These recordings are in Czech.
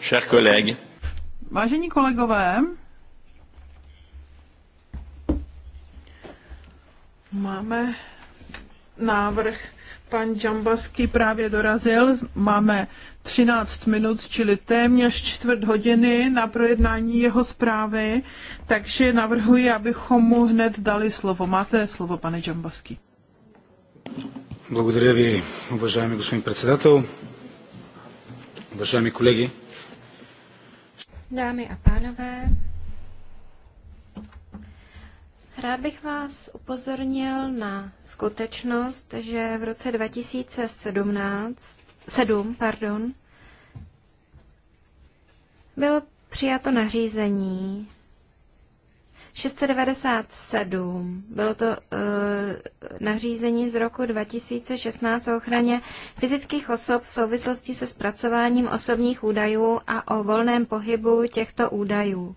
Chers collègues. Vážení kolegové, máme návrh. Pan Džambasky právě dorazil. Máme 13 minut, čili téměř čtvrt hodiny na projednání jeho zprávy, takže navrhuji, abychom mu hned dali slovo. Máte slovo, pane Džambasky. Благодаря ви, уважаеми господин председател. Уважаеми колеги. Дами и панове, rád bych vás upozornil na skutečnost, že v roce 2017 7, pardon, bylo přijato nařízení 697. Bylo to e, nařízení z roku 2016 o ochraně fyzických osob v souvislosti se zpracováním osobních údajů a o volném pohybu těchto údajů.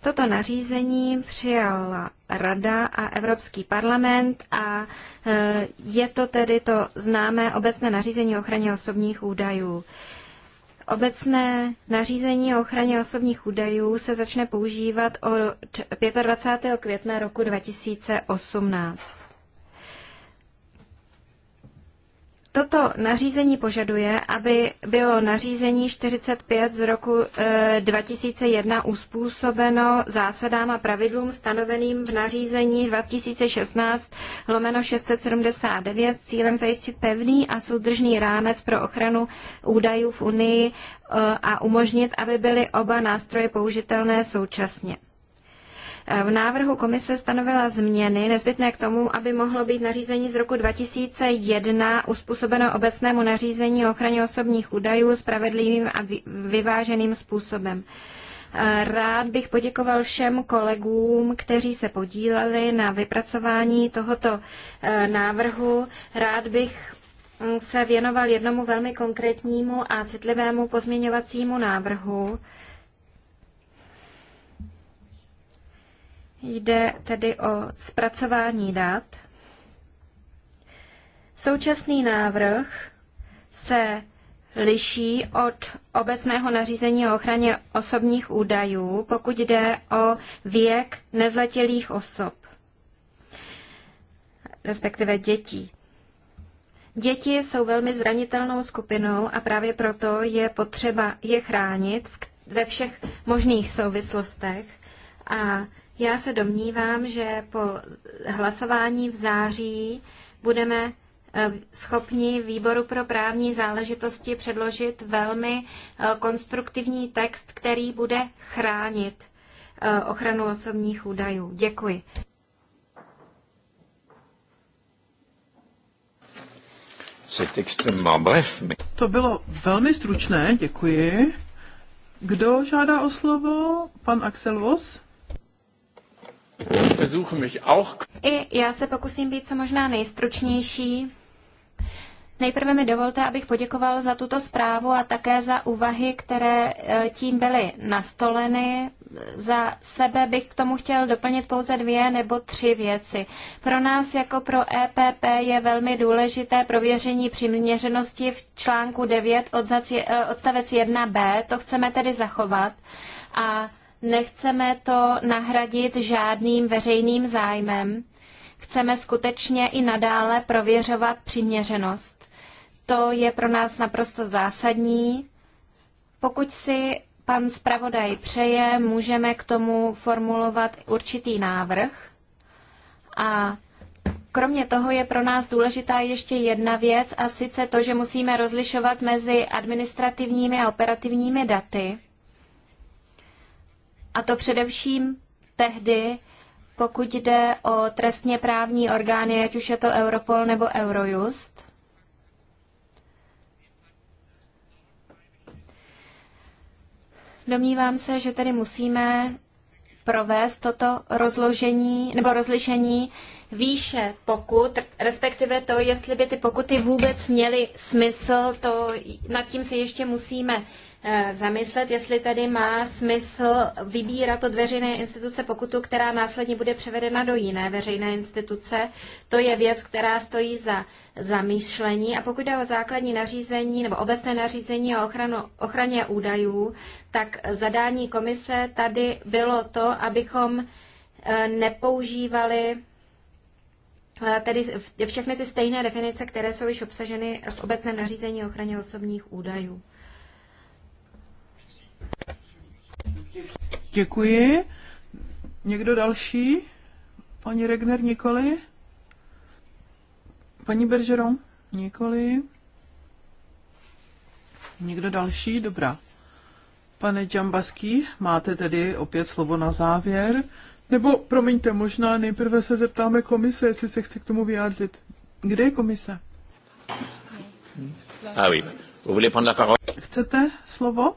Toto nařízení přijala Rada a Evropský parlament a eh, je to tedy to známé obecné nařízení o ochraně osobních údajů. E, Obecné nařízení o ochraně osobních údajů se začne používat od 25. května roku 2018. Toto nařízení požaduje, aby bylo nařízení 45 z roku 2001 e, uspůsobeno zásadám a pravidlům stanoveným v nařízení 2016 lomeno 679 s cílem zajistit pevný a soudržný rámec pro ochranu údajů v Unii e, a umožnit, aby byly oba nástroje použitelné současně. V návrhu komise stanovila změny nezbytné k tomu, aby mohlo být nařízení z roku 2001 uspůsobeno obecnému nařízení o ochraně osobních údajů spravedlivým a vyváženým způsobem. Rád bych poděkoval všem kolegům, kteří se podíleli na vypracování tohoto eh, návrhu. Rád bych hm, se věnoval jednomu velmi konkrétnímu a citlivému pozměňovacímu návrhu, Jde tedy o zpracování dat. Současný návrh se liší od obecného nařízení o ochraně osobních údajů, pokud jde o věk nezletilých osob, respektive dětí. Děti jsou velmi zranitelnou skupinou a právě proto je potřeba je chránit ve všech možných souvislostech a já se domnívám, že po hlasování v září budeme eh, schopni výboru pro právní záležitosti předložit velmi eh, konstruktivní text, který bude chránit eh, ochranu osobních údajů. Děkuji. To bylo velmi stručné, děkuji. Kdo žádá o slovo? Pan Axel Voss? I já se pokusím být co možná nejstručnější. Nejprve mi dovolte, abych poděkoval za tuto zprávu a také za úvahy, které eh, tím byly nastoleny. Za sebe bych k tomu chtěl doplnit pouze dvě nebo tři věci. Pro nás jako pro EPP je velmi důležité prověření přiměřenosti v článku 9 eh, odstavec 1b. To chceme tedy zachovat. A Nechceme to nahradit žádným veřejným zájmem. Chceme skutečně i nadále prověřovat přiměřenost. To je pro nás naprosto zásadní. Pokud si pan zpravodaj přeje, můžeme k tomu formulovat určitý návrh. A kromě toho je pro nás důležitá ještě jedna věc, a sice to, že musíme rozlišovat mezi administrativními a operativními daty. A to především tehdy, pokud jde o trestně právní orgány, ať už je to Europol nebo Eurojust. Domnívám se, že tedy musíme provést toto rozložení nebo rozlišení výše pokut, respektive to, jestli by ty pokuty vůbec měly smysl, to nad tím se ještě musíme eh, zamyslet, jestli tady má smysl vybírat od veřejné instituce pokutu, která následně bude převedena do jiné veřejné instituce. To je věc, která stojí za zamýšlení. A pokud jde o základní nařízení nebo obecné nařízení o ochranu, ochraně údajů, tak zadání komise tady bylo to, abychom eh, nepoužívali Eh, tedy všechny ty stejné definice, které jsou již obsaženy v obecném nařízení ochraně osobních údajů. Děkuji. Někdo další? Paní Regner nikoli? Paní Bergeron? Nikoli. Někdo další? Dobrá. Pane Džambaský, máte tedy opět slovo na závěr. Nebo, promiňte, možná nejprve se zeptáme komise, jestli se chce k tomu vyjádřit. Kde je komise? Ah Chcete slovo?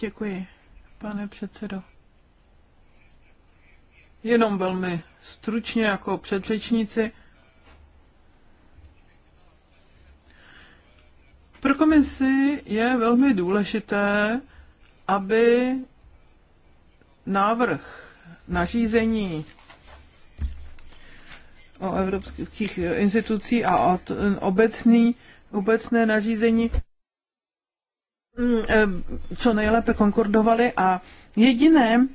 Děkuji, pane předsedo. Jenom velmi stručně jako předřečníci. Pro komisi je velmi důležité, aby návrh nařízení o evropských institucí a eh, obecný, obecné nařízení mm, eh, co nejlépe konkordovaly a jediné,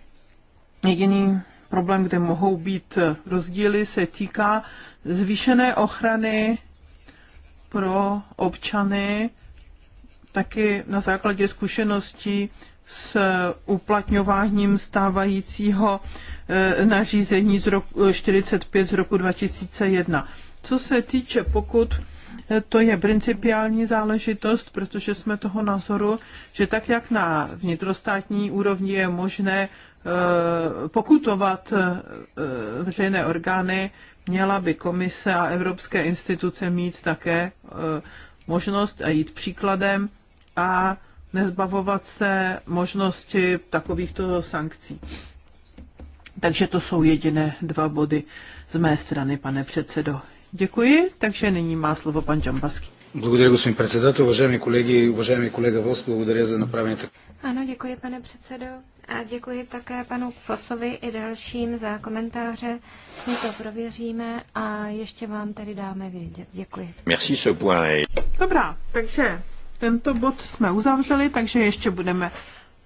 jediný problém, kde mohou být rozdíly, se týká zvýšené ochrany pro občany, taky na základě zkušeností s uplatňováním stávajícího e, nařízení z roku 45 e, z roku 2001. Co se týče pokud, e, to je principiální záležitost, protože jsme toho názoru, že tak jak na vnitrostátní úrovni je možné pokutovat veřejné orgány, měla by komise a evropské instituce mít také možnost a jít příkladem a nezbavovat se možnosti takovýchto sankcí. Takže to jsou jediné dva body z mé strany, pane předsedo. Děkuji, takže nyní má slovo pan Džambaský. Благодаря, господин председател. Уважаеми колеги, уважаеми колега Вос, благодаря за направените. Ано, děkuji, pane předsedo. A děkuji také panu Fosovi i dalším za komentáře. My to prověříme a ještě vám tady dáme vědět. Děkuji. Merci, ce point. Dobrá, takže tento bod jsme uzavřeli, takže ještě budeme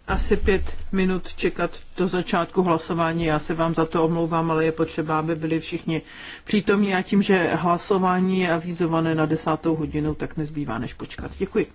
asi pět minut čekat do začátku hlasování. Já se vám za to omlouvám, ale je potřeba, aby byli všichni přítomní a tím, že hlasování je avizované na desátou hodinu, tak nezbývá než počkat. Děkuji.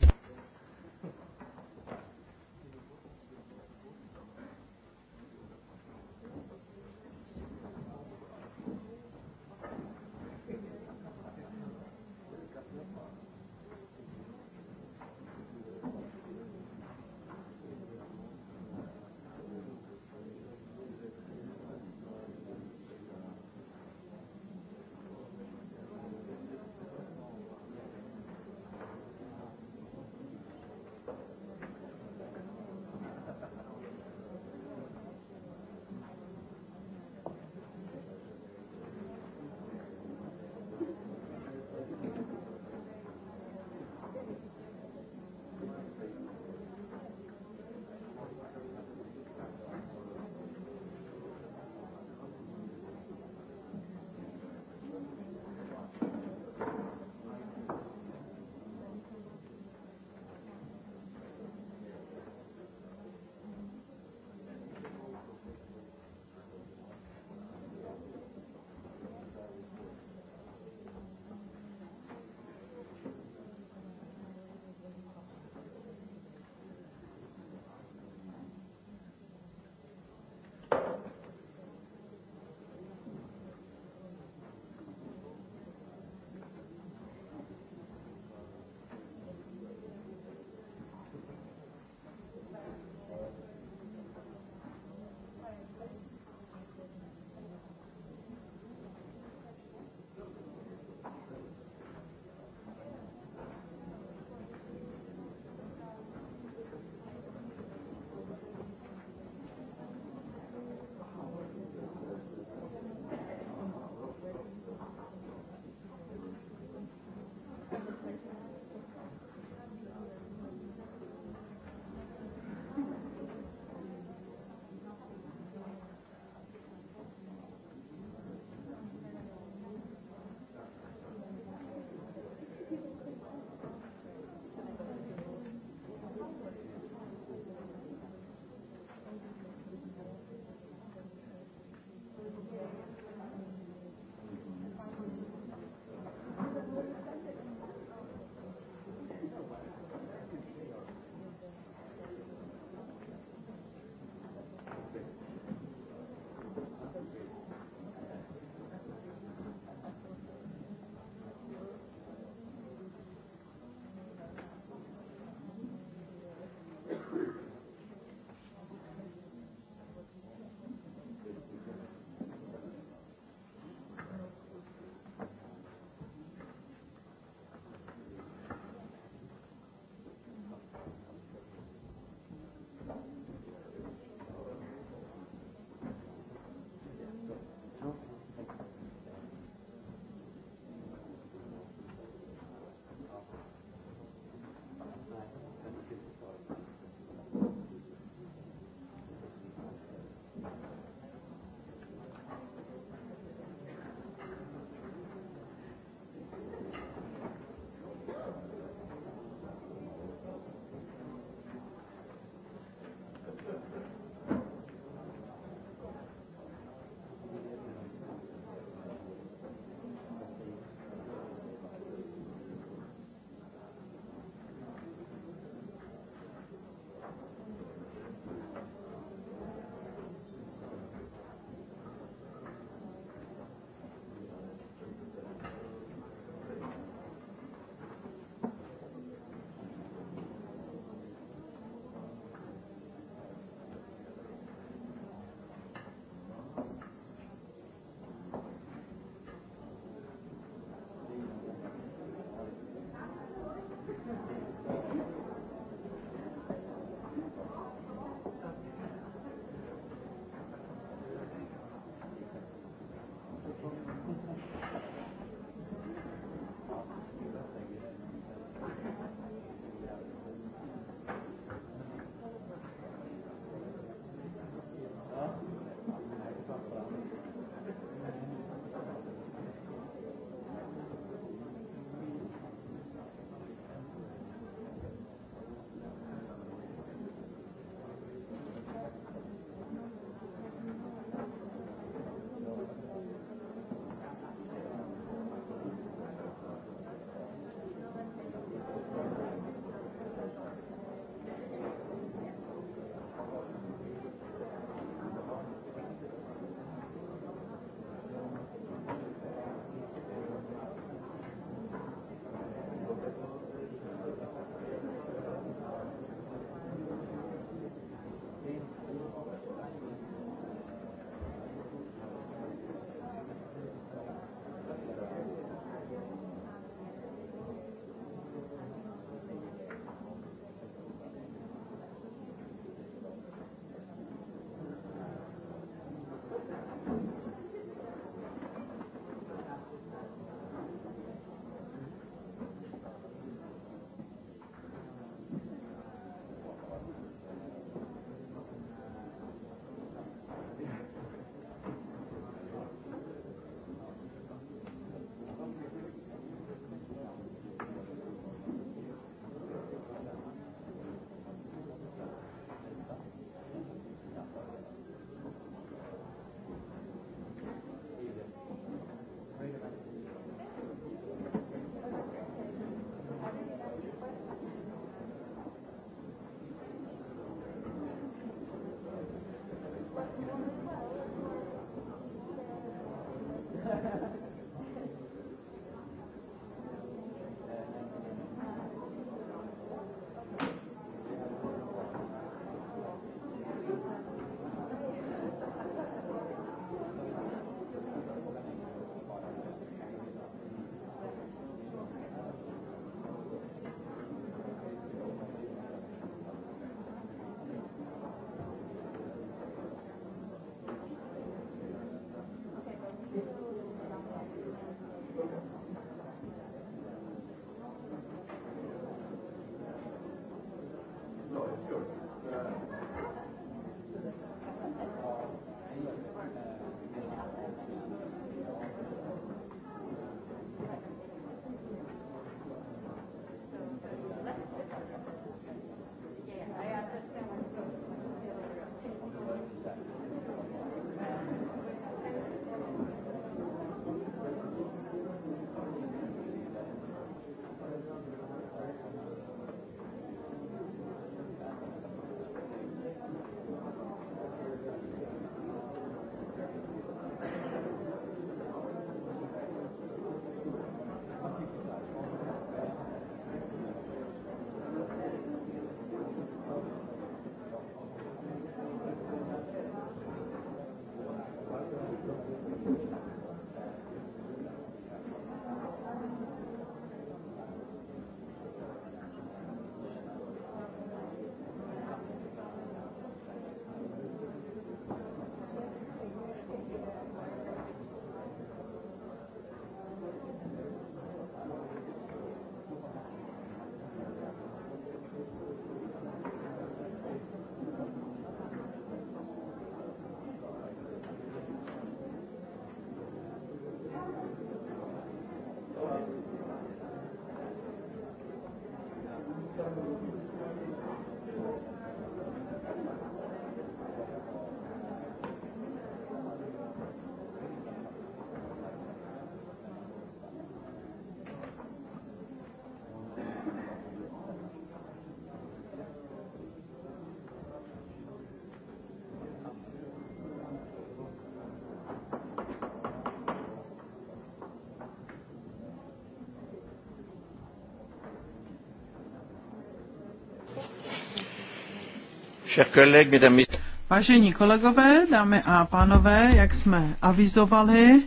Vážení kolegové, dámy a pánové, jak jsme avizovali,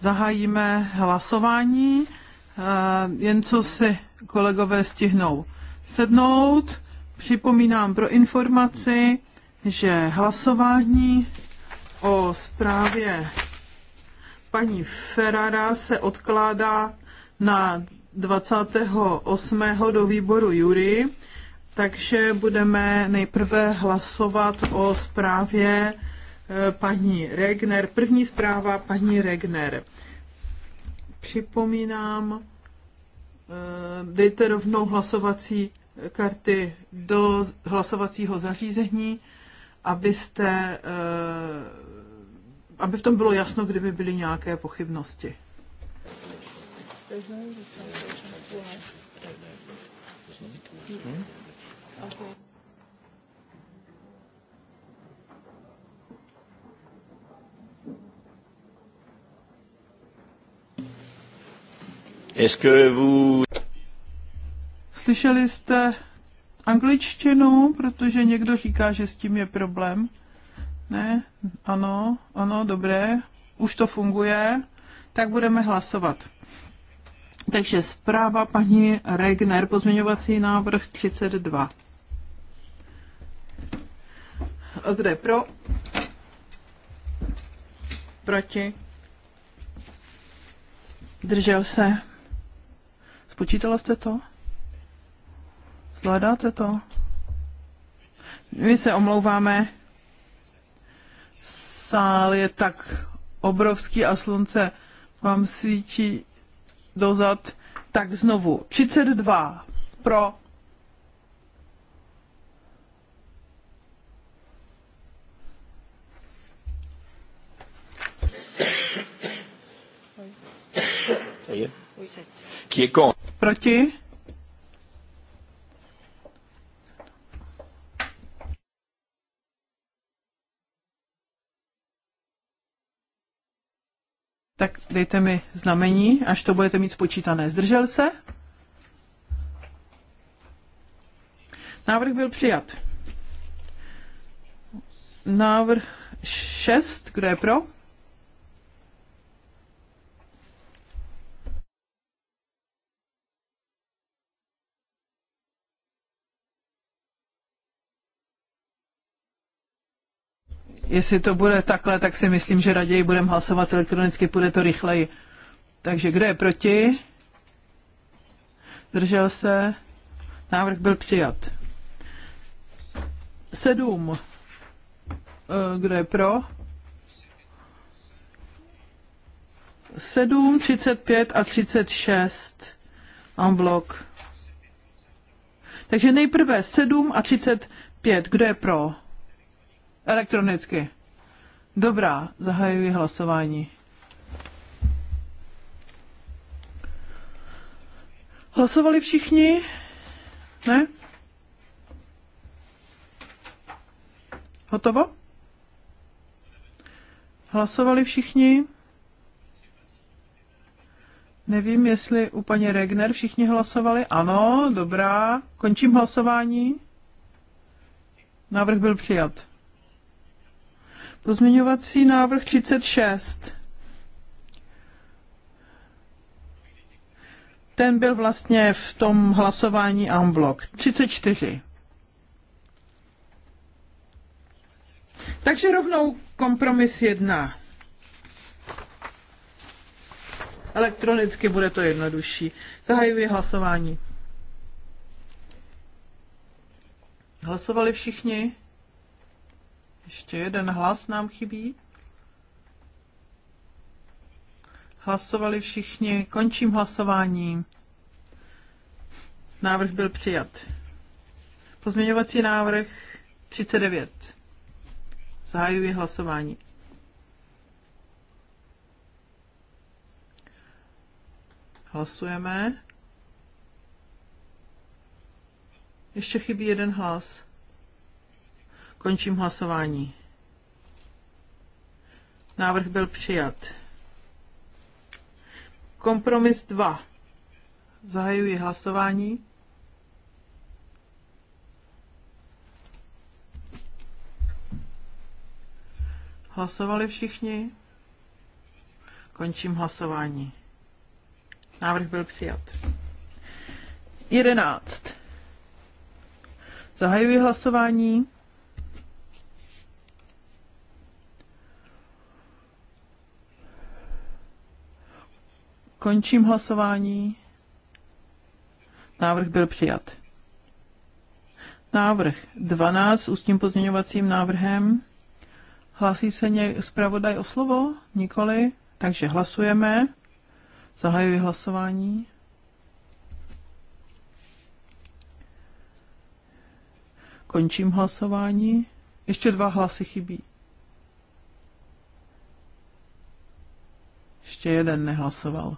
zahájíme hlasování, eh, jen co si kolegové stihnou sednout. Připomínám pro informaci, že hlasování o zprávě paní Ferrara se odkládá na 28. do výboru Jury. Takže budeme nejprve hlasovat o zprávě eh, paní Regner. První zpráva paní Regner. Připomínám, eh, dejte rovnou hlasovací karty do hlasovacího zařízení, abyste, eh, aby v tom bylo jasno, kdyby byly nějaké pochybnosti. Hmm? Okay. vous... Slyšeli jste angličtinu, protože někdo říká, že s tím je problém. Ne? Ano, ano, dobré. Už to funguje. Tak budeme hlasovat. Takže zpráva paní Regner, pozměňovací návrh 32. Kdo je pro? Proti? Držel se? Spočítala jste to? Zvládáte to? My se omlouváme. Sál je tak obrovský a slunce vám svítí dozad. Tak znovu. 32 pro Qui est Proti? Tak dejte mi znamení, až to budete mít spočítané. Zdržel se? Návrh byl přijat. Návrh 6, kdo je pro? Jestli to bude takhle, tak si myslím, že raději budeme hlasovat elektronicky, bude to rychleji. Takže kdo je proti? Držel se? Návrh byl přijat. Sedm. Eh, kdo je pro? 7, 35 a 36 en blok. Takže nejprve 7 a 35. Kdo je pro? Elektronicky. Dobrá, zahajuji hlasování. Hlasovali všichni? Ne? Hotovo? Hlasovali všichni? Nevím, jestli u paní Regner všichni hlasovali. Ano, dobrá. Končím hlasování. Návrh byl přijat. Pozměňovací návrh 36. Ten byl vlastně v tom hlasování amblok 34. Takže rovnou kompromis 1. Elektronicky bude to jednodušší. Zahajuji hlasování. Hlasovali všichni? Ještě jeden hlas nám chybí. Hlasovali všichni. Končím hlasování. Návrh byl přijat. Pozměňovací návrh 39. Zahajuji hlasování. Hlasujeme. Ještě chybí jeden hlas. Končím hlasování. Návrh byl přijat. Kompromis 2. Zahajuji hlasování. Hlasovali všichni? Končím hlasování. Návrh byl přijat. 11. Zahajuji hlasování. Končím hlasování. Návrh byl přijat. Návrh 12 s ústním pozměňovacím návrhem. Hlasí se někdo? zpravodaj o slovo? Nikoli? Takže hlasujeme. Zahajuji hlasování. Končím hlasování. Ještě dva hlasy chybí. Ještě jeden nehlasoval.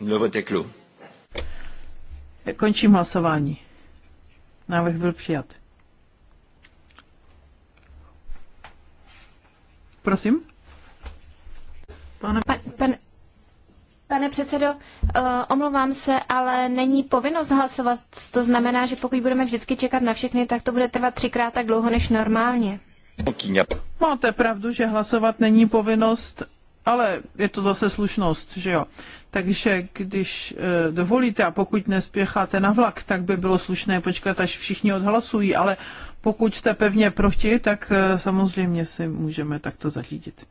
Le Končím hlasování. Návrh byl přijat. Prosím. Pane, pan, pan, pane předsedo, uh, omlouvám se, ale není povinnost hlasovat. To znamená, že pokud budeme vždycky čekat na všechny, tak to bude trvat třikrát tak dlouho než normálně. Máte pravdu, že hlasovat není povinnost, ale je to zase slušnost, že jo. Takže když e, dovolíte a pokud nespěcháte na vlak, tak by bylo slušné počkat, až všichni odhlasují, ale pokud jste pevně proti, tak e, samozřejmě si můžeme takto zařídit.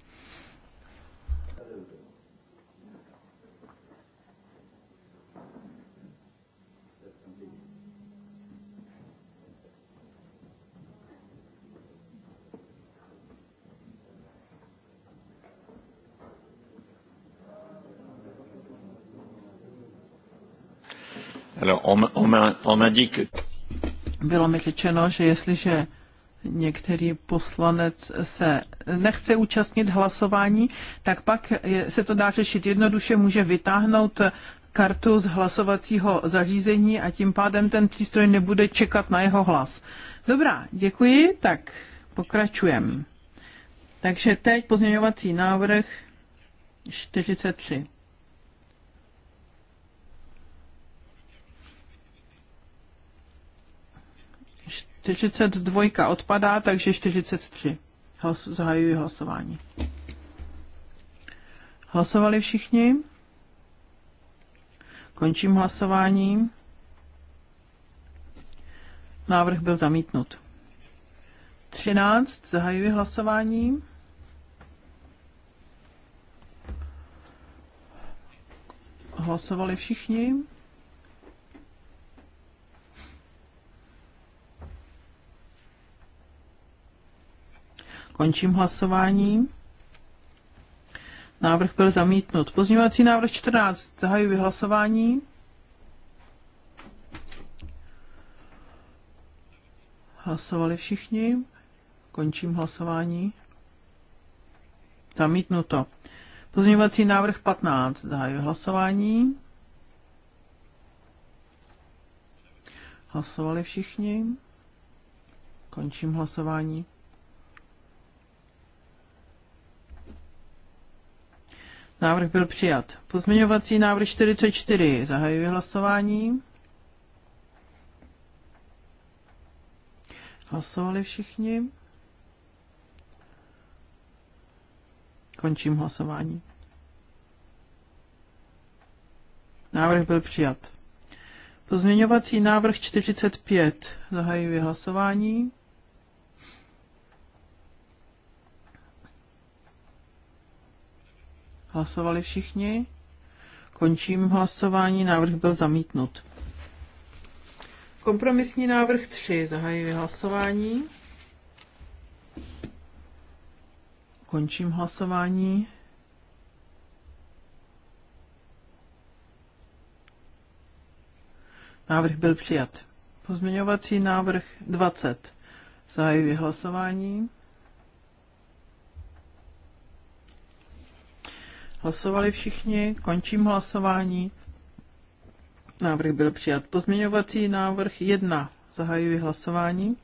Bylo mi řečeno, že jestliže některý poslanec se nechce účastnit hlasování, tak pak se to dá řešit jednoduše, může vytáhnout kartu z hlasovacího zařízení a tím pádem ten přístroj nebude čekat na jeho hlas. Dobrá, děkuji, tak pokračujeme. Takže teď pozměňovací návrh 43. 42 odpadá, takže 43. Hlas, zahajuji hlasování. Hlasovali všichni? Končím hlasování. Návrh byl zamítnut. 13. Zahajuji hlasování. Hlasovali všichni? Končím hlasování. Návrh byl zamítnut. Pozměňovací návrh 14. Zahajuji hlasování. Hlasovali všichni. Končím hlasování. Zamítnuto. Pozměňovací návrh 15. Zahajuji hlasování. Hlasovali všichni. Končím hlasování. Návrh byl přijat. Pozměňovací návrh 44. Zahajuji hlasování. Hlasovali všichni. Končím hlasování. Návrh byl přijat. Pozměňovací návrh 45. Zahajuji hlasování. Hlasovali všichni? Končím hlasování, návrh byl zamítnut. Kompromisní návrh 3, zahajuji hlasování. Končím hlasování. Návrh byl přijat. Pozměňovací návrh 20. Zahajuji hlasování. Hlasovali všichni, končím hlasování. Návrh byl přijat. Pozměňovací návrh 1. Zahajuji hlasování.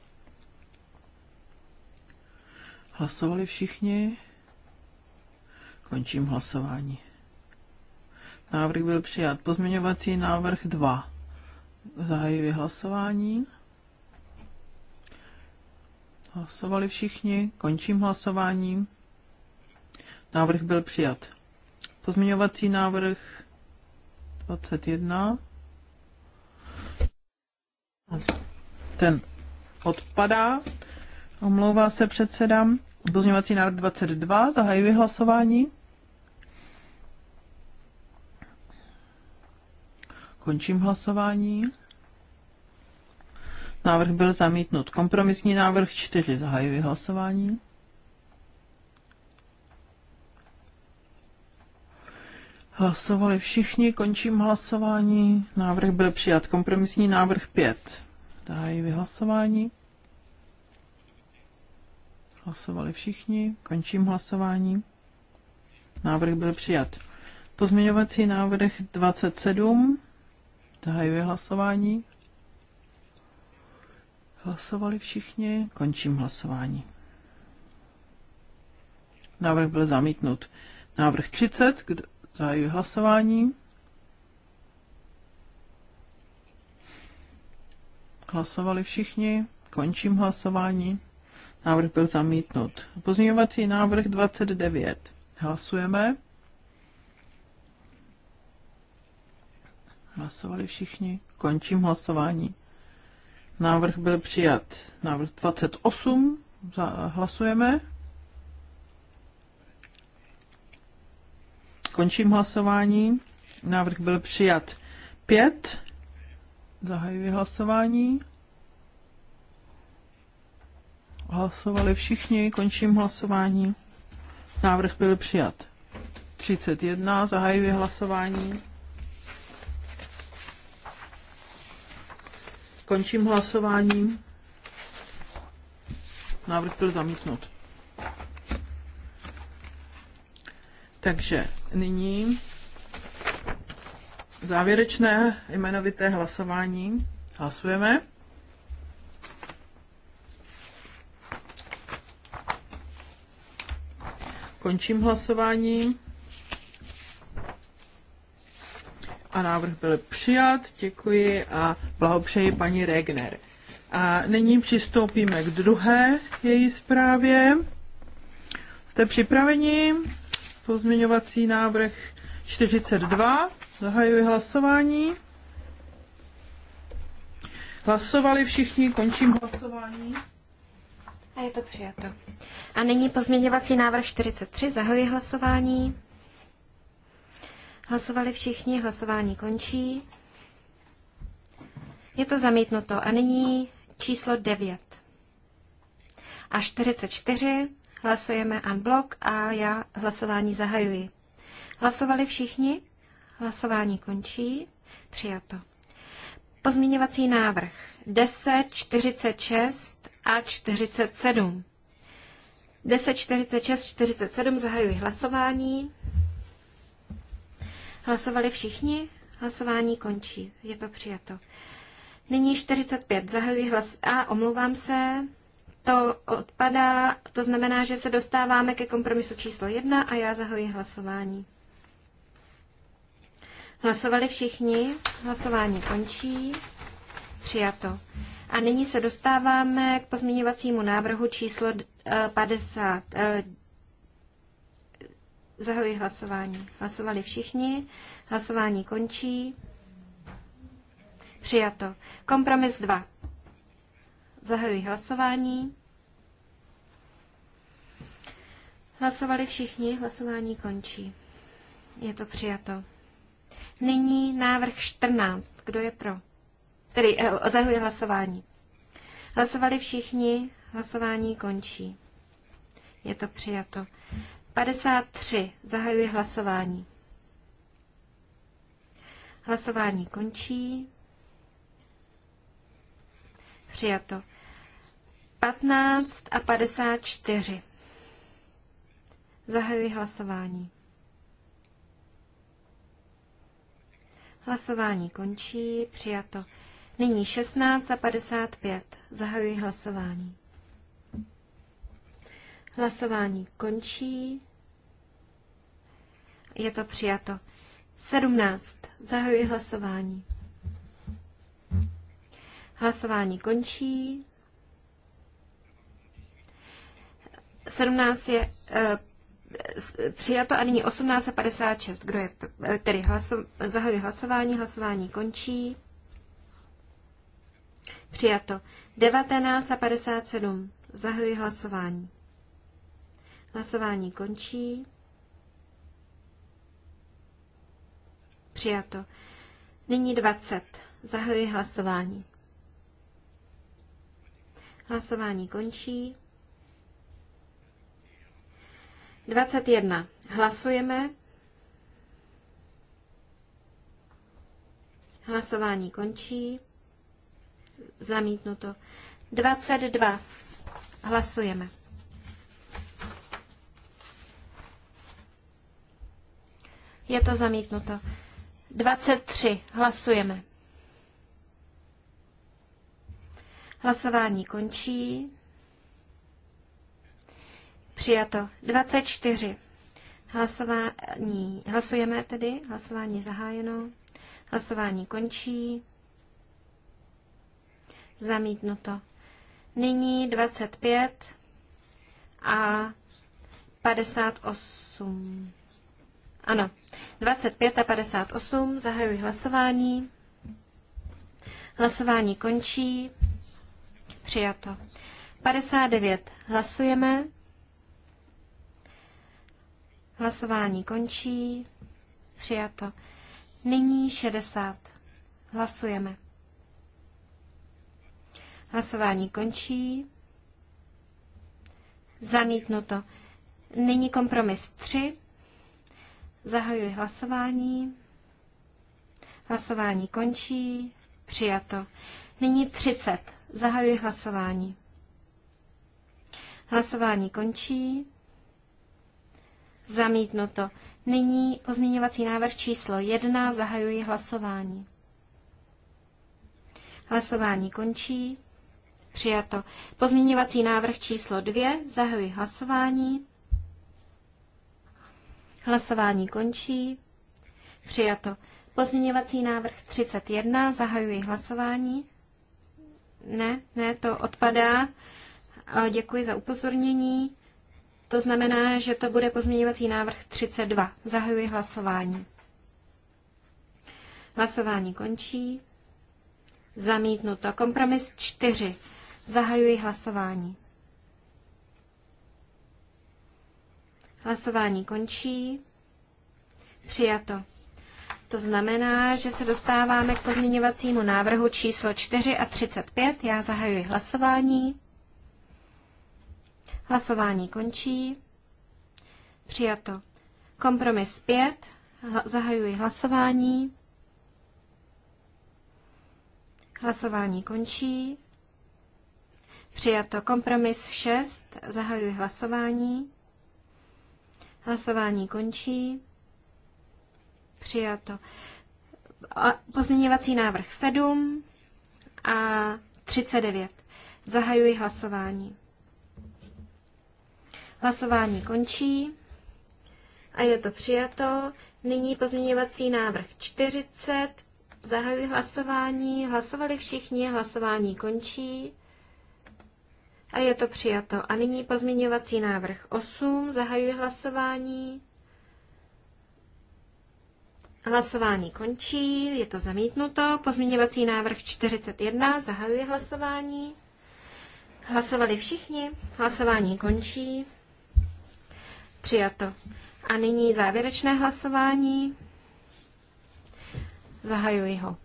Hlasovali všichni. Končím hlasování. Návrh byl přijat. Pozměňovací návrh 2. Zahajuji hlasování. Hlasovali všichni. Končím hlasování. Návrh byl přijat. Pozměňovací návrh 21. Ten odpadá. Omlouvá se předseda. Pozměňovací návrh 22. Zahajuji hlasování. Končím hlasování. Návrh byl zamítnut. Kompromisní návrh 4. Zahajuji hlasování. Hlasovali všichni, končím hlasování. Návrh byl přijat. Kompromisní návrh 5. Dájí vyhlasování. Hlasovali všichni, končím hlasování. Návrh byl přijat. Pozměňovací návrh 27. Dájí vyhlasování. Hlasovali všichni, končím hlasování. Návrh byl zamítnut. Návrh 30. Kdo, Zahajuji hlasování. Hlasovali všichni. Končím hlasování. Návrh byl zamítnut. Pozměňovací návrh 29. Hlasujeme. Hlasovali všichni. Končím hlasování. Návrh byl přijat. Návrh 28. Hlasujeme. Končím hlasování. Návrh byl přijat. Pět. Zahajuji hlasování. Hlasovali všichni, končím hlasování. Návrh byl přijat. 31, zahajuji hlasování. Končím hlasování. Návrh byl zamítnut. Takže nyní závěrečné jmenovité hlasování. Hlasujeme. Končím hlasování. A návrh byl přijat. Děkuji a blahopřeji paní Regner. A nyní přistoupíme k druhé její zprávě. Jste připraveni? Pozměňovací návrh 42. Zahajuji hlasování. Hlasovali všichni, končím hlasování. A je to přijato. A nyní pozměňovací návrh 43. Zahajuji hlasování. Hlasovali všichni, hlasování končí. Je to zamítnuto. A nyní číslo 9. A 44. Hlasujeme unblock a já hlasování zahajuji. Hlasovali všichni? Hlasování končí. Přijato. Pozměňovací návrh 10, 46 a 47. 10, 46, 47 zahajuji hlasování. Hlasovali všichni? Hlasování končí. Je to přijato. Nyní 45. Zahajuji hlas... A, omlouvám se to odpadá, to znamená, že se dostáváme ke kompromisu číslo jedna a já zahoji hlasování. Hlasovali všichni, hlasování končí, přijato. A nyní se dostáváme k pozměňovacímu návrhu číslo 50. Eh, eh, zahoji hlasování. Hlasovali všichni, hlasování končí, přijato. Kompromis 2. Zahajuji hlasování. Hlasovali všichni, hlasování končí. Je to přijato. Nyní návrh 14. Kdo je pro? Tedy eh, zahajuji hlasování. Hlasovali všichni, hlasování končí. Je to přijato. 53. Zahajuji hlasování. Hlasování končí. Přijato. 15 a 54. Zahajuji hlasování. Hlasování končí, přijato. Nyní 16 a 55. Zahajuji hlasování. Hlasování končí. Je to přijato. 17. Zahajuji hlasování. Hlasování končí. 17 je eh, přijato a nyní 1856. Kdo je, eh, tedy hlaso, zahajuje hlasování, hlasování končí. Přijato. 1957. Zahajuji hlasování. Hlasování končí. Přijato. Nyní 20. Zahajuji hlasování. Hlasování končí. 21. Hlasujeme. Hlasování končí. Zamítnuto. 22. Hlasujeme. Je to zamítnuto. 23. Hlasujeme. Hlasování končí. Přijato 24. Hlasování, hlasujeme tedy, hlasování zahájeno, hlasování končí, zamítnuto. Nyní 25 a 58. Ano, 25 a 58, zahajuji hlasování. Hlasování končí. Přijato. 59 hlasujeme. Hlasování končí. Přijato. Nyní 60. Hlasujeme. Hlasování končí. Zamítnuto. Nyní kompromis 3. Zahajuji hlasování. Hlasování končí. Přijato. Nyní 30. Zahajuji hlasování. Hlasování končí. Zamítnuto. Nyní pozměňovací návrh číslo 1. Zahajuji hlasování. Hlasování končí. Přijato. Pozměňovací návrh číslo 2. Zahajuji hlasování. Hlasování končí. Přijato. Pozměňovací návrh 31. Zahajuji hlasování. Ne, ne, to odpadá. Děkuji za upozornění. To znamená, že to bude pozměňovací návrh 32. Zahajuji hlasování. Hlasování končí. Zamítnuto. Kompromis 4. Zahajuji hlasování. Hlasování končí. Přijato. To znamená, že se dostáváme k pozměňovacímu návrhu číslo 4 a 35. Já zahajuji hlasování. Hlasování končí. Přijato. Kompromis 5. Zahajuji hlasování. Hlasování končí. Přijato. Kompromis 6. Zahajuji hlasování. Hlasování končí. Přijato. Pozměňovací návrh 7 a 39. Zahajuji hlasování. Hlasování končí a je to přijato. Nyní pozměňovací návrh 40. Zahajuji hlasování. Hlasovali všichni, hlasování končí. A je to přijato. A nyní pozměňovací návrh 8. Zahajuji hlasování. Hlasování končí, je to zamítnuto. Pozměňovací návrh 41. Zahajuji hlasování. Hlasovali všichni, hlasování končí. Přijato. A nyní závěrečné hlasování. Zahajuji ho.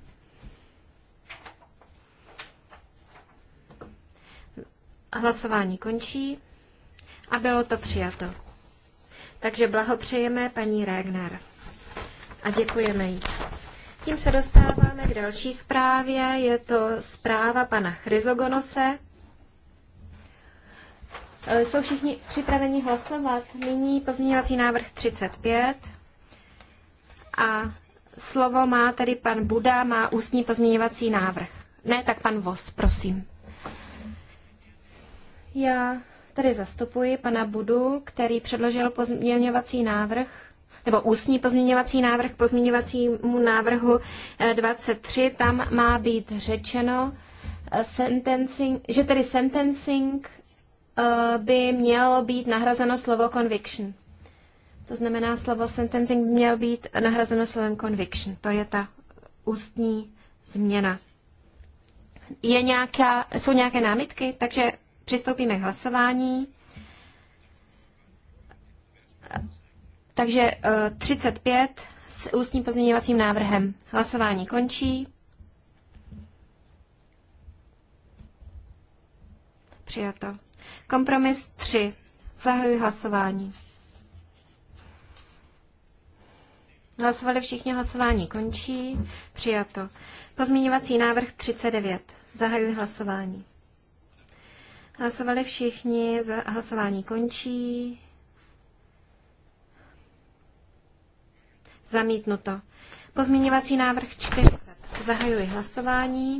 Hlasování končí a bylo to přijato. Takže blahopřejeme paní Regner a děkujeme jí. Tím se dostáváme k další zprávě. Je to zpráva pana Chryzogonose Eh, jsou všichni připraveni hlasovat? Nyní pozměňovací návrh 35. A slovo má tedy pan Buda, má ústní pozměňovací návrh. Ne, tak pan Vos, prosím. Já tady zastupuji pana Budu, který předložil pozměňovací návrh nebo ústní pozměňovací návrh k pozměňovacímu návrhu 23, eh, tam má být řečeno, eh, sentencing, že tedy sentencing Eh, by mělo být nahrazeno slovo conviction. To znamená, slovo sentencing měl být nahrazeno slovem conviction. To je ta ústní změna. Je nějaká, jsou nějaké námitky, takže přistoupíme k hlasování. Takže 35 eh, s ústním pozměňovacím návrhem. Hlasování končí. Přijato. Kompromis 3. Zahajuji hlasování. Hlasovali všichni, hlasování končí. Přijato. Pozměňovací návrh 39. Zahajuji hlasování. Hlasovali všichni, hlasování končí. Zamítnuto. Pozměňovací návrh 40. Zahajuji hlasování.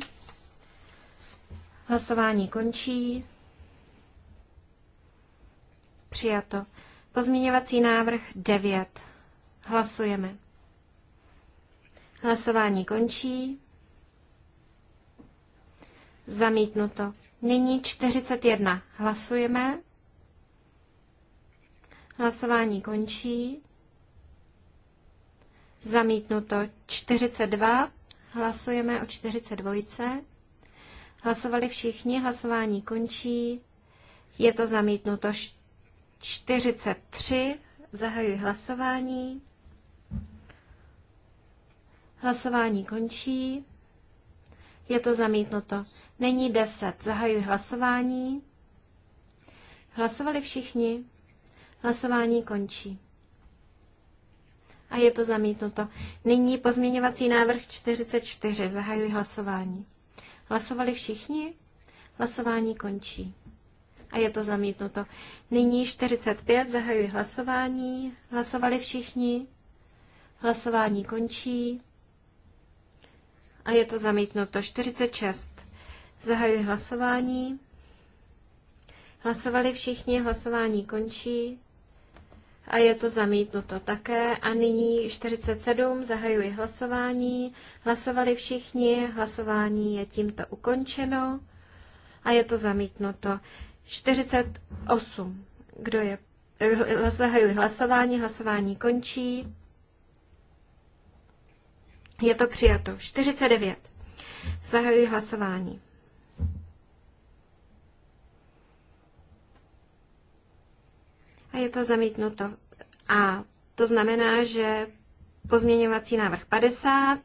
Hlasování končí. Přijato. Pozměňovací návrh 9. Hlasujeme. Hlasování končí. Zamítnuto. Nyní 41. Hlasujeme. Hlasování končí. Zamítnuto 42. Hlasujeme o 42. Hlasovali všichni, hlasování končí. Je to zamítnuto 43. Zahajuji hlasování. Hlasování končí. Je to zamítnuto. Není 10. Zahajuji hlasování. Hlasovali všichni. Hlasování končí. A je to zamítnuto. Nyní pozměňovací návrh 44. Zahajuji hlasování. Hlasovali všichni? Hlasování končí a je to zamítnuto. Nyní 45, zahajuji hlasování. Hlasovali všichni. Hlasování končí. A je to zamítnuto. 46. Zahajuji hlasování. Hlasovali všichni, hlasování končí. A je to zamítnuto také. A nyní 47, zahajuji hlasování. Hlasovali všichni, hlasování je tímto ukončeno. A je to zamítnuto. 48. Kdo je? Zahajuji hlasování, hlasování končí. Je to přijato. 49. Zahajuji hlasování. A je to zamítnuto. A to znamená, že pozměňovací návrh 50.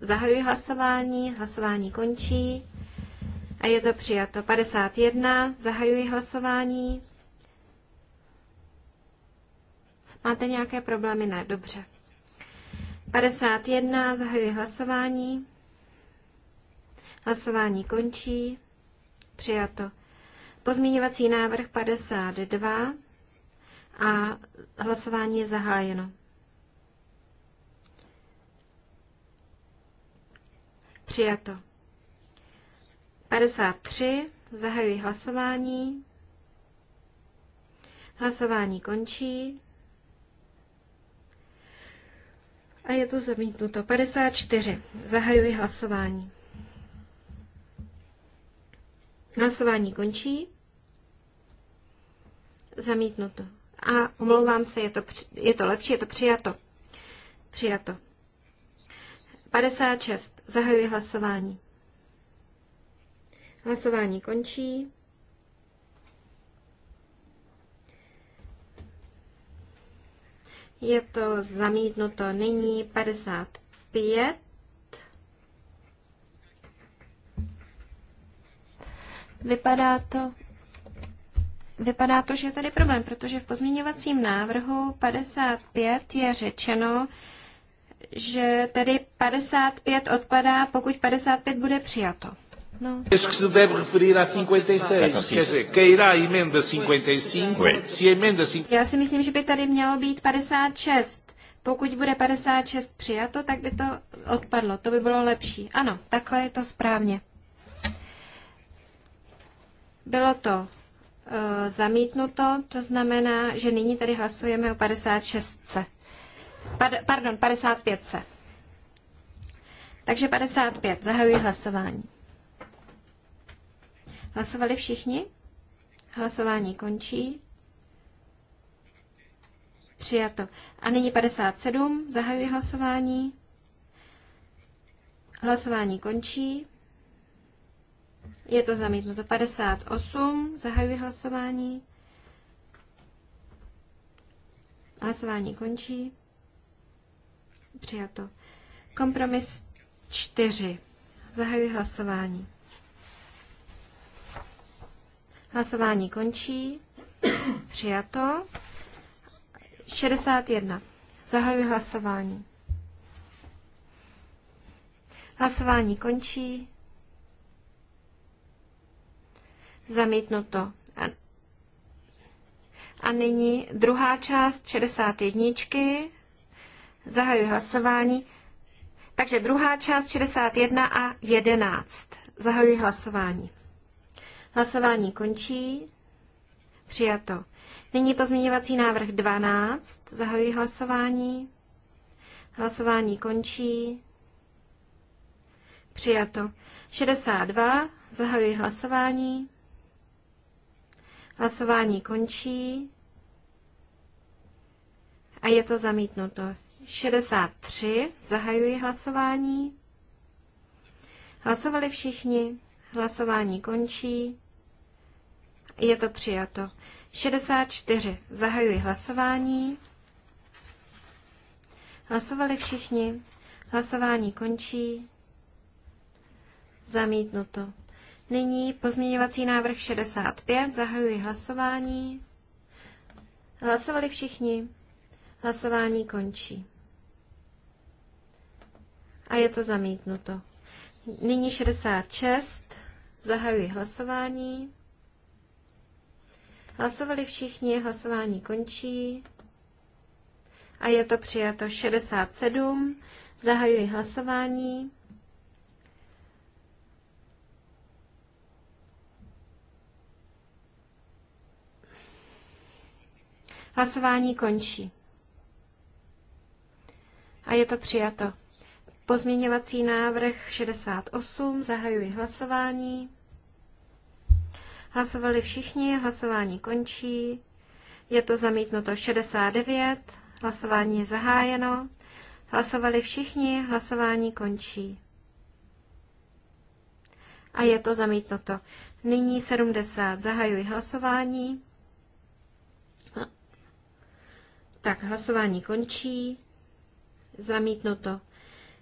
Zahajuji hlasování, hlasování končí a je to přijato. 51, zahajuji hlasování. Máte nějaké problémy? Ne, dobře. 51, zahajuji hlasování. Hlasování končí. Přijato. Pozměňovací návrh 52 a hlasování je zahájeno. Přijato. 53. Zahajuji hlasování. Hlasování končí. A je to zamítnuto. 54. Zahajuji hlasování. Hlasování končí. Zamítnuto. A omlouvám se, je to, je to lepší, je to přijato. Přijato. 56. Zahajuji hlasování. Hlasování končí. Je to zamítnuto nyní 55. Vypadá to, vypadá to, že je tady problém, protože v pozměňovacím návrhu 55 je řečeno, že tedy 55 odpadá, pokud 55 bude přijato. Não. Penso que se deve referir à 56. E quer dizer, cairá a emenda 55 e se a emenda 55... Já si myslím, že by tady mělo být 56. Pokud bude 56 přijato, tak by to odpadlo. To by bylo lepší. Ano, takhle je to správně. Bylo to uh, zamítnuto, to znamená, že nyní tady hlasujeme o 56. Pad, pardon, 55. Takže 55. Zahajuji hlasování. Hlasovali všichni? Hlasování končí. Přijato. A nyní 57. Zahajuji hlasování. Hlasování končí. Je to zamítnuto. 58. Zahajuji hlasování. Hlasování končí. Přijato. Kompromis 4. Zahajuji hlasování. Hlasování končí. Přijato. 61. Zahajuji hlasování. Hlasování končí. Zamítnuto. A, a nyní druhá část 61. Zahajuji hlasování. Takže druhá část 61 a 11. Zahajuji hlasování. Hlasování končí. Přijato. Nyní pozměňovací návrh 12. Zahajuji hlasování. Hlasování končí. Přijato. 62. Zahajuji hlasování. Hlasování končí. A je to zamítnuto. 63. Zahajuji hlasování. Hlasovali všichni. Hlasování končí. Je to přijato. 64. Zahajuji hlasování. Hlasovali všichni. Hlasování končí. Zamítnuto. Nyní pozměňovací návrh 65. Zahajuji hlasování. Hlasovali všichni. Hlasování končí. A je to zamítnuto. Nyní 66. Zahajuji hlasování. Hlasovali všichni, hlasování končí a je to přijato 67. Zahajuji hlasování. Hlasování končí. A je to přijato. Pozměňovací návrh 68. Zahajuji hlasování. Hlasovali všichni, hlasování končí. Je to zamítnuto 69, hlasování je zahájeno. Hlasovali všichni, hlasování končí. A je to zamítnuto. Nyní 70. Zahajuji hlasování. Tak, hlasování končí. Zamítnuto.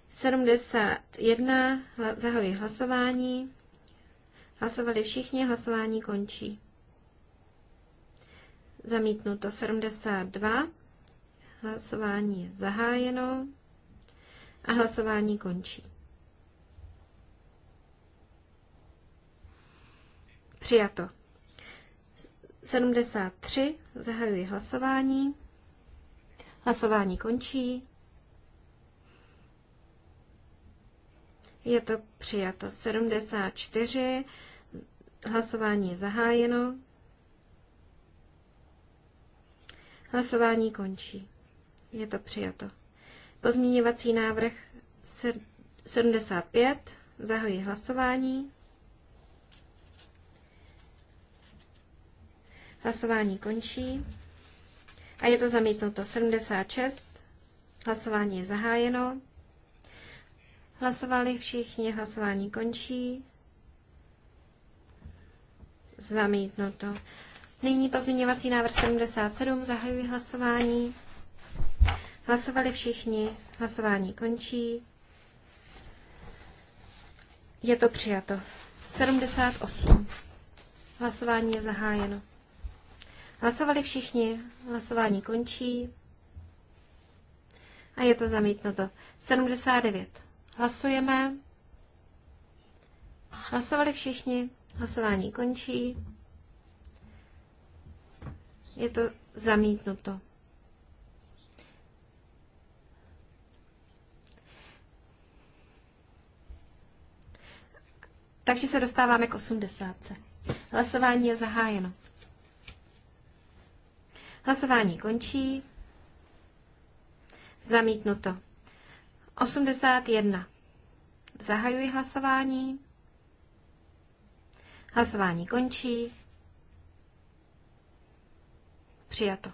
71. Zahajuji hlasování. Hlasovali všichni, hlasování končí. Zamítnuto 72. Hlasování je zahájeno a hlasování končí. Přijato. 73. Zahajuji hlasování. Hlasování končí. Je to přijato. 74. Hlasování je zahájeno. Hlasování končí. Je to přijato. Pozměňovací návrh 75. Zahoji hlasování. Hlasování končí. A je to zamítnuto 76. Hlasování je zahájeno. Hlasovali všichni, hlasování končí. Zamítnuto. Nyní pozměňovací návrh 77. Zahajuji hlasování. Hlasovali všichni. Hlasování končí. Je to přijato. 78. Hlasování je zahájeno. Hlasovali všichni. Hlasování končí. A je to zamítnuto. 79. Hlasujeme. Hlasovali všichni. Hlasování končí. Je to zamítnuto. Takže se dostáváme k 80. Hlasování je zahájeno. Hlasování končí. Zamítnuto. 81. Zahajuji hlasování. Hlasování končí. Přijato.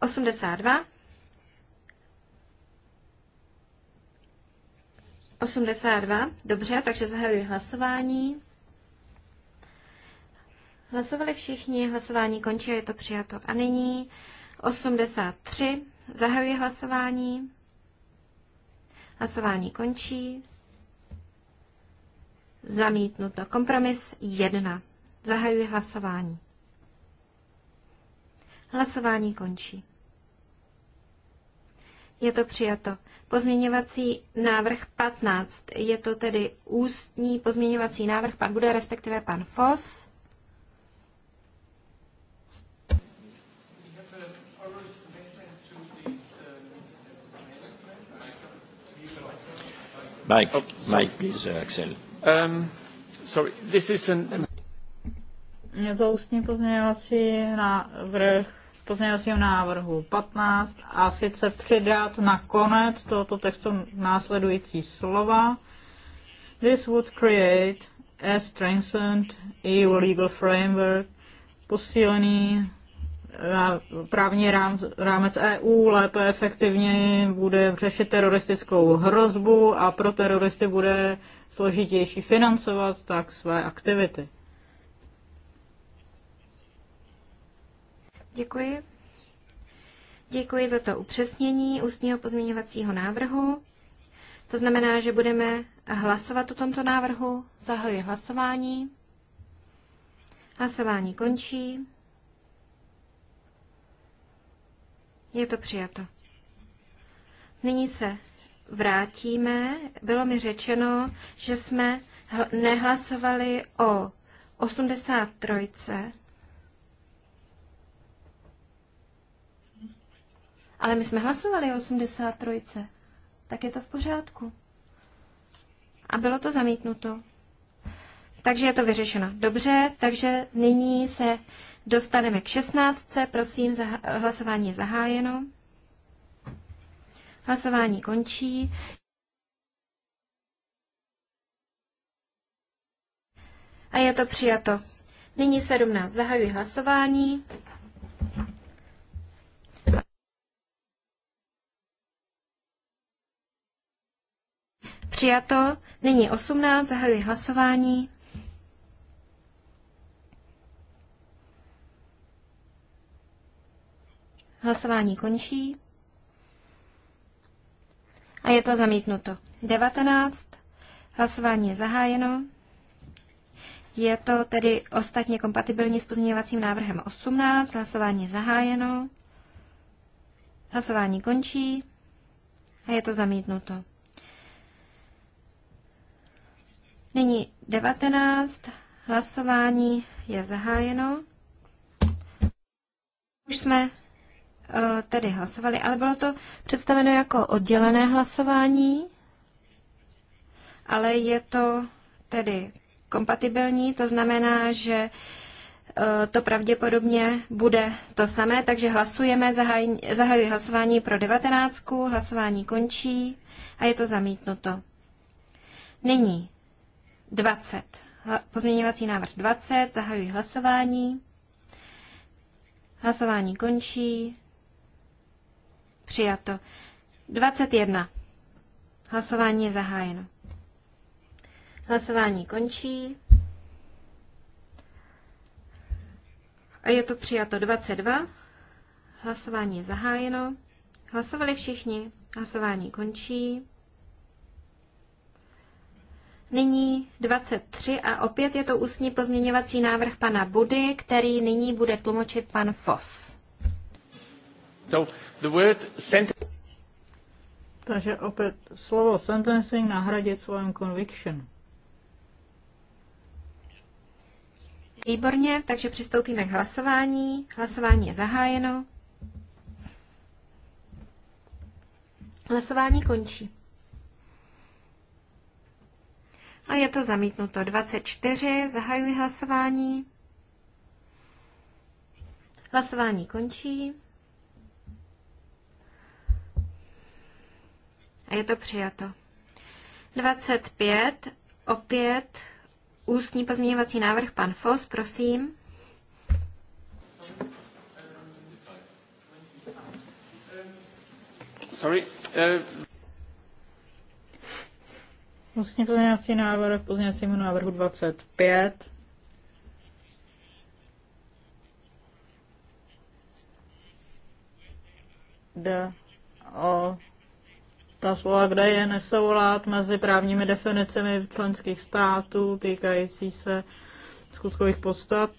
82. 82. Dobře, takže zahajuji hlasování. Hlasovali všichni, hlasování končí, je to přijato. A nyní 83. Zahajuji hlasování. Hlasování končí. Zamítnuto. Kompromis 1. Zahajuji hlasování. Hlasování končí. Je to přijato. Pozměňovací návrh 15. Je to tedy ústní pozměňovací návrh. Pan bude respektive pan Fos. Mike, Mike, please, uh, Axel. Um, sorry, this is an... Je to ústní pozměňovací návrh pozměňovacího návrhu 15 a sice přidat na konec tohoto textu následující slova. This would create a strengthened EU legal framework, posílený právní rámec EU lépe efektivně bude řešit teroristickou hrozbu a pro teroristy bude složitější financovat tak své aktivity. Děkuji. Děkuji za to upřesnění ústního pozměňovacího návrhu. To znamená, že budeme hlasovat o tomto návrhu. Zahajuji hlasování. Hlasování končí. Je to přijato. Nyní se vrátíme. Bylo mi řečeno, že jsme nehlasovali o 83. Ale my jsme hlasovali o 83. Tak je to v pořádku. A bylo to zamítnuto. Takže je to vyřešeno. Dobře, takže nyní se dostaneme k 16. Prosím, hlasování je zahájeno. Hlasování končí. A je to přijato. Nyní 17. Zahajuji hlasování. Přijato. Nyní 18. Zahajuji hlasování. Hlasování končí. A je to zamítnuto. 19. Hlasování je zahájeno. Je to tedy ostatně kompatibilní s pozměňovacím návrhem 18. Hlasování je zahájeno. Hlasování končí a je to zamítnuto. Nyní 19. Hlasování je zahájeno. Už jsme Eh, tedy hlasovali, ale bylo to představeno jako oddělené hlasování, ale je to tedy kompatibilní, to znamená, že eh, to pravděpodobně bude to samé, takže hlasujeme, zahajuji hlasování pro 19, hlasování končí a je to zamítnuto. Nyní 20. Pozměňovací návrh 20, zahajuji hlasování. Hlasování končí Přijato. 21. Hlasování je zahájeno. Hlasování končí. A je to přijato 22. Hlasování je zahájeno. Hlasovali všichni. Hlasování končí. Nyní 23 a opět je to ústní pozměňovací návrh pana Budy, který nyní bude tlumočit pan Foss. So the word Takže opět slovo sentencing nahradit svojím conviction. Výborně, takže přistoupíme k hlasování. Hlasování je zahájeno. Hlasování končí. A je to zamítnuto. 24. Zahajuji hlasování. Hlasování končí. A je to přijato. 25. Opět ústní pozměňovací návrh pan Fos, prosím. Sorry. Uh... Ústní pozměňovací návrh pozměňovacímu návrhu 25. D. o ta slova, kde je nesoulad mezi právními definicemi členských států týkající se skutkových podstat,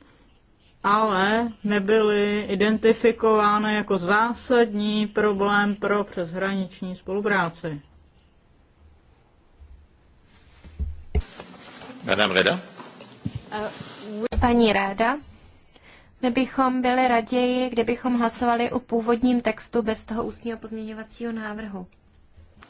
ale nebyly identifikovány jako zásadní problém pro přeshraniční spolupráci. Madame Reda? Paní Ráda, my bychom byli raději, kdybychom hlasovali o původním textu bez toho ústního pozměňovacího návrhu.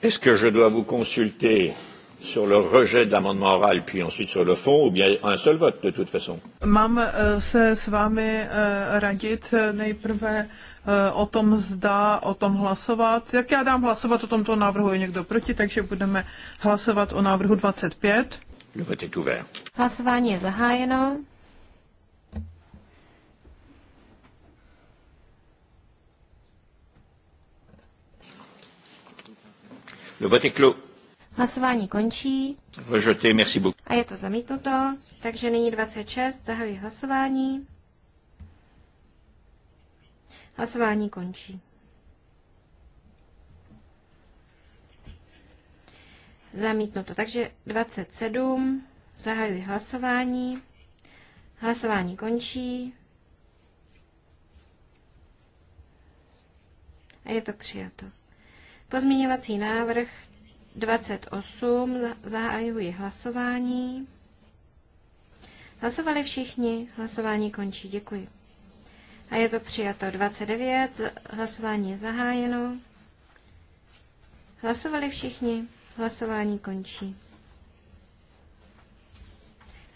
Est-ce que je dois vous consulter sur le rejet de l'amendement oral, puis ensuite sur le fond, ou bien un seul vote de toute façon Mám eh, se s vámi eh, radit eh, nejprve o tom zda, o tom hlasovat. Jak já dám hlasovat o tomto návrhu, je někdo proti, takže budeme hlasovat o návrhu 25. Le vote est ouvert. Hlasování je zahájeno. Le vote est clos. Hlasování končí. Rejeté, merci beaucoup. A je to zamítnuto, takže nyní 26, zahajuji hlasování. Hlasování končí. Zamítnuto, takže 27, zahajuji hlasování. Hlasování končí. A je to přijato. Pozměňovací návrh 28. Zahajuji hlasování. Hlasovali všichni, hlasování končí, děkuji. A je to přijato 29, hlasování je zahájeno. Hlasovali všichni, hlasování končí.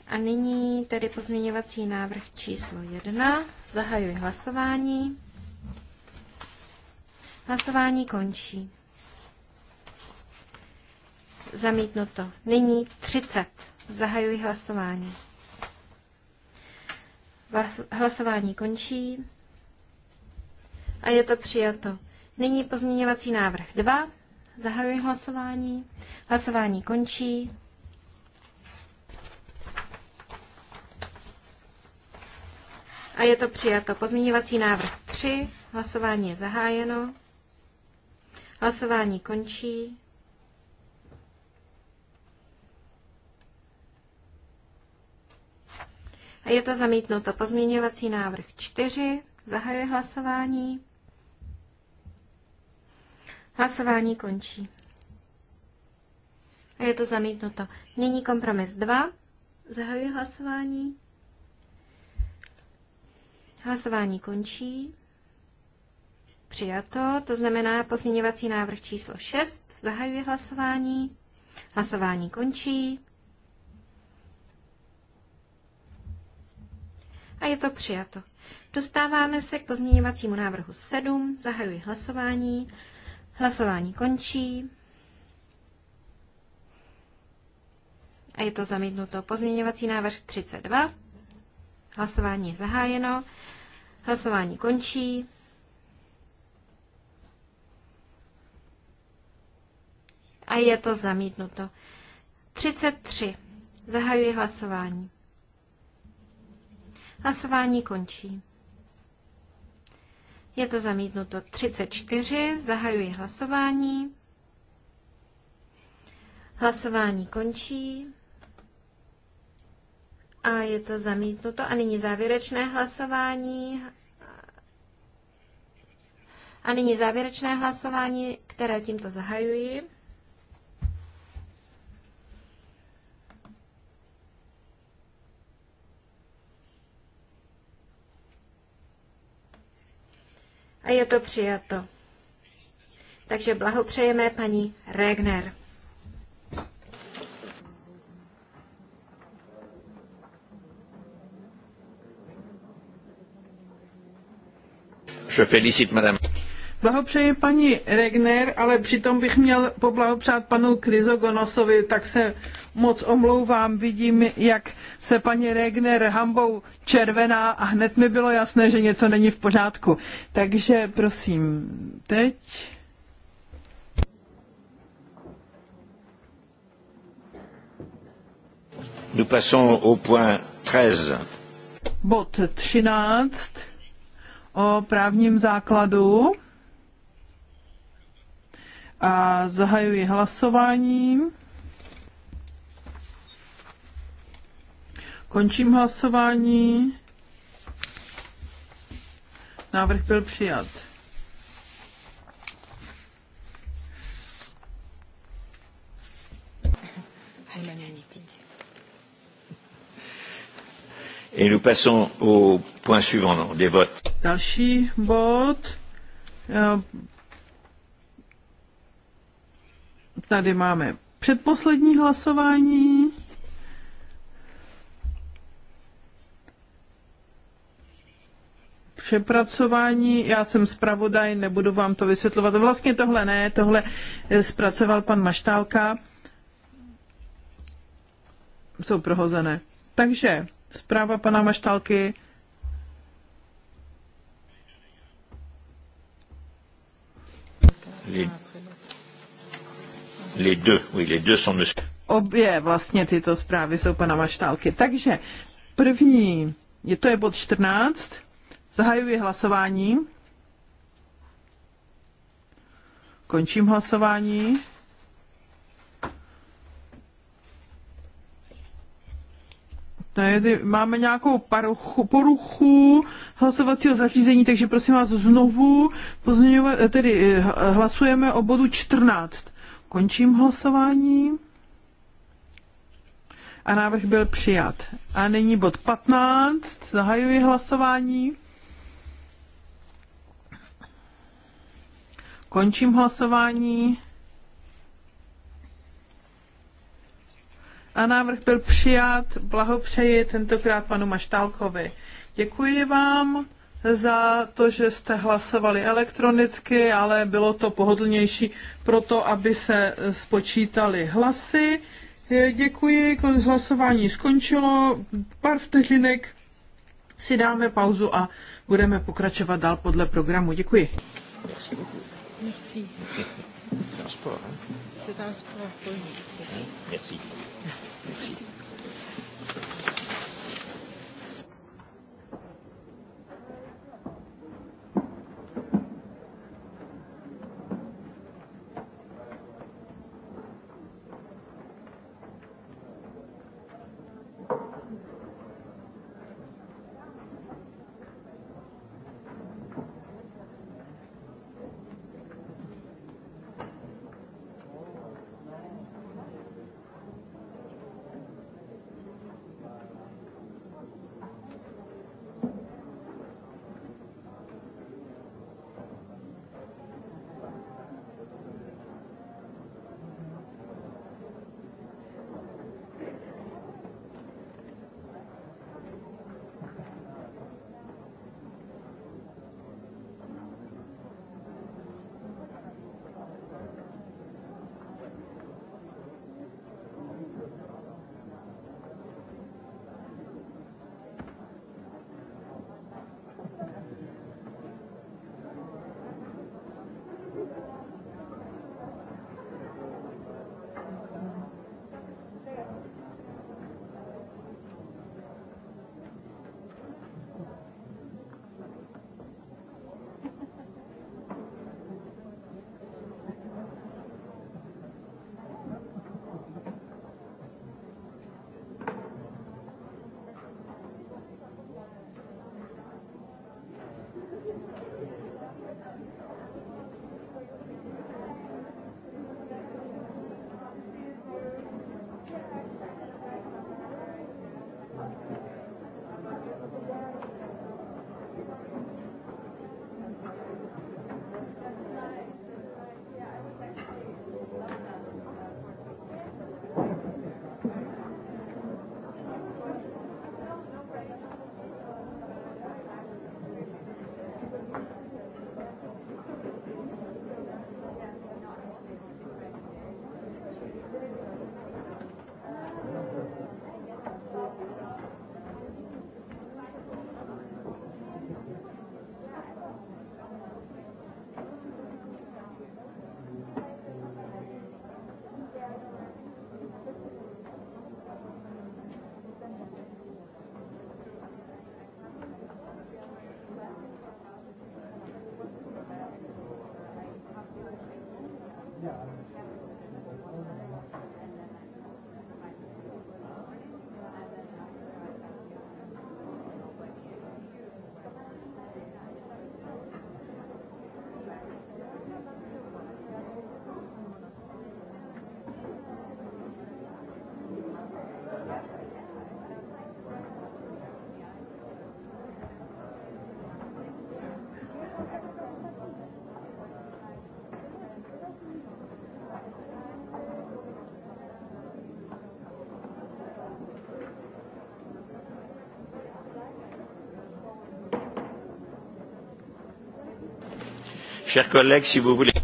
A nyní tedy pozměňovací návrh číslo 1. Zahajuji hlasování. Hlasování končí zamítnuto. Nyní 30. Zahajuji hlasování. Hlasování končí a je to přijato. Nyní pozměňovací návrh 2. Zahajuji hlasování. Hlasování končí. A je to přijato. Pozměňovací návrh 3. Hlasování je zahájeno. Hlasování končí. A je to zamítnuto. Pozměňovací návrh 4. Zahajuje hlasování. Hlasování končí. A je to zamítnuto. Mění kompromis 2. Zahajuje hlasování. Hlasování končí. Přijato, to znamená pozměňovací návrh číslo 6. Zahajuje hlasování. Hlasování končí. a je to přijato. Dostáváme se k pozměňovacímu návrhu 7. Zahajuji hlasování. Hlasování končí. A je to zamítnuto. Pozměňovací návrh 32. Hlasování je zahájeno. Hlasování končí. A je to zamítnuto. 33. Zahajuji hlasování. Hlasování končí. Je to zamítnuto 34. Zahajuji hlasování. Hlasování končí. A je to zamítnuto. A nyní závěrečné hlasování. A nyní závěrečné hlasování, které tímto zahajuji. a je to přijato. Takže blahopřejeme paní Regner. Je félicite, madame. Blahopřeji paní Regner, ale přitom bych měl poblahopřát panu Kryzogonosovi, tak se moc omlouvám, vidím, jak se paní Regner hambou červená a hned mi bylo jasné, že něco není v pořádku. Takže prosím, teď... Nous passons au point 13. Bod 13 o právním základu a zahajuji hlasování. Končím hlasování. Návrh byl přijat. Et nous passons au point suivant des votes. Další bod tady máme předposlední hlasování. přepracování. Já jsem zpravodaj, nebudu vám to vysvětlovat. Vlastně tohle ne, tohle zpracoval pan Maštálka. Jsou prohozené. Takže zpráva pana Maštálky. Lid. Les deux, oui, les deux sont monsieur. Obě vlastně tyto zprávy jsou pana Maštálky. Takže první, je to je bod 14, zahajuji hlasování. Končím hlasování. Tady máme nějakou paruchu, poruchu hlasovacího zařízení, takže prosím vás znovu, tedy eh, hlasujeme o bodu 14. Končím hlasování. A návrh byl přijat. A nyní bod 15. Zahajuji hlasování. Končím hlasování. A návrh byl přijat. Blahopřeji tentokrát panu Maštálkovi. Děkuji vám za to, že jste hlasovali elektronicky, ale bylo to pohodlnější pro to, aby se spočítali hlasy. Děkuji, hlasování skončilo. Pár vteřinek si dáme pauzu a budeme pokračovat dál podle programu. Děkuji. Merci. Merci. Merci. Merci. Merci. Merci. Merci.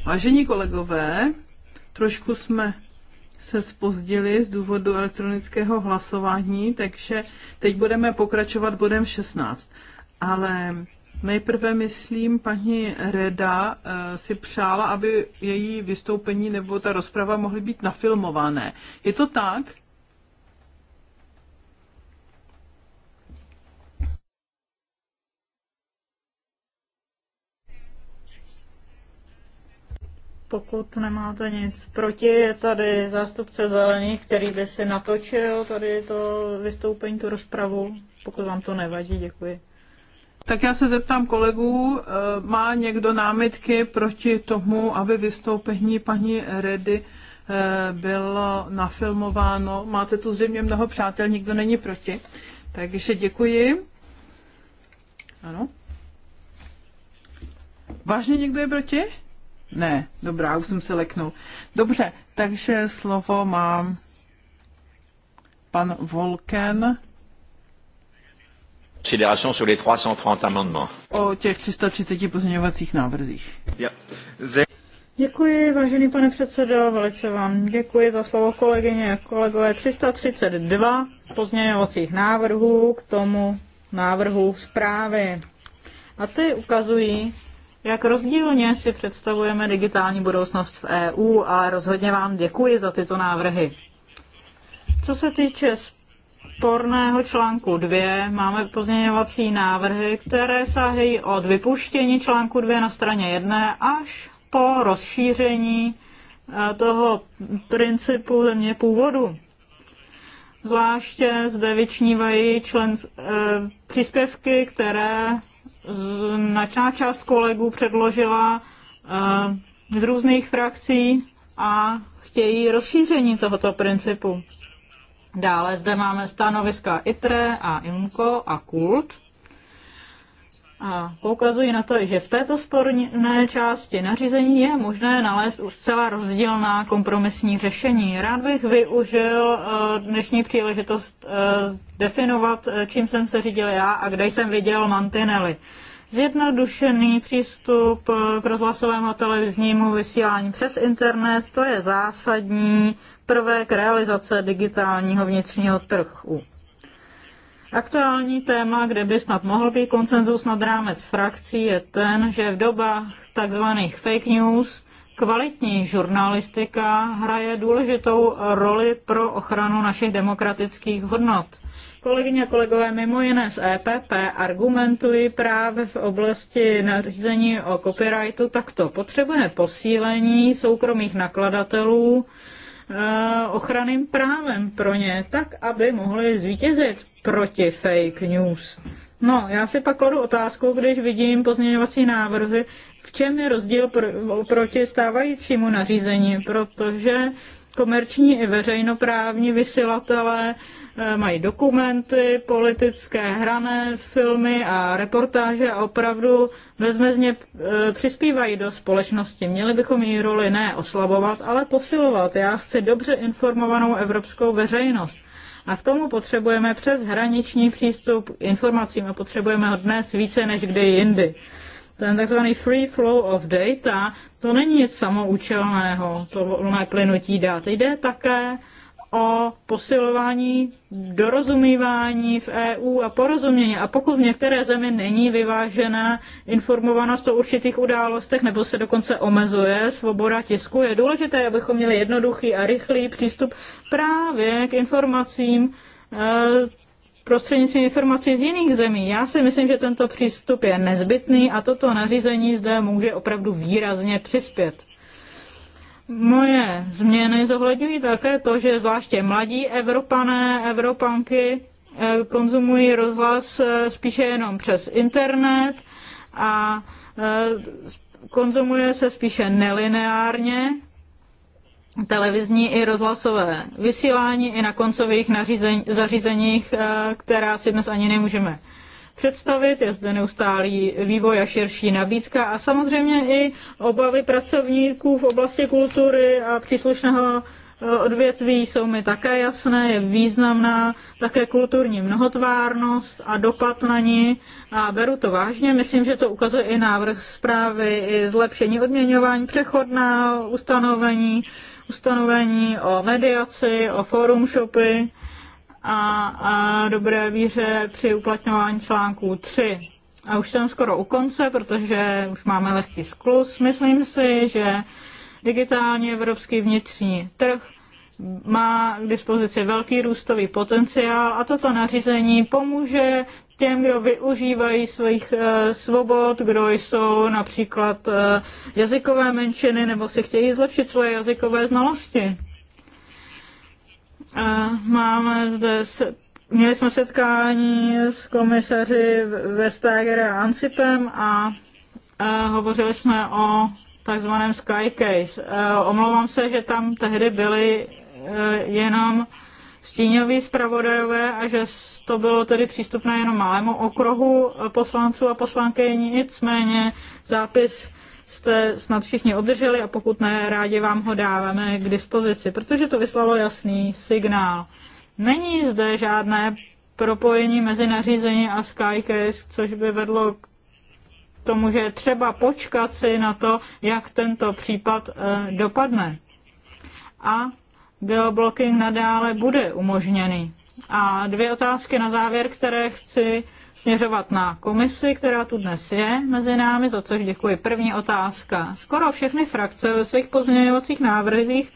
Vážení kolegové, trošku jsme se spozdili z důvodu elektronického hlasování, takže teď budeme pokračovat bodem 16. Ale nejprve, myslím, paní Reda eh, si přála, aby její vystoupení nebo ta rozprava mohly být nafilmované. Je to tak? Pokud nemáte nic proti, je tady zástupce zelených, který by si natočil tady to vystoupení, tu rozpravu. Pokud vám to nevadí, děkuji. Tak já se zeptám kolegů, eh, má někdo námitky proti tomu, aby vystoupení paní Redy eh, bylo nafilmováno? Máte tu zřejmě mnoho přátel, nikdo není proti. Takže děkuji. Ano. Vážně někdo je proti? Ne, dobrá, už jsem se leknul. Dobře, takže slovo má pan Volken. Considération sur les 330 amendements. O těch 330 pozměňovacích návrzích. Děkuji, vážený pane předsedo, velice vám děkuji za slovo kolegyně a kolegové. 332 pozměňovacích návrhů k tomu návrhu zprávy. A ty ukazují, jak rozdílně si představujeme digitální budoucnost v EU a rozhodně vám děkuji za tyto návrhy. Co se týče sporného článku 2, máme pozměňovací návrhy, které sahají od vypuštění článku 2 na straně 1 až po rozšíření eh, toho principu země původu. Zvláště zde vyčnívají člen, e, příspěvky, které značná část kolegů předložila eh, z různých frakcí a chtějí rozšíření tohoto principu. Dále zde máme stanoviska ITRE a IMCO a KULT a poukazují na to, že v této sporné části nařízení je možné nalézt už zcela rozdílná kompromisní řešení. Rád bych využil eh, dnešní příležitost eh, definovat, eh, čím jsem se řídil já a kde jsem viděl mantinely. Zjednodušený přístup k rozhlasovému a televiznímu vysílání přes internet, to je zásadní prvek realizace digitálního vnitřního trhu. Aktuální téma, kde by snad mohl být konsenzus nad rámec frakcí, je ten, že v dobách tzv. fake news kvalitní žurnalistika hraje důležitou roli pro ochranu našich demokratických hodnot. Kolegyně a kolegové, mimo jiné z EPP argumentují právě v oblasti nařízení o copyrightu takto. Potřebujeme posílení soukromých nakladatelů, Eh, ochranným právem pro ně, tak aby mohli zvítězit proti fake news. No, já si pak kladu otázku, když vidím pozměňovací návrhy, v čem je rozdíl pr- oproti stávajícímu nařízení, protože komerční i veřejnoprávní vysílatelé mají dokumenty, politické hrané filmy a reportáže a opravdu bezmezně e, přispívají do společnosti. Měli bychom její roli ne oslabovat, ale posilovat. Já chci dobře informovanou evropskou veřejnost. A k tomu potřebujeme přes hraniční přístup k informacím a potřebujeme ho dnes více než kdy jindy. Ten takzvaný free flow of data, to není nic samoučelného, to volné plynutí dat. Jde také o posilování dorozumívání v EU a porozumění. A pokud v některé zemi není vyvážená informovanost o určitých událostech nebo se dokonce omezuje svoboda tisku, je důležité, abychom měli jednoduchý a rychlý přístup právě k informacím eh, prostřednictvím informací z jiných zemí. Já si myslím, že tento přístup je nezbytný a toto nařízení zde může opravdu výrazně přispět. Moje změny zohledňují také to, že zvláště mladí Evropané, Evropanky eh, konzumují rozhlas eh, spíše jenom přes internet a eh, konzumuje se spíše nelineárně televizní i rozhlasové vysílání i na koncových zařízeních, která si dnes ani nemůžeme představit. Je zde neustálý vývoj a širší nabídka a samozřejmě i obavy pracovníků v oblasti kultury a příslušného e, odvětví jsou mi také jasné, je významná také kulturní mnohotvárnost a dopad na ní a beru to vážně. Myslím, že to ukazuje i návrh zprávy, i zlepšení odměňování, přechodná ustanovení, ustanovení o mediaci, o forum shopy a, a dobré víře při uplatňování článku 3. A už jsem skoro u konce, protože už máme lehký sklus. Myslím si, že digitální evropský vnitřní trh má k dispozici velký růstový potenciál a toto nařízení pomůže těm, kdo využívají svých eh, svobod, kdo jsou například eh, jazykové menšiny nebo si chtějí zlepšit svoje jazykové znalosti. Máme zde, měli jsme setkání s komisaři Vestager a Ancipem a hovořili jsme o takzvaném Sky Case. E, omlouvám se, že tam tehdy byly e, jenom stíňoví zpravodajové a že to bylo tedy přístupné jenom malému okruhu e, poslanců a poslankyň. Nicméně zápis jste snad všichni obdrželi a pokud ne, rádi vám ho dáváme k dispozici, protože to vyslalo jasný signál. Není zde žádné propojení mezi nařízení a Skycase, což by vedlo k tomu, že je třeba počkat si na to, jak tento případ eh, dopadne. A geoblocking nadále bude umožněný. A dvě otázky na závěr, které chci směřovat na komisi, která tu dnes je mezi námi, za což děkuji. První otázka. Skoro všechny frakce ve svých pozměňovacích návrzích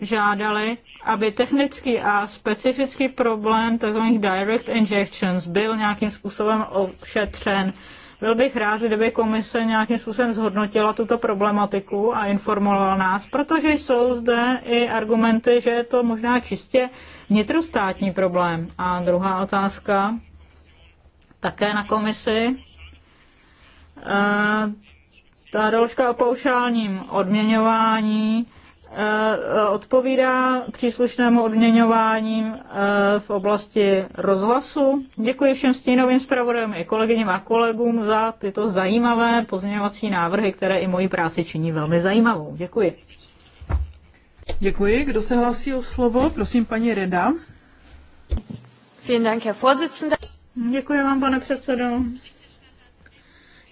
žádali, aby technický a specifický problém tzv. direct injections byl nějakým způsobem ošetřen. Byl bych rád, kdyby komise nějakým způsobem zhodnotila tuto problematiku a informovala nás, protože jsou zde i argumenty, že je to možná čistě vnitrostátní problém. A druhá otázka, také na komisi. E, ta doložka o paušálním odměňování e, odpovídá příslušnému odměňování e, v oblasti rozhlasu. Děkuji všem stínovým zpravodajům i kolegyním a kolegům za tyto zajímavé pozměňovací návrhy, které i moji práci činí velmi zajímavou. Děkuji. Děkuji. Kdo se hlásí o slovo? Prosím, paní Reda. Vielen Dank, Herr Vorsitzender. Děkuji vám, pane předsedo.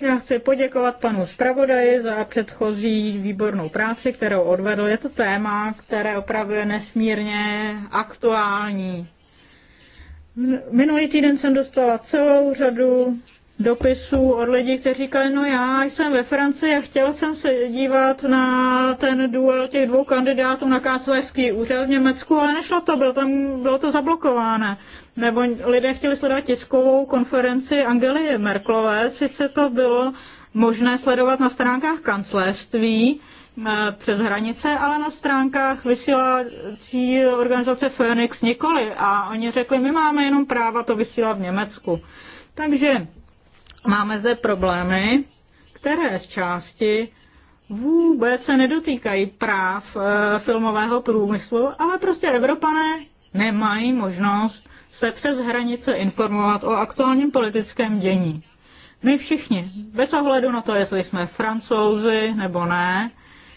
Já chci poděkovat panu zpravodaji za předchozí výbornou práci, kterou odvedl. Je to téma, které opravdu je nesmírně aktuální. Minulý týden jsem dostala celou řadu dopisů od lidí, kteří říkali, no já jsem ve Francii a chtěl jsem se dívat na ten duel těch dvou kandidátů na kancelářský úřad v Německu, ale nešlo to, bylo, tam, bylo to zablokováno. Nebo lidé chtěli sledovat tiskovou konferenci Angely Merklové, sice to bylo možné sledovat na stránkách kancelářství, eh, přes hranice, ale na stránkách vysílací organizace Phoenix nikoli. A oni řekli, my máme jenom práva to vysílat v Německu. Takže Máme zde problémy, které z části vůbec se nedotýkají práv eh, filmového průmyslu, ale prostě Evropané nemají možnost se přes hranice informovat o aktuálním politickém dění. My všichni, bez ohledu na to, jestli jsme francouzi nebo ne,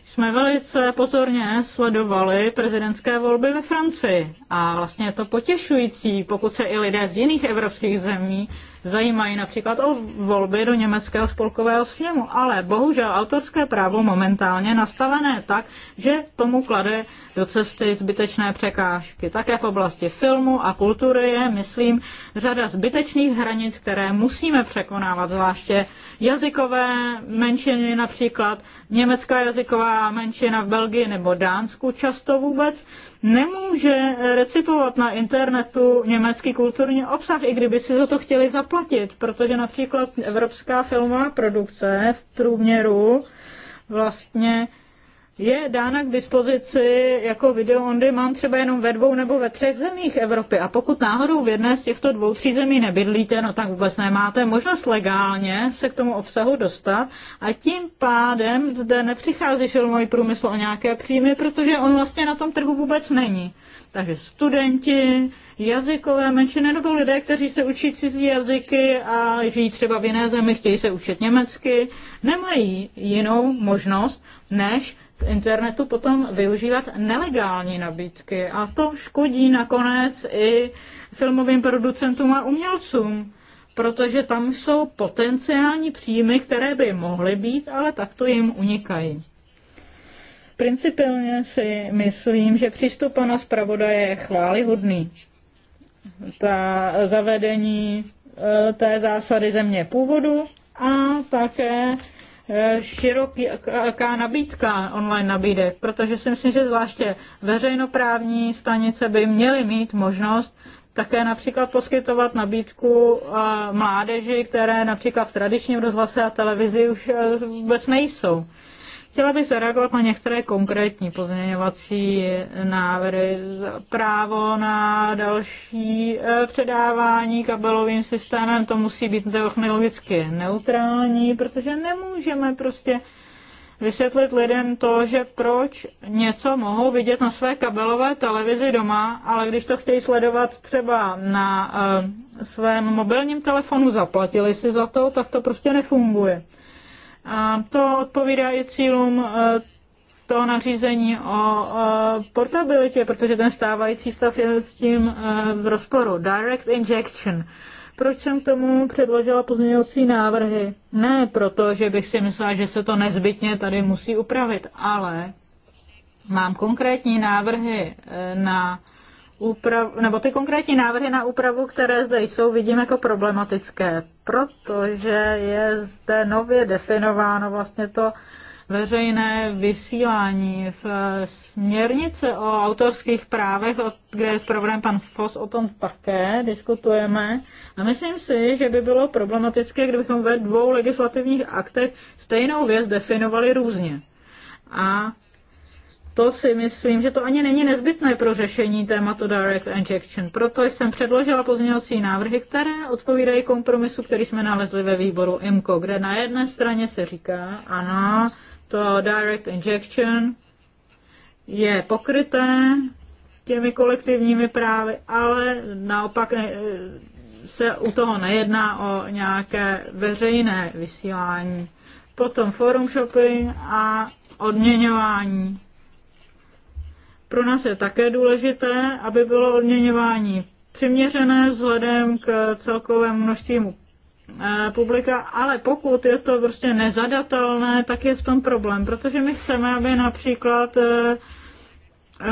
jsme velice pozorně sledovali prezidentské volby ve Francii. A vlastně je to potěšující, pokud se i lidé z jiných evropských zemí zajímají například o volby do německého spolkového sněmu. Ale bohužel autorské právo momentálně nastavené tak, že tomu klade do cesty zbytečné překážky. Také v oblasti filmu a kultury je, myslím, řada zbytečných hranic, které musíme překonávat, zvláště jazykové menšiny, například německá jazyková menšina v Belgii nebo Dánsku často vůbec nemůže recitovat na internetu německý kulturní obsah, i kdyby si za to chtěli zaplatit, protože například evropská filmová produkce v průměru vlastně je dána k dispozici jako video on demand třeba jenom ve dvou nebo ve třech zemích Evropy. A pokud náhodou v jedné z těchto dvou, tří zemí nebydlíte, no tak vůbec nemáte možnost legálně se k tomu obsahu dostat. A tím pádem zde nepřichází filmový průmysl o nějaké příjmy, protože on vlastně na tom trhu vůbec není. Takže studenti, jazykové menšiny nebo lidé, kteří se učí cizí jazyky a žijí třeba v jiné zemi, chtějí se učit německy, nemají jinou možnost, než internetu potom využívat nelegální nabídky. A to škodí nakonec i filmovým producentům a umělcům, protože tam jsou potenciální příjmy, které by mohly být, ale takto jim unikají. Principálně si myslím, že přístup pana zpravodaje je chválihodný. Ta zavedení eh, té zásady země původu a také široká nabídka online nabídek, protože si myslím, že zvláště veřejnoprávní stanice by měly mít možnost také například poskytovat nabídku eh, mládeži, které například v tradičním rozhlase a televizi už eh, vůbec nejsou. Chtěla bych zareagovat na některé konkrétní pozměňovací návrhy. Právo na další eh, předávání kabelovým systémem, to musí být technologicky neutrální, protože nemůžeme prostě vysvětlit lidem to, že proč něco mohou vidět na své kabelové televizi doma, ale když to chtějí sledovat třeba na eh, svém mobilním telefonu, zaplatili si za to, tak to prostě nefunguje. A to odpovídá i cílům e, toho nařízení o e, portabilitě, protože ten stávající stav je s tím e, v rozporu. Direct injection. Proč jsem k tomu předložila pozměňovací návrhy? Ne proto, že bych si myslela, že se to nezbytně tady musí upravit, ale mám konkrétní návrhy na úprav, nebo ty konkrétní návrhy na úpravu, které zde jsou, vidím jako problematické, protože je zde nově definováno vlastně to veřejné vysílání v směrnice o autorských právech, kde je zpravodajem pan Fos, o tom také diskutujeme. A myslím si, že by bylo problematické, kdybychom ve dvou legislativních aktech stejnou věc definovali různě. A to si myslím, že to ani není nezbytné pro řešení tématu direct injection. Proto jsem předložila pozměňovací návrhy, které odpovídají kompromisu, který jsme nalezli ve výboru IMCO, kde na jedné straně se říká, ano, to direct injection je pokryté těmi kolektivními právy, ale naopak se u toho nejedná o nějaké veřejné vysílání. Potom forum shopping a odměňování pro nás je také důležité, aby bylo odměňování přiměřené vzhledem k celkovému množství eh, publika, ale pokud je to prostě nezadatelné, tak je v tom problém, protože my chceme, aby například eh,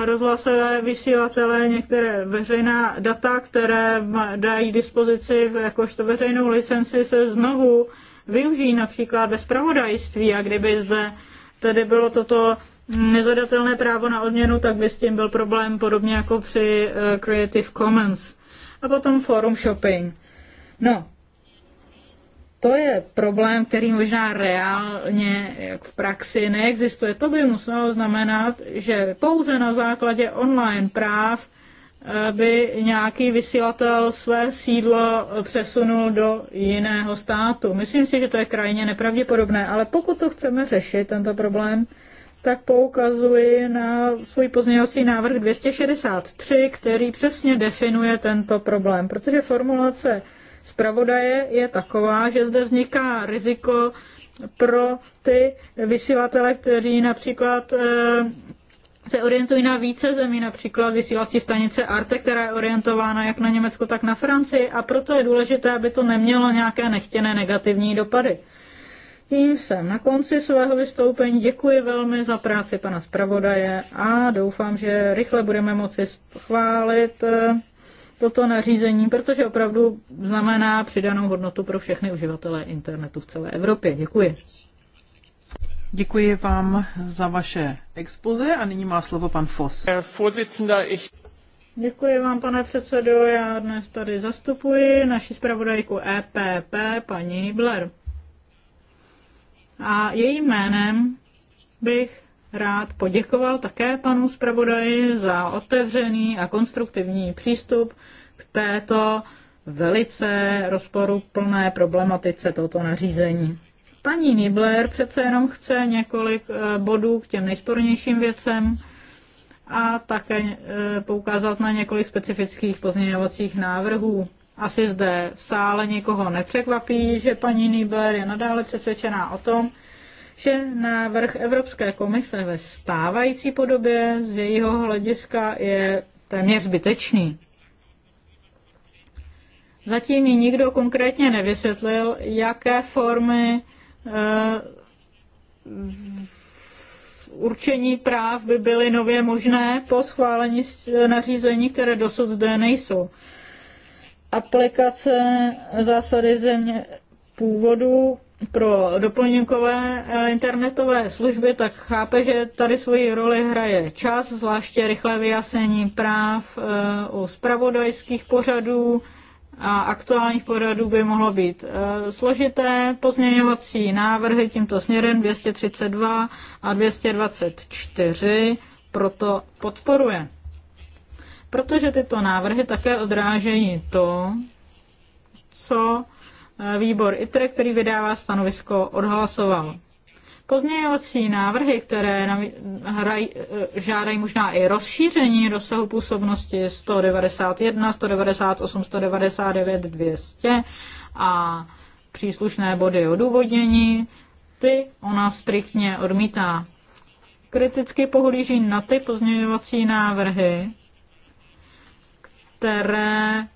rozhlasové vysílatele některé veřejná data, které dají dispozici jakožto veřejnou licenci, se znovu využijí například ve spravodajství a kdyby zde tedy bylo toto nezadatelné právo na odměnu, tak by s tím byl problém podobně jako při eh, Creative Commons. A potom forum shopping. No, to je problém, který možná reálně jak v praxi neexistuje. To by muselo znamenat, že pouze na základě online práv eh, by nějaký vysílatel své sídlo přesunul do jiného státu. Myslím si, že to je krajně nepravděpodobné, ale pokud to chceme řešit, tento problém, tak poukazuji na svůj pozměňovací návrh 263, který přesně definuje tento problém, protože formulace zpravodaje je taková, že zde vzniká riziko pro ty vysílatele, kteří například eh, se orientují na více zemí, například vysílací stanice Arte, která je orientována jak na Německo, tak na Francii a proto je důležité, aby to nemělo nějaké nechtěné negativní dopady. Tím jsem na konci svého vystoupení. Děkuji velmi za práci pana zpravodaje a doufám, že rychle budeme moci schválit eh, toto nařízení, protože opravdu znamená přidanou hodnotu pro všechny uživatele internetu v celé Evropě. Děkuji. Děkuji vám za vaše expoze a nyní má slovo pan Foss. Děkuji vám, pane předsedo. Já dnes tady zastupuji naši zpravodajku EPP, paní Hibler. A jejím jménem bych rád poděkoval také panu zpravodaji za otevřený a konstruktivní přístup k této velice rozporuplné problematice tohoto nařízení. Paní Nibler přece jenom chce několik eh, bodů k těm nejspornějším věcem a také eh, poukázat na několik specifických pozměňovacích návrhů. Asi zde v sále někoho nepřekvapí, že paní Nibler je nadále přesvědčená o tom, že návrh Evropské komise ve stávající podobě z jejího hlediska je téměř zbytečný. Zatím mi nikdo konkrétně nevysvětlil, jaké formy e, určení práv by byly nově možné po schválení nařízení, které dosud zde nejsou aplikace zásady země původu pro doplňkové internetové služby, tak chápe, že tady svoji roli hraje čas, zvláště rychlé vyjasnění práv eh, u spravodajských pořadů a aktuálních pořadů by mohlo být eh, složité. Pozměňovací návrhy tímto směrem 232 a 224 proto podporuje protože tyto návrhy také odrážejí to, co e, výbor ITRE, který vydává stanovisko, odhlasoval. Pozměňovací návrhy, které e, žádají možná i rozšíření rozsahu působnosti 191, 198, 199, 200 a příslušné body odůvodnění, ty ona striktně odmítá. Kriticky pohlíží na ty pozměňovací návrhy, které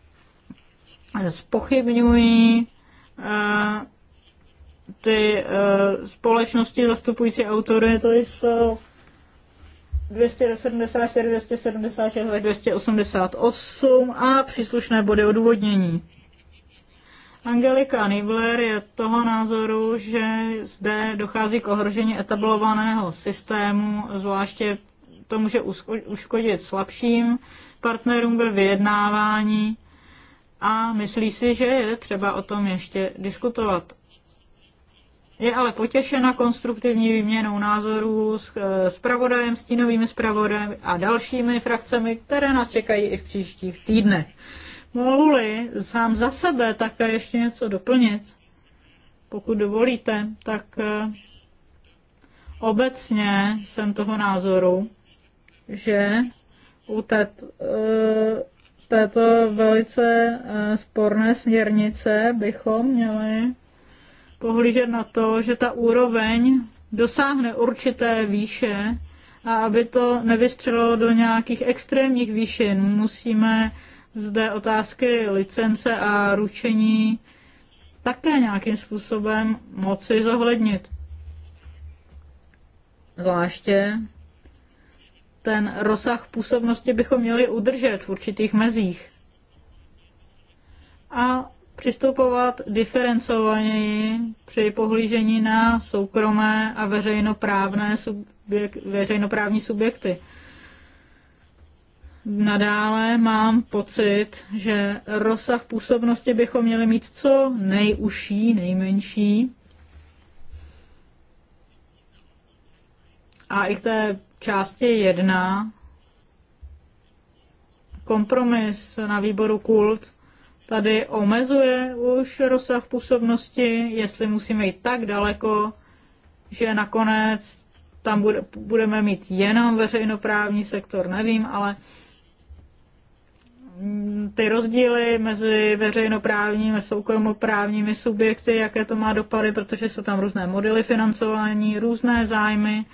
spochybňují eh, ty eh, společnosti zastupující autory, to jsou 274, 276 až 288 a příslušné body odůvodnění. Angelika Nibler je toho názoru, že zde dochází k ohrožení etablovaného systému, zvláště to může uškodit slabším partnerům ve vyjednávání a myslí si, že je třeba o tom ještě diskutovat. Je ale potěšena konstruktivní výměnou názorů s zpravodajem, eh, stínovými zpravodajem a dalšími frakcemi, které nás čekají i v příštích týdnech. Mohu-li sám za sebe také ještě něco doplnit, pokud dovolíte, tak eh, obecně jsem toho názoru, že u této, eh, této velice eh, sporné směrnice bychom měli pohlížet na to, že ta úroveň dosáhne určité výše a aby to nevystřelilo do nějakých extrémních výšin, musíme zde otázky licence a ručení také nějakým způsobem moci zohlednit. Zvláště ten rozsah působnosti bychom měli udržet v určitých mezích. A přistupovat diferencovaněji při pohlížení na soukromé a veřejnoprávné subjek- veřejnoprávní subjekty. Nadále mám pocit, že rozsah působnosti bychom měli mít co nejužší, nejmenší. A i k té části 1 kompromis na výboru kult tady omezuje už rozsah působnosti, jestli musíme jít tak daleko, že nakonec tam bude, budeme mít jenom veřejnoprávní sektor, nevím, ale ty rozdíly mezi veřejnoprávními a soukromoprávními subjekty, jaké to má dopady, protože jsou tam různé modely financování, různé zájmy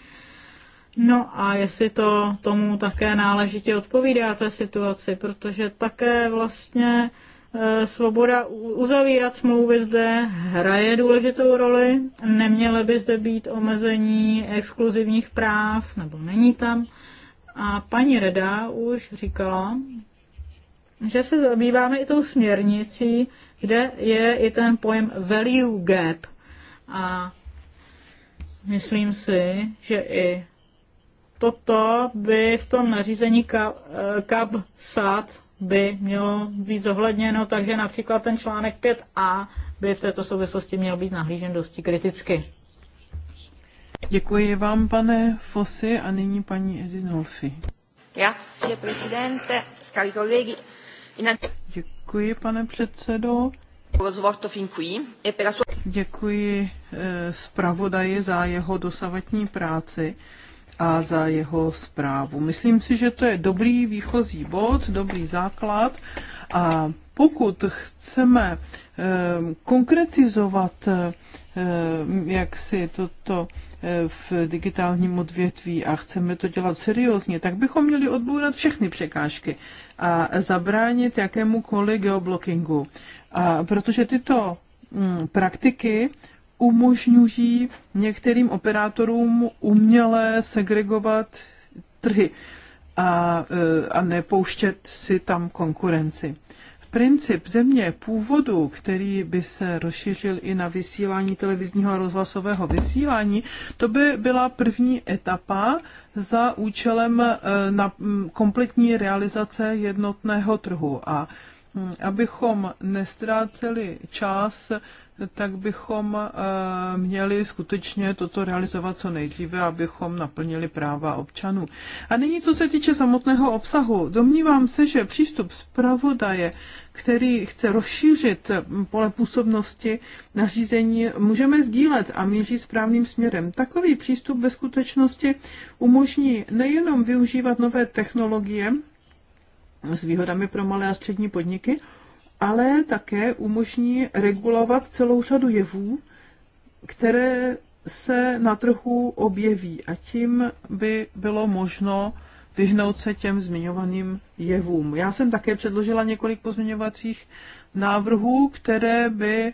No a jestli to tomu také náležitě odpovídá té situaci, protože také vlastně e, svoboda uzavírat smlouvy zde hraje důležitou roli. Neměly by zde být omezení exkluzivních práv, nebo není tam. A paní Reda už říkala, že se zabýváme i tou směrnicí, kde je i ten pojem value gap. A myslím si, že i toto by v tom nařízení CAP eh, SAT by mělo být zohledněno, takže například ten článek 5a by v této souvislosti měl být nahlížen dosti kriticky. Děkuji vám, pane Fosy, a nyní paní Edinolfi. Grazie, presidente, cari colleghi. Děkuji, pane předsedo. E Děkuji eh, zpravodaji za jeho dosavatní práci a za jeho zprávu. Myslím si, že to je dobrý výchozí bod, dobrý základ a pokud chceme ehm, konkretizovat ehm, jak si toto ehm, v digitálním odvětví a chceme to dělat seriózně, tak bychom měli odbourat všechny překážky a zabránit jakémukoliv geoblockingu. A protože tyto mm, praktiky umožňují některým operátorům uměle segregovat trhy a, eh, a nepouštět si tam konkurenci. V Princip země původu, který by se rozšířil i na vysílání televizního a rozhlasového vysílání, to by byla první etapa za účelem eh, na mm, kompletní realizace jednotného trhu. A hm, abychom nestráceli čas tak bychom eh, měli skutečně toto realizovat co nejdříve, abychom naplnili práva občanů. A nyní, co se týče samotného obsahu, domnívám se, že přístup zpravodaje, který chce rozšířit hm, pole působnosti nařízení, můžeme sdílet a míří správným směrem. Takový přístup ve skutečnosti umožní nejenom využívat nové technologie s výhodami pro malé a střední podniky, ale také umožní regulovat celou řadu jevů, které se na trhu objeví a tím by bylo možno vyhnout se těm zmiňovaným jevům. Já jsem také předložila několik pozměňovacích návrhů, které by eh,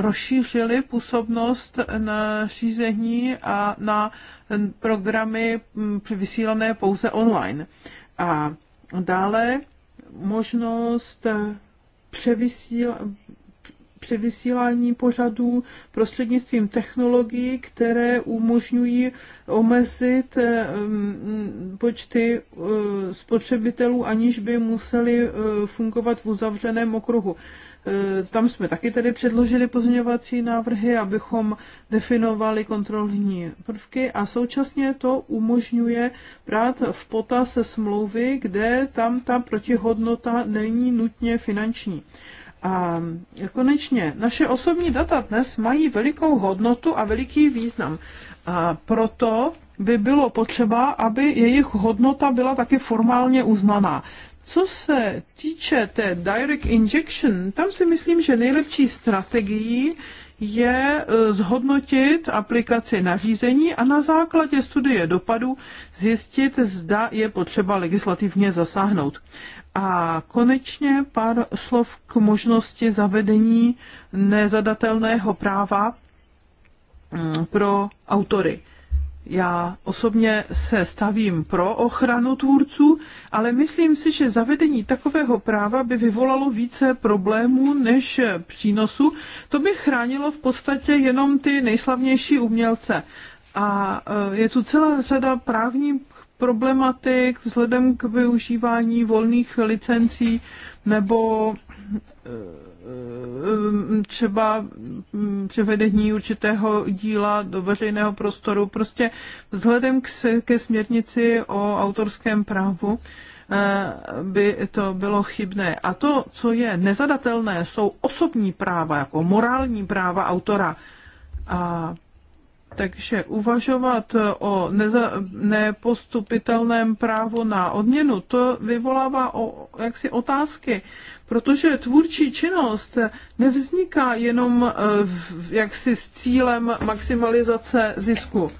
rozšířily působnost na řízení a na eh, programy hm, vysílané pouze online. A dále možnost eh, převysíla, převysílání pořadů prostřednictvím technologií, které umožňují omezit eh, počty eh, spotřebitelů, aniž by museli eh, fungovat v uzavřeném okruhu. E, tam jsme taky tedy předložili pozměňovací návrhy, abychom definovali kontrolní prvky a současně to umožňuje brát v potaz smlouvy, kde tam ta protihodnota není nutně finanční. A konečně, naše osobní data dnes mají velikou hodnotu a veliký význam. A proto by bylo potřeba, aby jejich hodnota byla taky formálně uznaná. Co se týče té direct injection, tam si myslím, že nejlepší strategií je e, zhodnotit aplikaci nařízení a na základě studie dopadu zjistit, zda je potřeba legislativně zasáhnout. A konečně pár slov k možnosti zavedení nezadatelného práva mm, pro autory. Já osobně se stavím pro ochranu tvůrců, ale myslím si, že zavedení takového práva by vyvolalo více problémů než přínosu. To by chránilo v podstatě jenom ty nejslavnější umělce. A e, je tu celá řada právních problematik vzhledem k využívání volných licencí nebo e, Eh, třeba hm, převedení určitého díla do veřejného prostoru. Prostě vzhledem k, ke směrnici o autorském právu eh, by to bylo chybné. A to, co je nezadatelné, jsou osobní práva, jako morální práva autora. A takže uvažovat o neza, nepostupitelném právu na odměnu, to vyvolává o, jaksi otázky protože tvůrčí činnost nevzniká jenom eh, jaksi s cílem maximalizace zisku.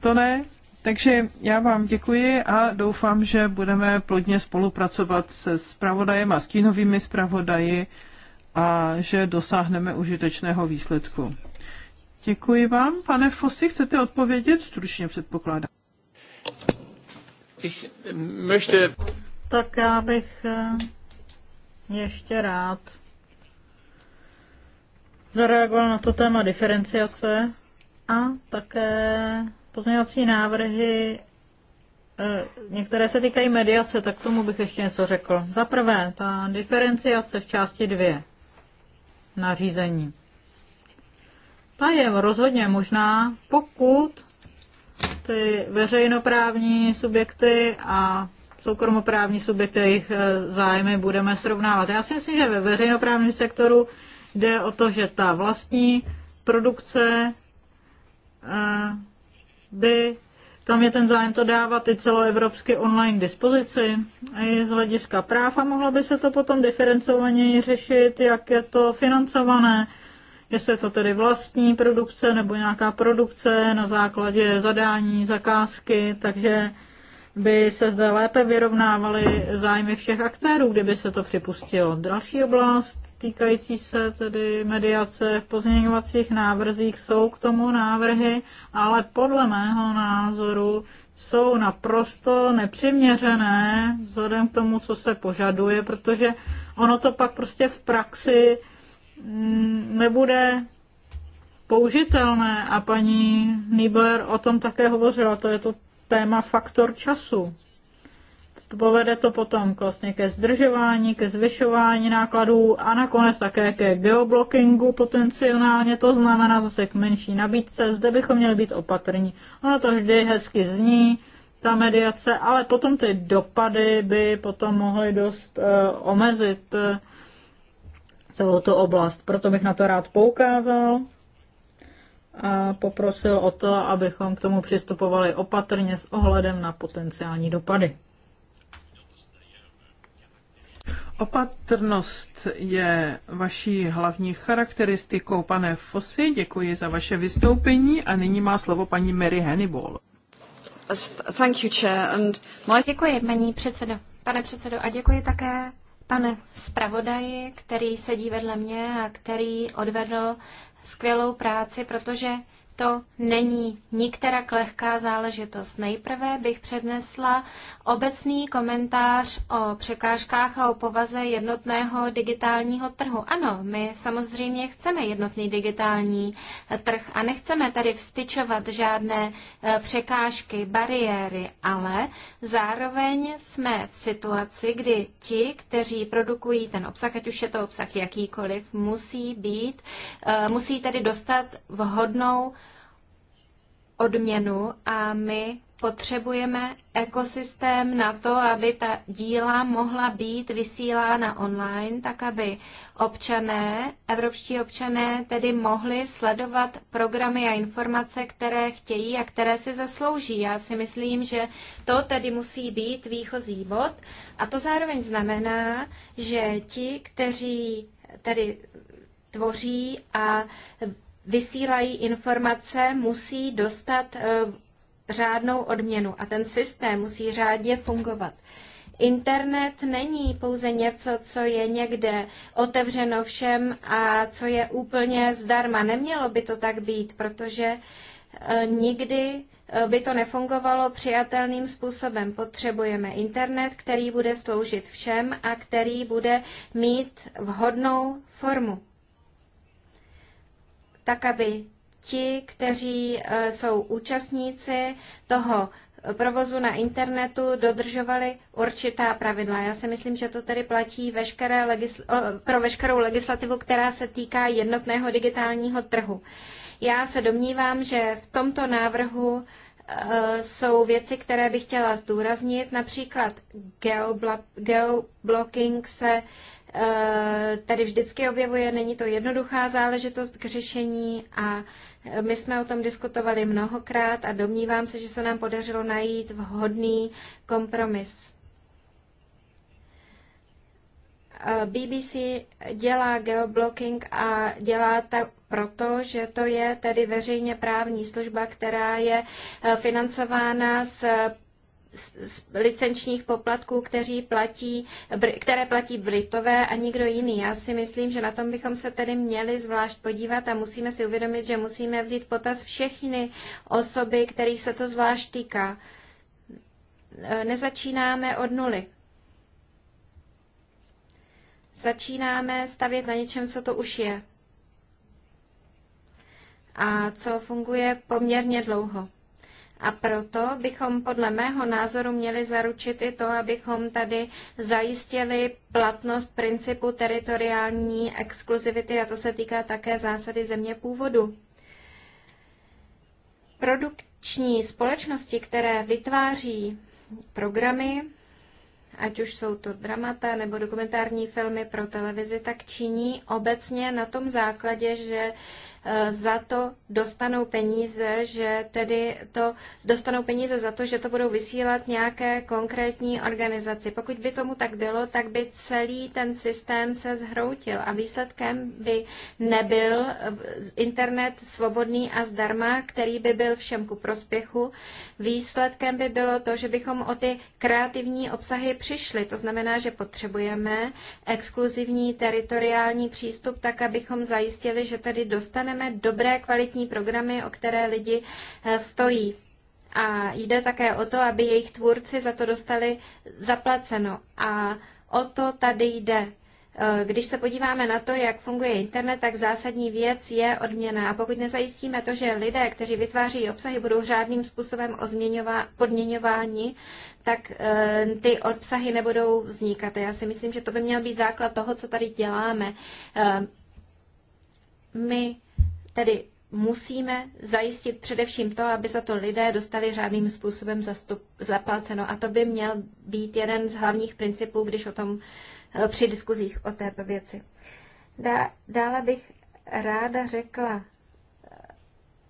To ne. Takže já vám děkuji a doufám, že budeme plodně spolupracovat se zpravodajem a stínovými zpravodaji a že dosáhneme užitečného výsledku. Děkuji vám. Pane Fossi, chcete odpovědět? Stručně předpokládám. Ich möchte... Tak já bych eh, ještě rád zareagoval na to téma diferenciace a také pozměňovací návrhy, eh, některé se týkají mediace, tak tomu bych ještě něco řekl. Za prvé, ta diferenciace v části dvě nařízení. Ta je rozhodně možná, pokud ty veřejnoprávní subjekty a soukromoprávní subjekty, jejich e, zájmy budeme srovnávat. Já si myslím, že ve veřejnoprávním sektoru jde o to, že ta vlastní produkce e, by, tam je ten zájem to dávat i celoevropsky online k dispozici i z hlediska práv a mohlo by se to potom diferencovaně řešit, jak je to financované, jestli je to tedy vlastní produkce nebo nějaká produkce na základě zadání, zakázky, takže by se zde lépe vyrovnávaly zájmy všech aktérů, kdyby se to připustilo. Další oblast týkající se tedy mediace v pozměňovacích návrzích jsou k tomu návrhy, ale podle mého názoru jsou naprosto nepřiměřené vzhledem k tomu, co se požaduje, protože ono to pak prostě v praxi mm, nebude použitelné a paní Nibler o tom také hovořila, to je to téma faktor času. Povede to potom k vlastně ke zdržování, ke zvyšování nákladů a nakonec také ke geoblockingu potenciálně, to znamená zase k menší nabídce. Zde bychom měli být opatrní. Ono to vždy hezky zní, ta mediace, ale potom ty dopady by potom mohly dost uh, omezit uh, celou tu oblast. Proto bych na to rád poukázal poprosil o to, abychom k tomu přistupovali opatrně s ohledem na potenciální dopady. Opatrnost je vaší hlavní charakteristikou, pane Fosy. Děkuji za vaše vystoupení a nyní má slovo paní Mary Hannibal. Thank you, chair, and my... Děkuji, paní předsedo. Pane předsedo, a děkuji také pane zpravodaji, který sedí vedle mě a který odvedl skvělou práci, protože to není nikterak lehká záležitost. Nejprve bych přednesla obecný komentář o překážkách a o povaze jednotného digitálního trhu. Ano, my samozřejmě chceme jednotný digitální eh, trh a nechceme tady vstyčovat žádné eh, překážky, bariéry, ale zároveň jsme v situaci, kdy ti, kteří produkují ten obsah, ať už je to obsah jakýkoliv, musí být, eh, musí tedy dostat vhodnou odměnu a my potřebujeme ekosystém na to, aby ta díla mohla být vysílána online, tak aby občané, evropští občané tedy mohli sledovat programy a informace, které chtějí a které si zaslouží. Já si myslím, že to tedy musí být výchozí bod a to zároveň znamená, že ti, kteří tedy tvoří a vysílají informace, musí dostat eh, řádnou odměnu a ten systém musí řádně fungovat. Internet není pouze něco, co je někde otevřeno všem a co je úplně zdarma. Nemělo by to tak být, protože eh, nikdy eh, by to nefungovalo přijatelným způsobem. Potřebujeme internet, který bude sloužit všem a který bude mít vhodnou formu tak aby ti, kteří e, jsou účastníci toho provozu na internetu dodržovali určitá pravidla. Já si myslím, že to tedy platí veškeré legisl- pro veškerou legislativu, která se týká jednotného digitálního trhu. Já se domnívám, že v tomto návrhu e, jsou věci, které bych chtěla zdůraznit. Například geoblocking se Eh, tady vždycky objevuje. Není to jednoduchá záležitost k řešení a eh, my jsme o tom diskutovali mnohokrát a domnívám se, že se nám podařilo najít vhodný kompromis. Eh, BBC dělá geoblocking a dělá tak proto, že to je tedy veřejně právní služba, která je financována z licenčních poplatků, kteří platí, které platí Britové a nikdo jiný. Já si myslím, že na tom bychom se tedy měli zvlášť podívat a musíme si uvědomit, že musíme vzít potaz všechny osoby, kterých se to zvlášť týká. E, nezačínáme od nuly. Začínáme stavět na něčem, co to už je a co funguje poměrně dlouho. A proto bychom podle mého názoru měli zaručit i to, abychom tady zajistili platnost principu teritoriální exkluzivity a to se týká také zásady země původu. Produkční společnosti, které vytváří programy, ať už jsou to dramata nebo dokumentární filmy pro televizi, tak činí obecně na tom základě, že Eh, za to dostanou peníze, že tedy to dostanou peníze za to, že to budou vysílat nějaké konkrétní organizaci. Pokud by tomu tak bylo, tak by celý ten systém se zhroutil a výsledkem by nebyl eh, internet svobodný a zdarma, který by byl všem ku prospěchu. Výsledkem by bylo to, že bychom o ty kreativní obsahy přišli. To znamená, že potřebujeme exkluzivní teritoriální přístup, tak abychom zajistili, že tady dostane dostaneme dobré kvalitní programy, o které lidi eh, stojí. A jde také o to, aby jejich tvůrci za to dostali zaplaceno. A o to tady jde. Eh, když se podíváme na to, jak funguje internet, tak zásadní věc je odměna. A pokud nezajistíme to, že lidé, kteří vytváří obsahy, budou řádným způsobem podměňováni, tak eh, ty obsahy nebudou vznikat. já si myslím, že to by měl být základ toho, co tady děláme. My tedy musíme zajistit především to, aby za to lidé dostali řádným způsobem zastup, zaplaceno. A to by měl být jeden z hlavních principů, když o tom eh, při diskuzích o této věci. Dá, dále bych ráda řekla, eh,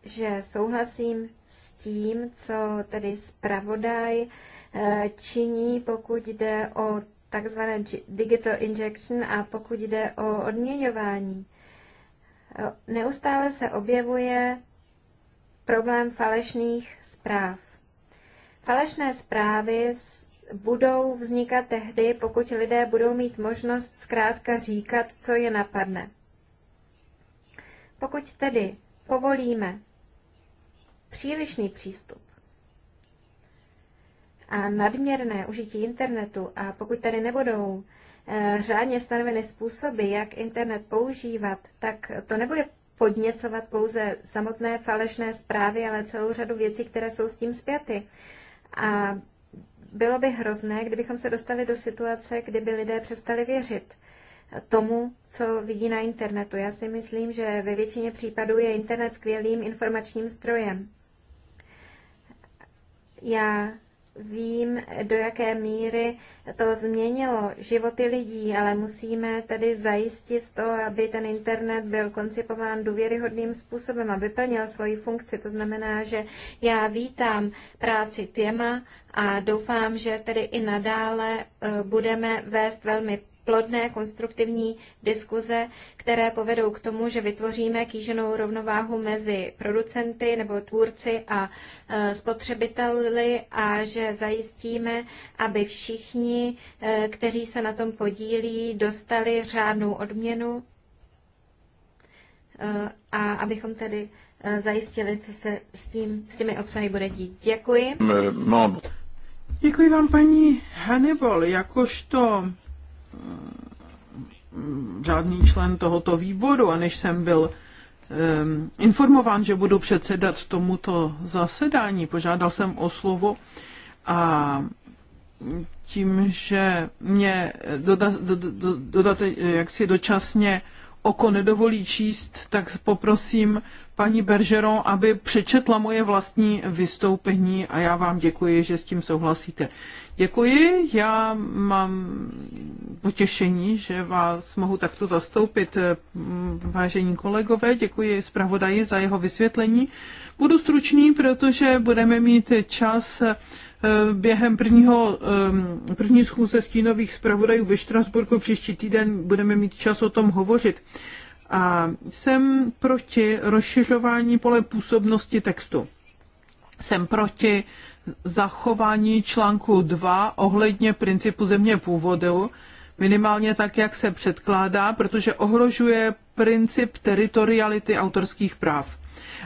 že souhlasím s tím, co tedy zpravodaj eh, činí, pokud jde o takzvané digital injection a pokud jde o odměňování neustále se objevuje problém falešných zpráv. Falešné zprávy budou vznikat tehdy, pokud lidé budou mít možnost zkrátka říkat, co je napadne. Pokud tedy povolíme přílišný přístup a nadměrné užití internetu a pokud tady nebudou Eh, řádně stanoveny způsoby, jak internet používat, tak to nebude podněcovat pouze samotné falešné zprávy, ale celou řadu věcí, které jsou s tím zpěty. A bylo by hrozné, kdybychom se dostali do situace, kdyby lidé přestali věřit tomu, co vidí na internetu. Já si myslím, že ve většině případů je internet skvělým informačním strojem. Já vím, do jaké míry to změnilo životy lidí, ale musíme tedy zajistit to, aby ten internet byl koncipován důvěryhodným způsobem a vyplnil svoji funkci. To znamená, že já vítám práci Těma a doufám, že tedy i nadále eh, budeme vést velmi plodné, konstruktivní diskuze, které povedou k tomu, že vytvoříme kýženou rovnováhu mezi producenty nebo tvůrci a e, spotřebiteli a že zajistíme, aby všichni, e, kteří se na tom podílí, dostali řádnou odměnu e, a abychom tedy zajistili, co se s, tím, s těmi obsahy bude dít. Děkuji. Mám. Děkuji vám, paní Hannibal, jakožto žádný člen tohoto výboru a než jsem byl um, informován, že budu předsedat tomuto zasedání, požádal jsem o slovo a tím, že mě doda, do, do, dodat, jak si dočasně oko nedovolí číst, tak poprosím paní Bergeron, aby přečetla moje vlastní vystoupení a já vám děkuji, že s tím souhlasíte. Děkuji, já mám potěšení, že vás mohu takto zastoupit, mm, vážení kolegové, děkuji zpravodaji za jeho vysvětlení. Budu stručný, protože budeme mít čas eh, během prvního, eh, první schůze stínových zpravodajů ve Štrasburku příští týden budeme mít čas o tom hovořit. A jsem proti rozšiřování pole působnosti textu. Jsem proti zachování článku 2 ohledně principu země původu, minimálně tak, jak se předkládá, protože ohrožuje princip teritoriality autorských práv.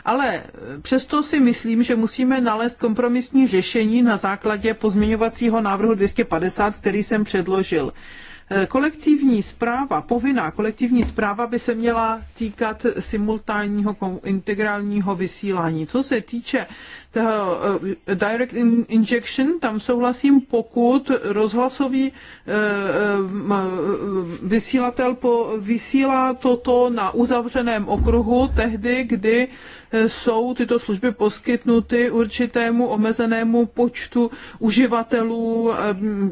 Ale přesto si myslím, že musíme nalézt kompromisní řešení na základě pozměňovacího návrhu 250, který jsem předložil. Eh, kolektivní zpráva, povinná kolektivní zpráva by se měla týkat simultánního integrálního vysílání. Co se týče Eh, direct injection, tam souhlasím, pokud rozhlasový eh, eh, vysílatel vysílá toto na uzavřeném okruhu, tehdy, kdy jsou tyto služby poskytnuty určitému omezenému počtu uživatelů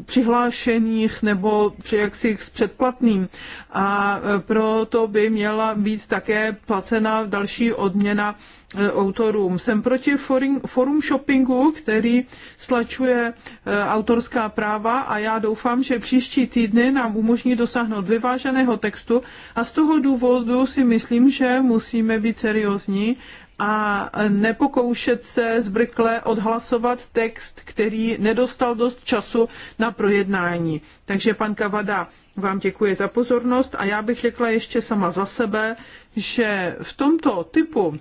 přihlášených nebo při jaksi s předplatným. A proto by měla být také placena další odměna Eh, autorům. Jsem proti forum shoppingu, který stlačuje eh, autorská práva a já doufám, že příští týdny nám umožní dosáhnout vyváženého textu a z toho důvodu si myslím, že musíme být seriózní a nepokoušet se zbrkle odhlasovat text, který nedostal dost času na projednání. Takže pan Kavada, vám děkuji za pozornost a já bych řekla ještě sama za sebe, že v tomto typu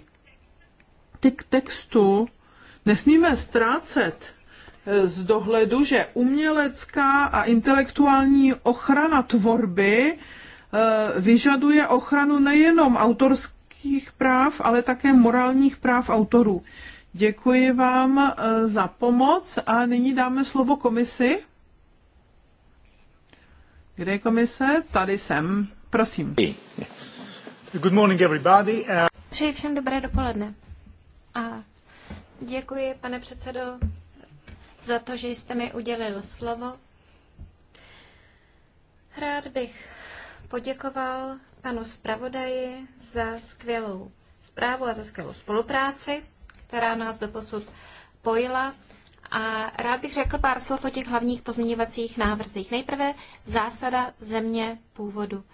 k textu nesmíme ztrácet eh, z dohledu, že umělecká a intelektuální ochrana tvorby eh, vyžaduje ochranu nejenom autorských práv, ale také morálních práv autorů. Děkuji vám eh, za pomoc a nyní dáme slovo komisi. Kde je komise? Tady jsem. Prosím. Good morning everybody. Přeji všem dobré dopoledne. A děkuji, pane předsedo, za to, že jste mi udělil slovo. Rád bych poděkoval panu zpravodaji za skvělou zprávu a za skvělou spolupráci, která nás doposud pojila. A rád bych řekl pár slov o těch hlavních pozměňovacích návrzích. Nejprve zásada země původu.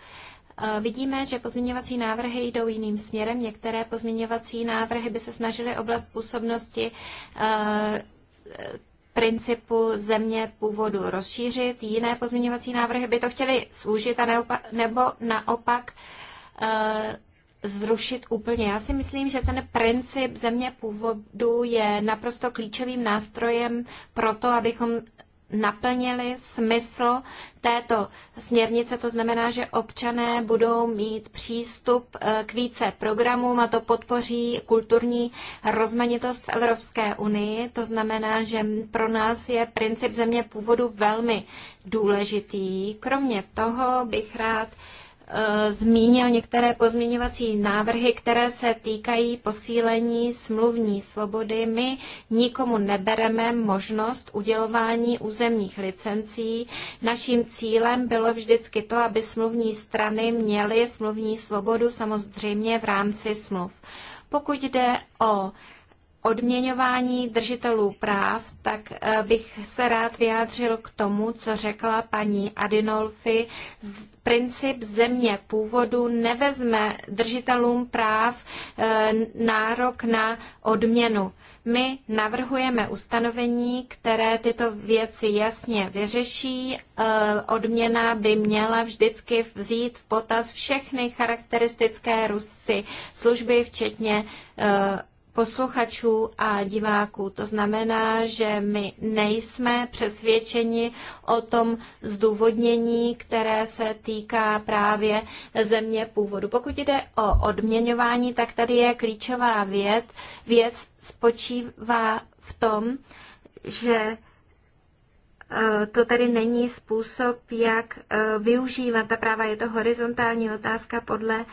Eh, vidíme, že pozměňovací návrhy jdou jiným směrem. Některé pozměňovací návrhy by se snažily oblast působnosti eh, principu země původu rozšířit, jiné pozměňovací návrhy by to chtěly zúžit a nebo naopak eh, zrušit úplně. Já si myslím, že ten princip země původu je naprosto klíčovým nástrojem pro to, abychom naplnili smysl této směrnice. To znamená, že občané budou mít přístup eh, k více programům a to podpoří kulturní rozmanitost v Evropské unii. To znamená, že pro nás je princip země původu velmi důležitý. Kromě toho bych rád Eh, zmínil některé pozměňovací návrhy, které se týkají posílení smluvní svobody. My nikomu nebereme možnost udělování územních licencí. Naším cílem bylo vždycky to, aby smluvní strany měly smluvní svobodu samozřejmě v rámci smluv. Pokud jde o odměňování držitelů práv, tak eh, bych se rád vyjádřil k tomu, co řekla paní Adinolfi. Princip země původu nevezme držitelům práv eh, nárok na odměnu. My navrhujeme ustanovení, které tyto věci jasně vyřeší. Eh, odměna by měla vždycky vzít v potaz všechny charakteristické Rusy služby, včetně posluchačů a diváků. To znamená, že my nejsme přesvědčeni o tom zdůvodnění, které se týká právě země původu. Pokud jde o odměňování, tak tady je klíčová věc. Věc spočívá v tom, že E, to tedy není způsob, jak e, využívat ta práva. Je to horizontální otázka, podle,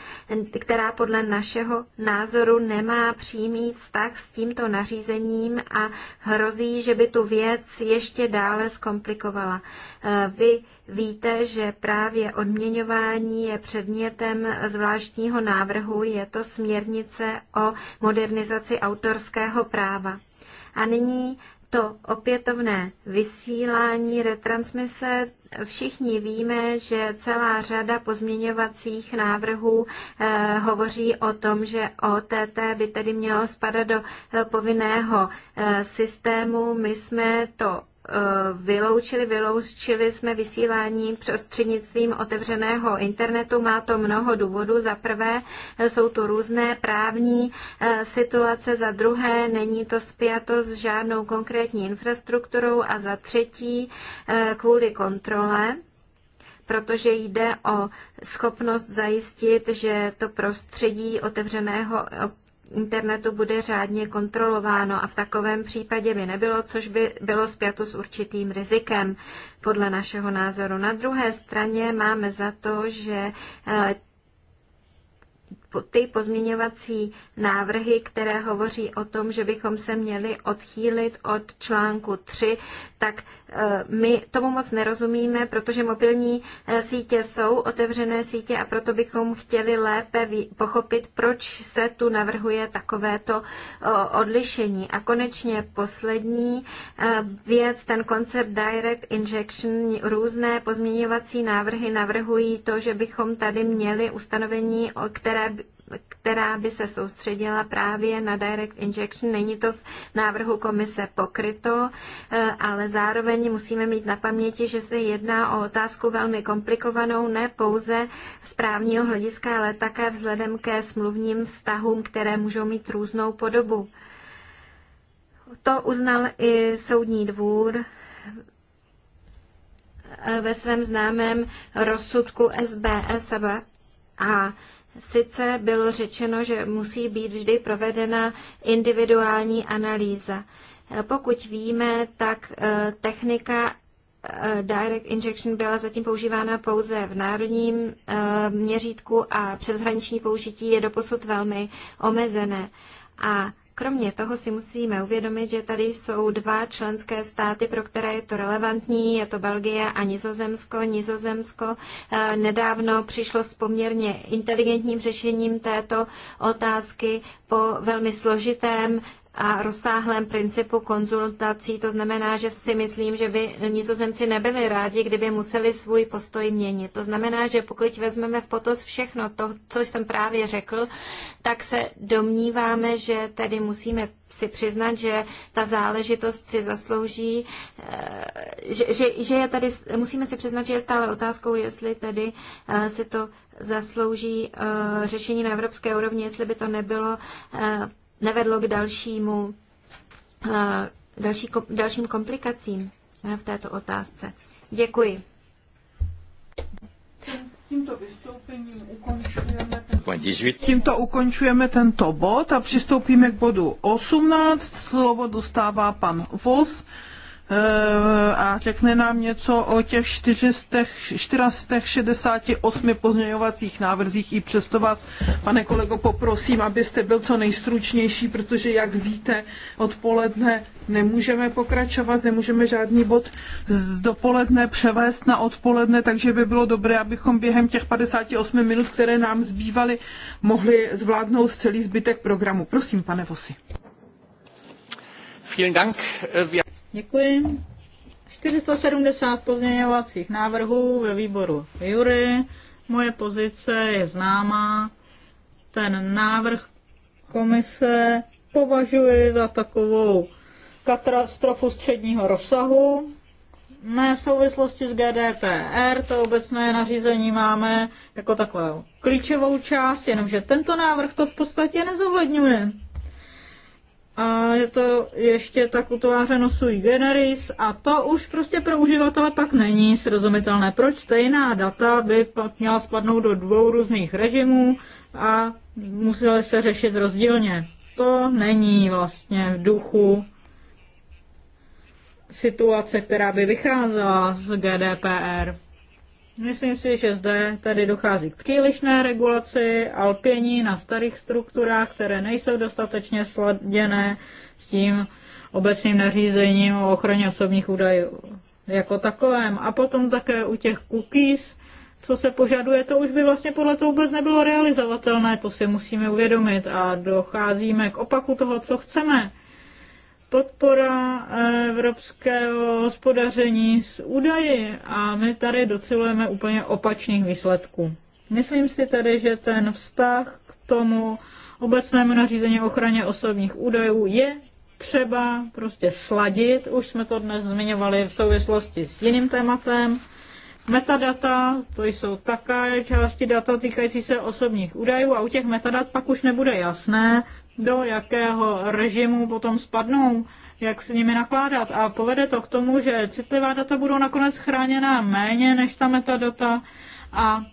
která podle našeho názoru nemá přímý vztah s tímto nařízením a hrozí, že by tu věc ještě dále zkomplikovala. E, vy Víte, že právě odměňování je předmětem zvláštního návrhu, je to směrnice o modernizaci autorského práva. A nyní to opětovné vysílání, retransmise. Všichni víme, že celá řada pozměňovacích návrhů eh, hovoří o tom, že OTT by tedy mělo spadat do eh, povinného eh, systému. My jsme to vyloučili, vyloučili jsme vysílání prostřednictvím otevřeného internetu. Má to mnoho důvodů. Za prvé jsou tu různé právní eh, situace, za druhé není to spjato s žádnou konkrétní infrastrukturou a za třetí eh, kvůli kontrole protože jde o schopnost zajistit, že to prostředí otevřeného internetu bude řádně kontrolováno a v takovém případě by nebylo, což by bylo spjato s určitým rizikem, podle našeho názoru. Na druhé straně máme za to, že eh, ty pozměňovací návrhy, které hovoří o tom, že bychom se měli odchýlit od článku 3, tak Eh, my tomu moc nerozumíme, protože mobilní eh, sítě jsou otevřené sítě a proto bychom chtěli lépe pochopit, proč se tu navrhuje takovéto odlišení. A konečně poslední eh, věc, ten koncept direct injection, různé pozměňovací návrhy navrhují to, že bychom tady měli ustanovení, které která by se soustředila právě na direct injection. Není to v návrhu komise pokryto, eh, ale zároveň musíme mít na paměti, že se jedná o otázku velmi komplikovanou, ne pouze z právního hlediska, ale také vzhledem ke smluvním vztahům, které můžou mít různou podobu. To uznal i soudní dvůr eh, ve svém známém rozsudku SBS a sice bylo řečeno, že musí být vždy provedena individuální analýza. Eh, pokud víme, tak eh, technika eh, direct injection byla zatím používána pouze v národním měřítku a přeshraniční použití je doposud velmi omezené. A Kromě toho si musíme uvědomit, že tady jsou dva členské státy, pro které je to relevantní, je to Belgie a Nizozemsko. Nizozemsko eh, nedávno přišlo s poměrně inteligentním řešením této otázky po velmi složitém a rozsáhlém principu konzultací. To znamená, že si myslím, že by nizozemci nebyli rádi, kdyby museli svůj postoj měnit. To znamená, že pokud vezmeme v potaz všechno to, co jsem právě řekl, tak se domníváme, že tedy musíme si přiznat, že ta záležitost si zaslouží, eh, že, že, že je tady, musíme si přiznat, že je stále otázkou, jestli tedy eh, si to zaslouží eh, řešení na evropské úrovni, jestli by to nebylo nevedlo k dalšímu, eh, další, dalším komplikacím eh, v této otázce. Děkuji. Tímto vystoupením ukončujeme, ten... Tímto ukončujeme tento bod a přistoupíme k bodu 18. Slovo dostává pan Vos. Eh, a řekne nám něco o těch 468 pozměňovacích návrzích. I přesto vás, pane kolego, poprosím, abyste byl co nejstručnější, protože, jak víte, odpoledne nemůžeme pokračovat, nemůžeme žádný bod z dopoledne převést na odpoledne, takže by bylo dobré, abychom během těch 58 minut, které nám zbývaly, mohli zvládnout celý zbytek programu. Prosím, pane Vosy. Vielen Dank. Eh, Děkuji. 470 pozměňovacích návrhů ve výboru Jury. Moje pozice je známá. Ten návrh komise považuji za takovou katastrofu středního rozsahu. Ne v souvislosti s GDPR, to obecné nařízení máme jako takovou klíčovou část, jenomže tento návrh to v podstatě nezohledňuje a je to ještě tak utvářeno sui generis a to už prostě pro uživatele pak není srozumitelné. Proč stejná data by pak měla spadnout do dvou různých režimů a musely se řešit rozdílně. To není vlastně v duchu situace, která by vycházela z GDPR. Myslím si, že zde tady dochází k přílišné regulaci alpění na starých strukturách, které nejsou dostatečně sladěné s tím obecným nařízením o ochraně osobních údajů jako takovém. A potom také u těch cookies, co se požaduje, to už by vlastně podle toho vůbec nebylo realizovatelné, to si musíme uvědomit a docházíme k opaku toho, co chceme podpora eh, evropského hospodaření s údaji a my tady docilujeme úplně opačných výsledků. Myslím si tedy, že ten vztah k tomu obecnému nařízení ochraně osobních údajů je třeba prostě sladit. Už jsme to dnes zmiňovali v souvislosti s jiným tématem. Metadata, to jsou také části data týkající se osobních údajů a u těch metadat pak už nebude jasné, do jakého režimu potom spadnou, jak s nimi nakládat. A povede to k tomu, že citlivá data budou nakonec chráněna méně než ta metadata a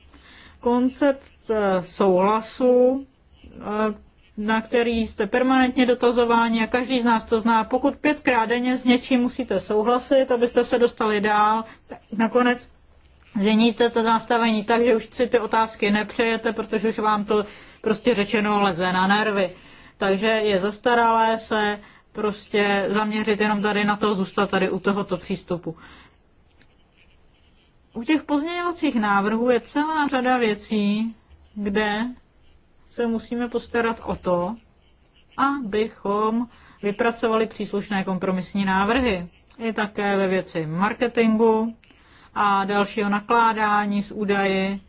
koncept e, souhlasu, e, na který jste permanentně dotazováni a každý z nás to zná. Pokud pětkrát denně s něčím musíte souhlasit, abyste se dostali dál, tak nakonec změníte to nastavení tak, že už si ty otázky nepřejete, protože už vám to prostě řečeno leze na nervy takže je zastaralé se prostě zaměřit jenom tady na to, zůstat tady u tohoto přístupu. U těch pozměňovacích návrhů je celá řada věcí, kde se musíme postarat o to, abychom vypracovali příslušné kompromisní návrhy. Je také ve věci marketingu a dalšího nakládání s údaji.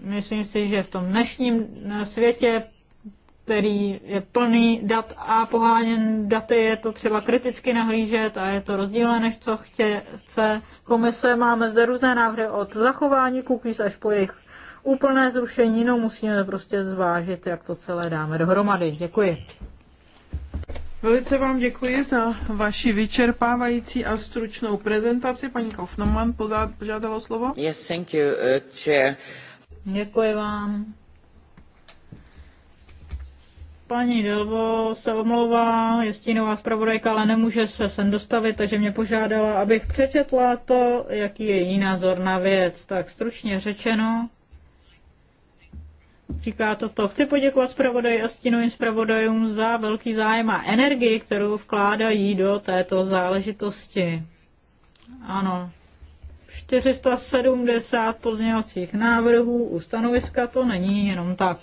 Myslím si, že v tom dnešním světě který je plný dat a poháněn daty, je to třeba kriticky nahlížet a je to rozdílné, než co chce komise. Máme zde různé návrhy od zachování cookies až po jejich úplné zrušení, no musíme prostě zvážit, jak to celé dáme dohromady. Děkuji. Velice vám děkuji za vaši vyčerpávající a stručnou prezentaci. Paní Kaufmann požádala slovo. Yes, thank you, uh, chair. Děkuji vám. Paní Delvo se omlouvá, je stínová zpravodajka, ale nemůže se sem dostavit, takže mě požádala, abych přečetla to, jaký je její názor na věc. Tak stručně řečeno, říká toto. Chci poděkovat zpravodaji a stínovým zpravodajům za velký zájem a energii, kterou vkládají do této záležitosti. Ano, 470 pozměňovacích návrhů u stanoviska to není jenom tak.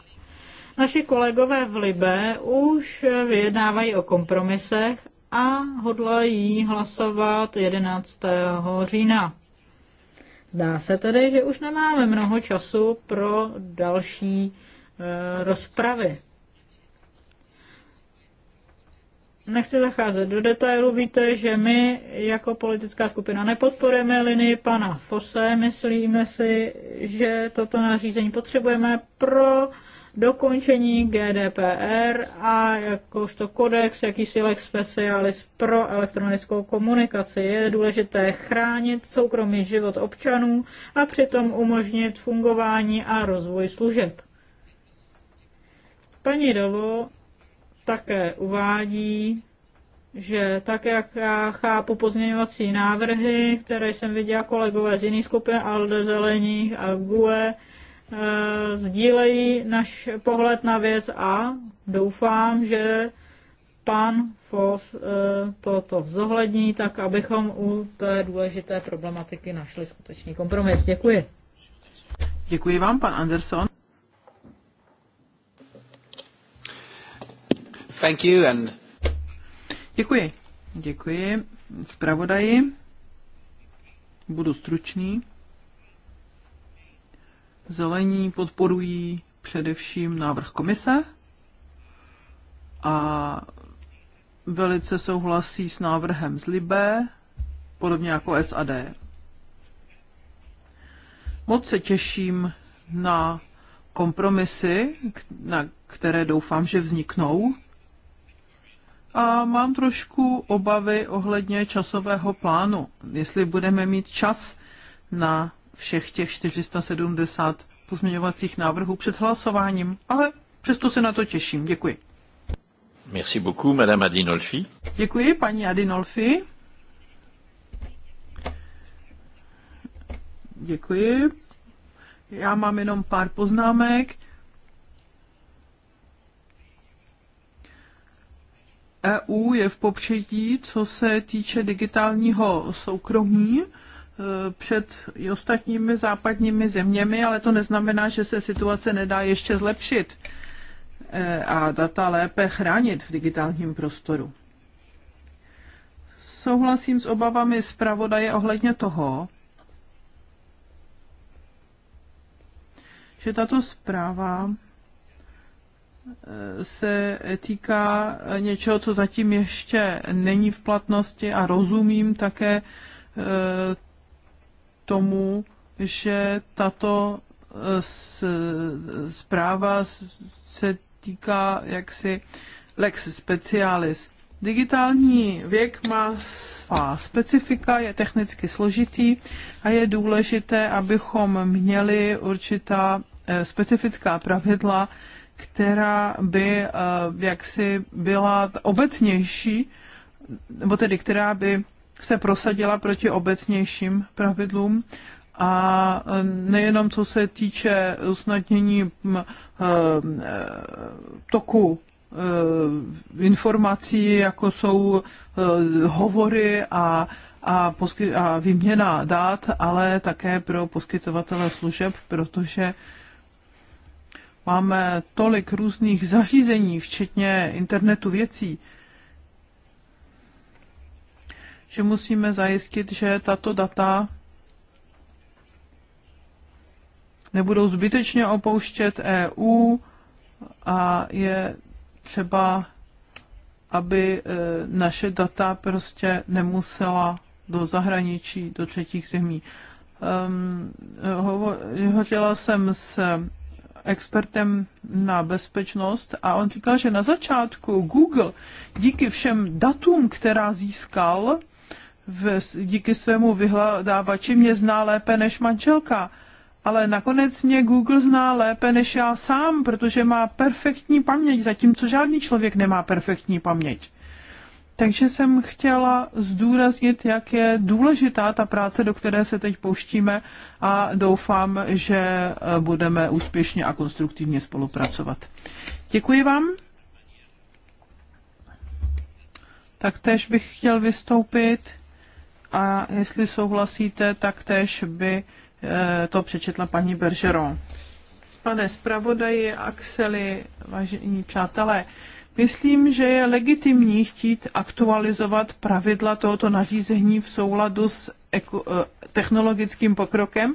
Naši kolegové v Libe už vyjednávají o kompromisech a hodlají hlasovat 11. října. Zdá se tedy, že už nemáme mnoho času pro další e, rozpravy. Nechci zacházet do detailu. Víte, že my jako politická skupina nepodporujeme linii pana Fose. Myslíme si, že toto nařízení potřebujeme pro dokončení GDPR a jakožto kodex, jakýsi lex specialis pro elektronickou komunikaci. Je důležité chránit soukromý život občanů a přitom umožnit fungování a rozvoj služeb. Paní Dovo také uvádí, že tak, jak já chápu pozměňovací návrhy, které jsem viděla kolegové z jiných skupin ALDE, Zelených a GUE, Eh, sdílejí náš pohled na věc a doufám, že pan Fos eh, toto zohlední, tak abychom u té důležité problematiky našli skutečný kompromis. Děkuji. Děkuji vám, pan Anderson. Thank you and... Děkuji. Děkuji zpravodaji. Budu stručný. Zelení podporují především návrh komise a velice souhlasí s návrhem z Libé, podobně jako SAD. Moc se těším na kompromisy, na které doufám, že vzniknou. A mám trošku obavy ohledně časového plánu, jestli budeme mít čas na všech těch 470 pozměňovacích návrhů před hlasováním, ale přesto se na to těším. Děkuji. Merci beaucoup, Madame Adinolfi. Děkuji, paní Adinolfi. Děkuji. Já mám jenom pár poznámek. EU je v popředí, co se týče digitálního soukromí. Eh, před i ostatními západními zeměmi, ale to neznamená, že se situace nedá ještě zlepšit eh, a data lépe chránit v digitálním prostoru. Souhlasím s obavami zpravodaje ohledně toho, že tato zpráva eh, se týká něčeho, co zatím ještě není v platnosti a rozumím také tomu, že tato eh, zpráva se týká jaksi lex specialis. Digitální věk má svá specifika, je technicky složitý a je důležité, abychom měli určitá eh, specifická pravidla, která by eh, jaksi byla obecnější, nebo tedy která by se prosadila proti obecnějším pravidlům a nejenom co se týče usnadnění eh, toku eh, informací, jako jsou eh, hovory a, a, posky, a výměna dát, ale také pro poskytovatele služeb, protože máme tolik různých zařízení, včetně internetu věcí, že musíme zajistit, že tato data nebudou zbytečně opouštět EU a je třeba, aby e, naše data prostě nemusela do zahraničí, do třetích zemí. Um, hovořila jsem s expertem na bezpečnost a on říkal, že na začátku Google díky všem datům, která získal, díky svému vyhledávači mě zná lépe než manželka. Ale nakonec mě Google zná lépe než já sám, protože má perfektní paměť, zatímco žádný člověk nemá perfektní paměť. Takže jsem chtěla zdůraznit, jak je důležitá ta práce, do které se teď pouštíme a doufám, že eh, budeme úspěšně a konstruktivně spolupracovat. Děkuji vám. Tak tež bych chtěl vystoupit a jestli souhlasíte, tak též by eh, to přečetla paní Bergeron. Pane zpravodaji, Axeli, vážení přátelé, Myslím, že je legitimní chtít aktualizovat pravidla tohoto nařízení v souladu s eh, technologickým pokrokem.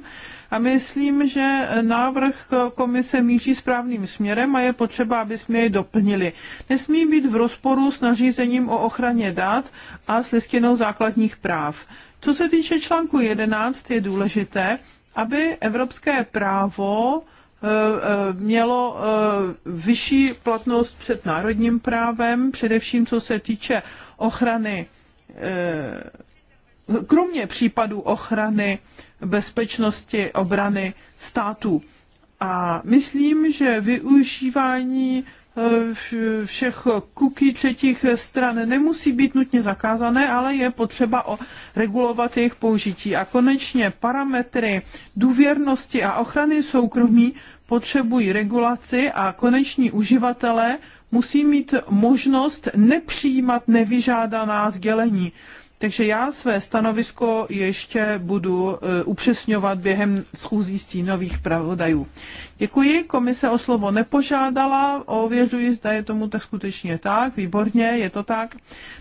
A myslím, že návrh komise míří správným směrem a je potřeba, aby jsme jej doplnili. Nesmí být v rozporu s nařízením o ochraně dat a s listinou základních práv. Co se týče článku 11, je důležité, aby evropské právo eh, eh, mělo eh, vyšší platnost před národním právem, především co se týče ochrany kromě případů ochrany bezpečnosti obrany států. A myslím, že využívání e, všech kuky třetích stran nemusí být nutně zakázané, ale je potřeba o, regulovat jejich použití. A konečně parametry důvěrnosti a ochrany soukromí potřebují regulaci a koneční uživatelé musí mít možnost nepřijímat nevyžádaná sdělení. Takže já své stanovisko ještě budu eh, upřesňovat během schůzí stínových pravodajů. Děkuji, komise o slovo nepožádala, ověřuji, zda je tomu tak skutečně tak, výborně, je to tak.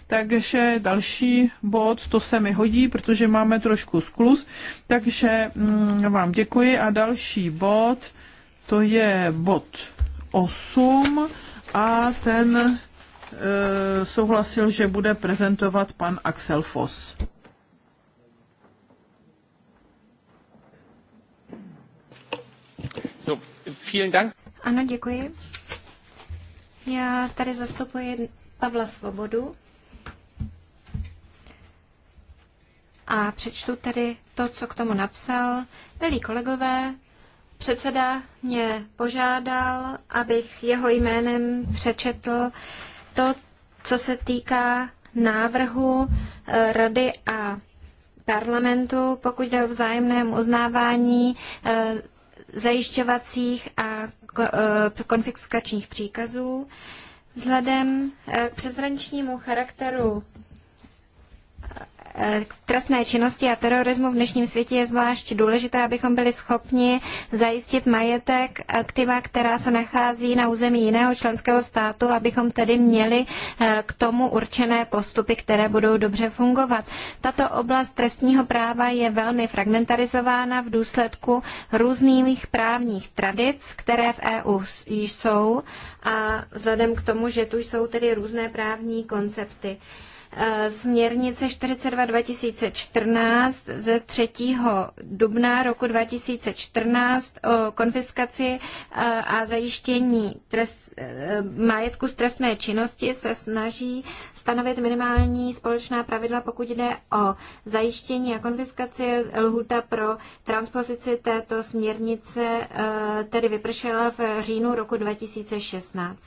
Takže další bod, to se mi hodí, protože máme trošku sklus, takže mm, vám děkuji a další bod, to je bod 8 a ten Eh, souhlasil, že bude prezentovat pan Axel Foss. So, vielen Dank. Ano, děkuji. Já tady zastupuji Pavla Svobodu a přečtu tedy to, co k tomu napsal. Milí kolegové, předseda mě požádal, abych jeho jménem přečetl to, co se týká návrhu eh, Rady a parlamentu, pokud jde o vzájemném uznávání eh, zajišťovacích a eh, konfiskačních příkazů. Vzhledem k přeshraničnímu charakteru trestné činnosti a terorismu v dnešním světě je zvlášť důležité, abychom byli schopni zajistit majetek aktiva, která se nachází na území jiného členského státu, abychom tedy měli eh, k tomu určené postupy, které budou dobře fungovat. Tato oblast trestního práva je velmi fragmentarizována v důsledku různých právních tradic, které v EU již jsou a vzhledem k tomu, že tu jsou tedy různé právní koncepty. Eh, směrnice 42 2014 ze 3. dubna roku 2014 o konfiskaci eh, a zajištění trest, eh, majetku z trestné činnosti se snaží stanovit minimální společná pravidla, pokud jde o zajištění a konfiskaci. Lhuta pro transpozici této směrnice tedy vypršela v říjnu roku 2016.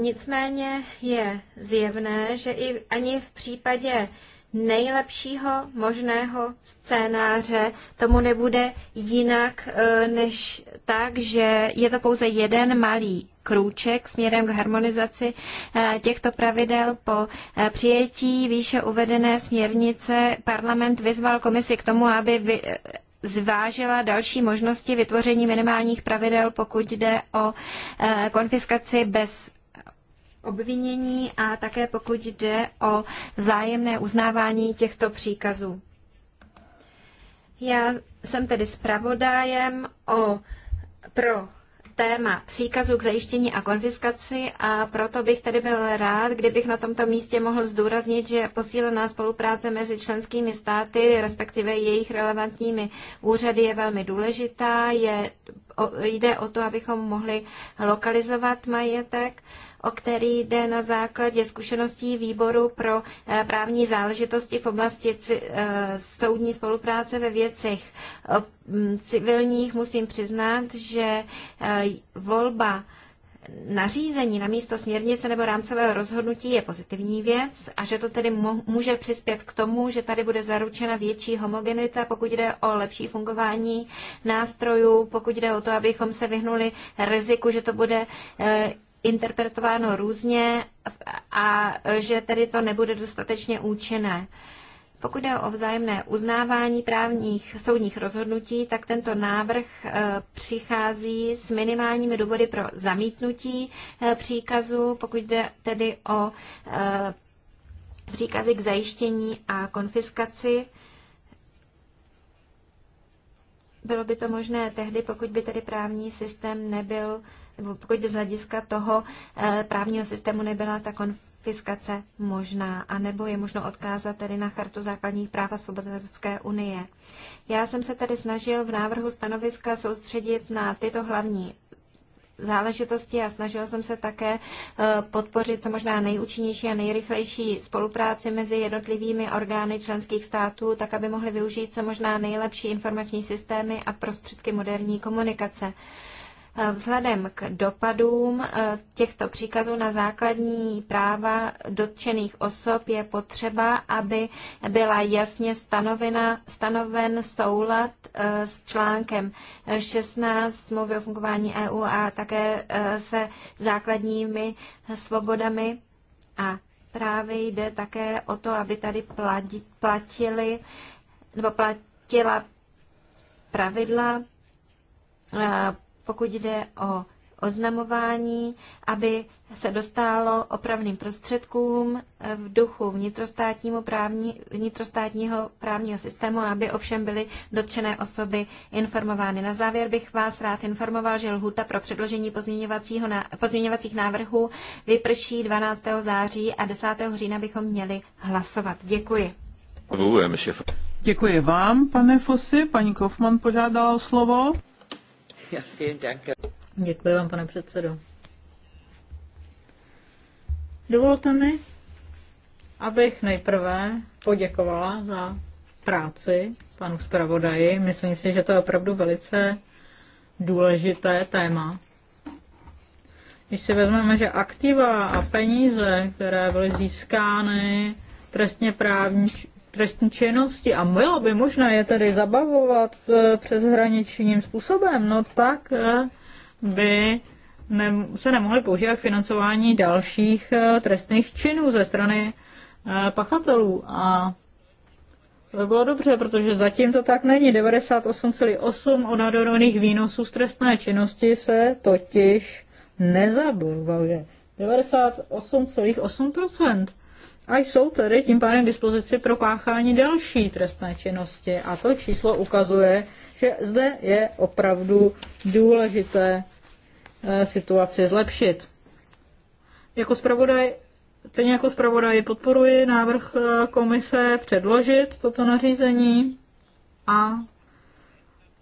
Nicméně je zjevné, že i ani v případě nejlepšího možného scénáře tomu nebude jinak eh, než tak, že je to pouze jeden malý krůček směrem k harmonizaci eh, těchto pravidel. Po eh, přijetí výše uvedené směrnice parlament vyzval komisi k tomu, aby vy zvážila další možnosti vytvoření minimálních pravidel, pokud jde o konfiskaci bez obvinění a také pokud jde o vzájemné uznávání těchto příkazů. Já jsem tedy zpravodájem o, pro téma příkazu k zajištění a konfiskaci a proto bych tedy byl rád, kdybych na tomto místě mohl zdůraznit, že posílená spolupráce mezi členskými státy, respektive jejich relevantními úřady je velmi důležitá. Je, o, jde o to, abychom mohli lokalizovat majetek. Uh, o který jde na základě zkušeností výboru pro eh, právní záležitosti v oblasti eh, soudní spolupráce ve věcech mm, civilních. Musím přiznat, že eh, volba nařízení na místo směrnice nebo rámcového rozhodnutí je pozitivní věc a že to tedy může přispět k tomu, že tady bude zaručena větší homogenita, pokud jde o lepší fungování nástrojů, pokud jde o to, abychom se vyhnuli riziku, že to bude interpretováno různě a že tedy to nebude dostatečně účinné. Pokud jde o vzájemné uznávání právních soudních rozhodnutí, tak tento návrh eh, přichází s minimálními důvody pro zamítnutí eh, příkazu, pokud jde tedy o eh, příkazy k zajištění a konfiskaci. Bylo by to možné tehdy, pokud by tedy právní systém nebyl, nebo pokud by z hlediska toho eh, právního systému nebyla ta konfiskace možná, anebo je možno odkázat tedy na Chartu základních práv a svobod Evropské unie. Já jsem se tedy snažil v návrhu stanoviska soustředit na tyto hlavní záležitosti a snažil jsem se také eh, podpořit co možná nejúčinnější a nejrychlejší spolupráci mezi jednotlivými orgány členských států, tak aby mohly využít co možná nejlepší informační systémy a prostředky moderní komunikace. Vzhledem k dopadům eh, těchto příkazů na základní práva dotčených osob je potřeba, aby byla jasně stanovena, stanoven soulad eh, s článkem 16 smlouvy o fungování EU a také eh, se základními svobodami a právě jde také o to, aby tady platili nebo platila pravidla pokud jde o oznamování, aby se dostálo opravným prostředkům eh, v duchu vnitrostátního, právní, vnitrostátního právního systému, aby ovšem byly dotčené osoby informovány. Na závěr bych vás rád informoval, že lhuta pro předložení pozměňovacího, pozměňovacích návrhů vyprší 12. září a 10. října bychom měli hlasovat. Děkuji. Děkuji vám, pane Fosy. Paní Kofman požádala o slovo. Děkuji vám, pane předsedo. Dovolte mi, abych nejprve poděkovala za práci panu zpravodaji. Myslím si, že to je opravdu velice důležité téma. Když si vezmeme, že aktiva a peníze, které byly získány trestně právní trestní činnosti a mělo by možná je tady zabavovat eh, přeshraničním způsobem, no tak eh, by se nemohly používat financování dalších eh, trestných činů ze strany pachatelů. A to by bylo dobře, protože zatím to tak není. 98,8 odhadovaných výnosů z trestné činnosti se totiž nezabavuje. 98,8% a jsou tedy tím pádem dispozici pro páchání další trestné činnosti. A to číslo ukazuje, že zde je opravdu důležité eh, situaci zlepšit. Jako zpravodaj, stejně jako zpravodaj podporuji návrh eh, komise předložit toto nařízení a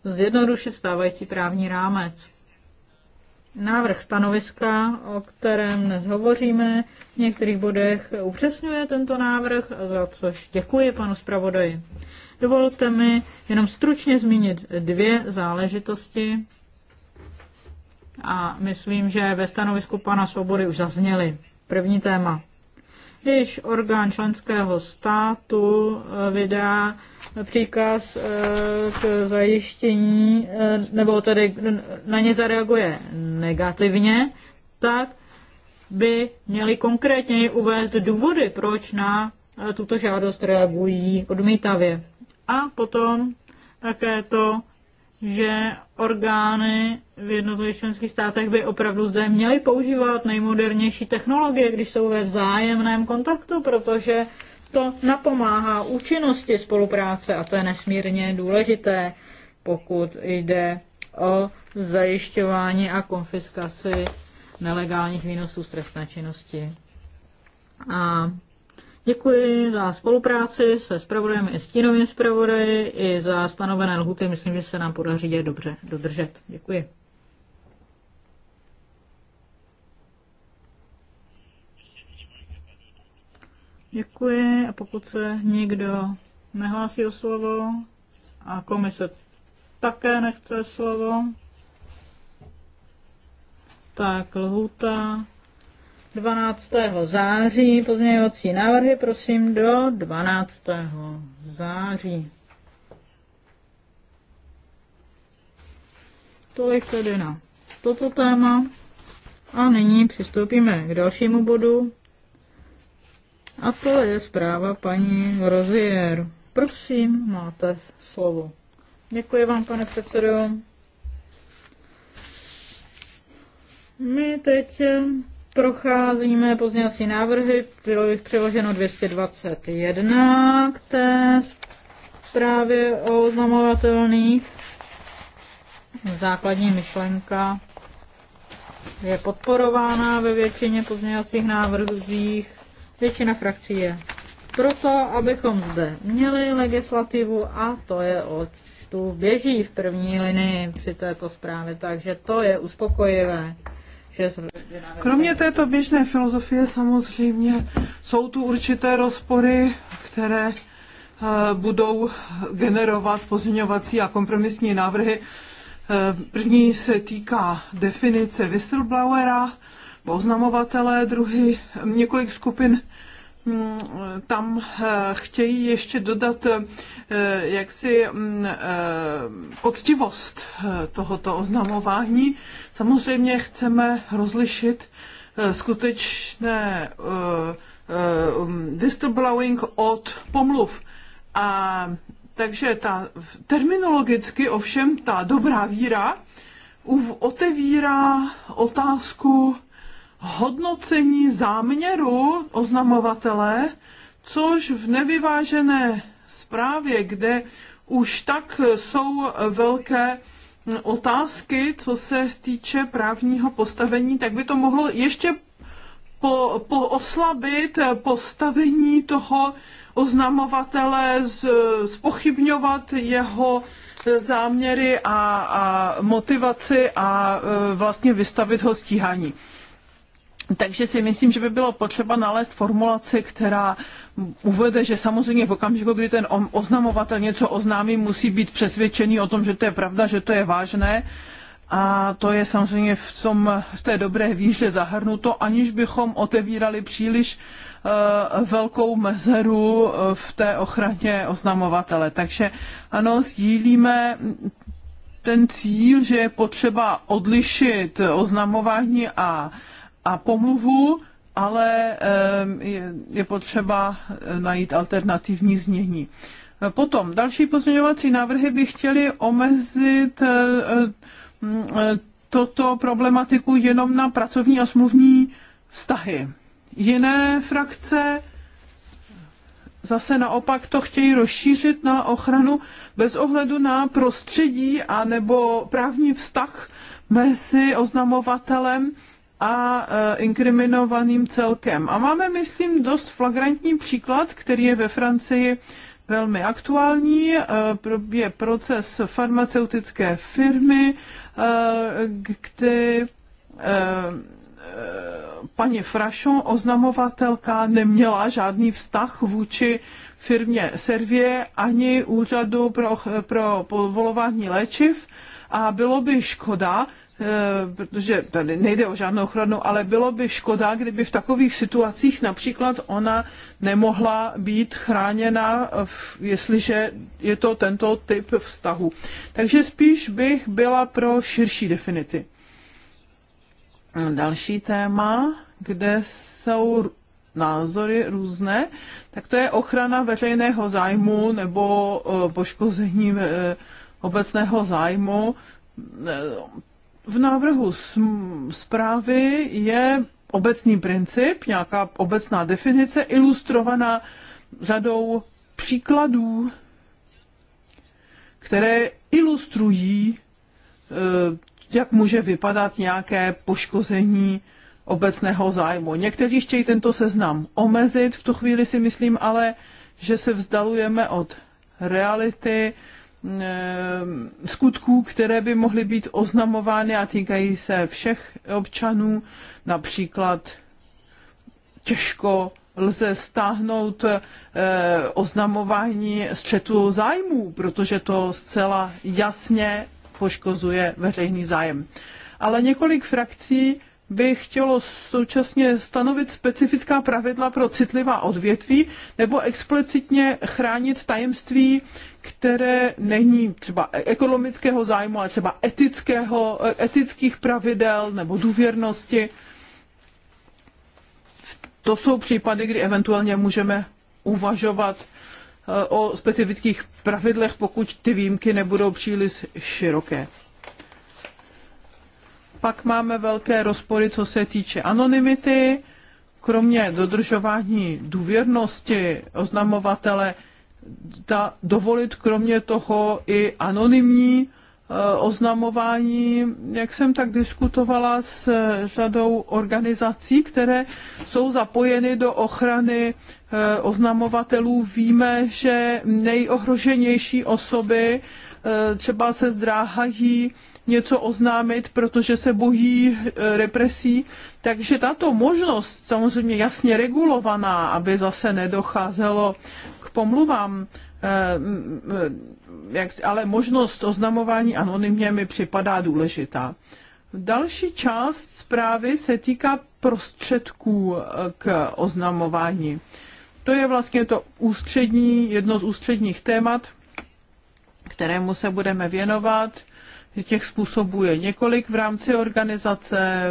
zjednodušit stávající právní rámec návrh stanoviska, o kterém dnes hovoříme, v některých bodech upřesňuje tento návrh, za což děkuji panu zpravodaji. Dovolte mi jenom stručně zmínit dvě záležitosti a myslím, že ve stanovisku pana Svobody už zazněly. První téma když orgán členského státu eh, vydá příkaz eh, k zajištění, eh, nebo tedy na ně zareaguje negativně, tak by měli konkrétně uvést důvody, proč na tuto žádost reagují odmítavě. A potom také to, že orgány v jednotlivých členských státech by opravdu zde měly používat nejmodernější technologie, když jsou ve vzájemném kontaktu, protože to napomáhá účinnosti spolupráce a to je nesmírně důležité, pokud jde o zajišťování a konfiskaci nelegálních výnosů z trestné činnosti. A Děkuji za spolupráci se zpravodajem i stínovým zpravodaji i za stanovené lhuty. Myslím, že se nám podaří je dobře dodržet. Děkuji. Děkuji a pokud se někdo nehlásí o slovo a komise také nechce slovo, tak lhuta 12. září. Pozměňovací návrhy prosím do 12. září. Tolik tedy na toto téma. A nyní přistoupíme k dalšímu bodu. A to je zpráva paní Rozier. Prosím, máte slovo. Děkuji vám, pane předsedo. My teď Procházíme pozměňovací návrhy, bylo jich přiloženo 221 k té zprávě o oznamovatelných. Základní myšlenka je podporována ve většině pozměňovacích návrhů Většina frakcí je proto, abychom zde měli legislativu a to je od tu běží v první linii při této zprávě, takže to je uspokojivé. Kromě této běžné filozofie samozřejmě jsou tu určité rozpory, které eh, budou generovat pozměňovací a kompromisní návrhy. Eh, první se týká definice whistleblowera, oznamovatele, druhý několik skupin Mm, tam eh, chtějí ještě dodat eh, jaksi mm, eh, poctivost tohoto oznamování. Samozřejmě chceme rozlišit skutečné mm, whistleblowing od pomluv. A takže ta terminologicky ovšem ta dobrá víra otevírá otázku hodnocení záměru oznamovatele, což v nevyvážené zprávě, kde už tak jsou velké otázky, co se týče právního postavení, tak by to mohlo ještě po, po oslabit postavení toho oznamovatele, z, spochybňovat jeho záměry a, a motivaci a e, vlastně vystavit ho stíhání. Takže si myslím, že by bylo potřeba nalézt formulaci, která uvede, že samozřejmě v okamžiku, kdy ten oznamovatel něco oznámí, musí být přesvědčený o tom, že to je pravda, že to je vážné. A to je samozřejmě v, tom, v té dobré víře zahrnuto, aniž bychom otevírali příliš uh, velkou mezeru eh, v té ochraně oznamovatele. Takže ano, sdílíme ten cíl, že je potřeba odlišit oznamování a a pomluvu, ale je potřeba eh, najít alternativní znění. Potom další pozměňovací návrhy by chtěly omezit eh, eh, toto problematiku jenom na pracovní a smluvní vztahy. Jiné frakce zase naopak to chtějí rozšířit na ochranu bez ohledu na prostředí a nebo právní vztah mezi oznamovatelem a e, inkriminovaným celkem. A máme, myslím, dost flagrantní příklad, který je ve Francii velmi aktuální. E, je proces farmaceutické firmy, e, kde paní Frašon, oznamovatelka, neměla žádný vztah vůči firmě Servie ani úřadu pro, pro povolování léčiv a bylo by škoda, Eh, protože tady nejde o žádnou ochranu, ale bylo by škoda, kdyby v takových situacích například ona nemohla být chráněna, eh, jestliže je to tento typ vztahu. Takže spíš bych byla pro širší definici. Další téma, kde jsou názory různé, tak to je ochrana veřejného zájmu nebo eh, poškození obecného zájmu. V návrhu zprávy je obecný princip, nějaká obecná definice, ilustrovaná řadou příkladů, které ilustrují, eh, jak může vypadat nějaké poškození obecného zájmu. Někteří chtějí tento seznam omezit, v tu chvíli si myslím ale, že se vzdalujeme od reality, Eh, skutků, které by mohly být oznamovány a týkají se všech občanů, například těžko lze stáhnout eh, oznamování střetu zájmů, protože to zcela jasně poškozuje veřejný zájem. Ale několik frakcí by chtělo současně stanovit specifická pravidla pro citlivá odvětví nebo explicitně chránit tajemství které není třeba e- ekonomického zájmu, ale třeba etického, e- etických pravidel nebo důvěrnosti. To jsou případy, kdy eventuálně můžeme uvažovat e, o specifických pravidlech, pokud ty výjimky nebudou příliš široké. Pak máme velké rozpory, co se týče anonymity. Kromě dodržování důvěrnosti oznamovatele da, dovolit kromě toho i anonymní eh, oznamování, jak jsem tak diskutovala s řadou organizací, které jsou zapojeny do ochrany eh, oznamovatelů. Víme, že nejohroženější osoby eh, třeba se zdráhají něco oznámit, protože se bojí represí. Takže tato možnost, samozřejmě jasně regulovaná, aby zase nedocházelo pomluvám, eh, mm, ale možnost oznamování anonymně mi připadá důležitá. Další část zprávy se týká prostředků eh, k oznamování. To je vlastně to ústřední, jedno z ústředních témat, kterému se budeme věnovat. Těch způsobů je několik v rámci organizace,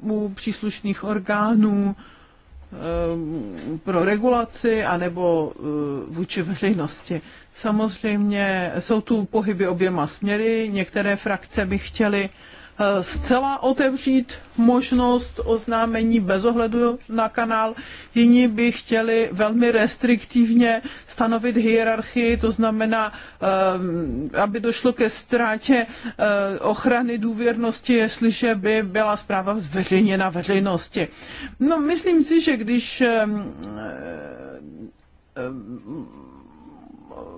u příslušných orgánů, Eh, pro regulaci anebo eh, vůči veřejnosti. Samozřejmě jsou tu pohyby oběma směry, některé frakce by chtěly zcela otevřít možnost oznámení bez ohledu na kanál. Jiní by chtěli velmi restriktivně stanovit hierarchii, to znamená, eh, aby došlo ke ztrátě eh, ochrany důvěrnosti, jestliže by byla zpráva zveřejněna veřejnosti. No, myslím si, že když eh,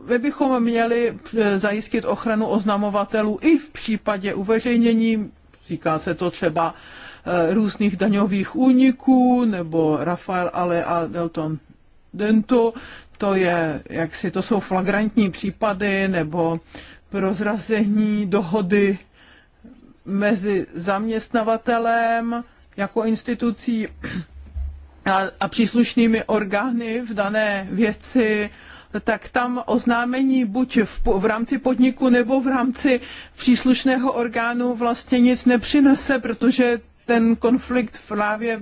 my bychom měli eh, zajistit ochranu oznamovatelů i v případě uveřejnění, říká se to třeba eh, různých daňových úniků, nebo Rafael Ale a Delton Dento, to je, jak si to jsou flagrantní případy, nebo prozrazení dohody mezi zaměstnavatelem jako institucí a, a příslušnými orgány v dané věci, tak tam oznámení buď v, v rámci podniku nebo v rámci příslušného orgánu vlastně nic nepřinese, protože ten konflikt právě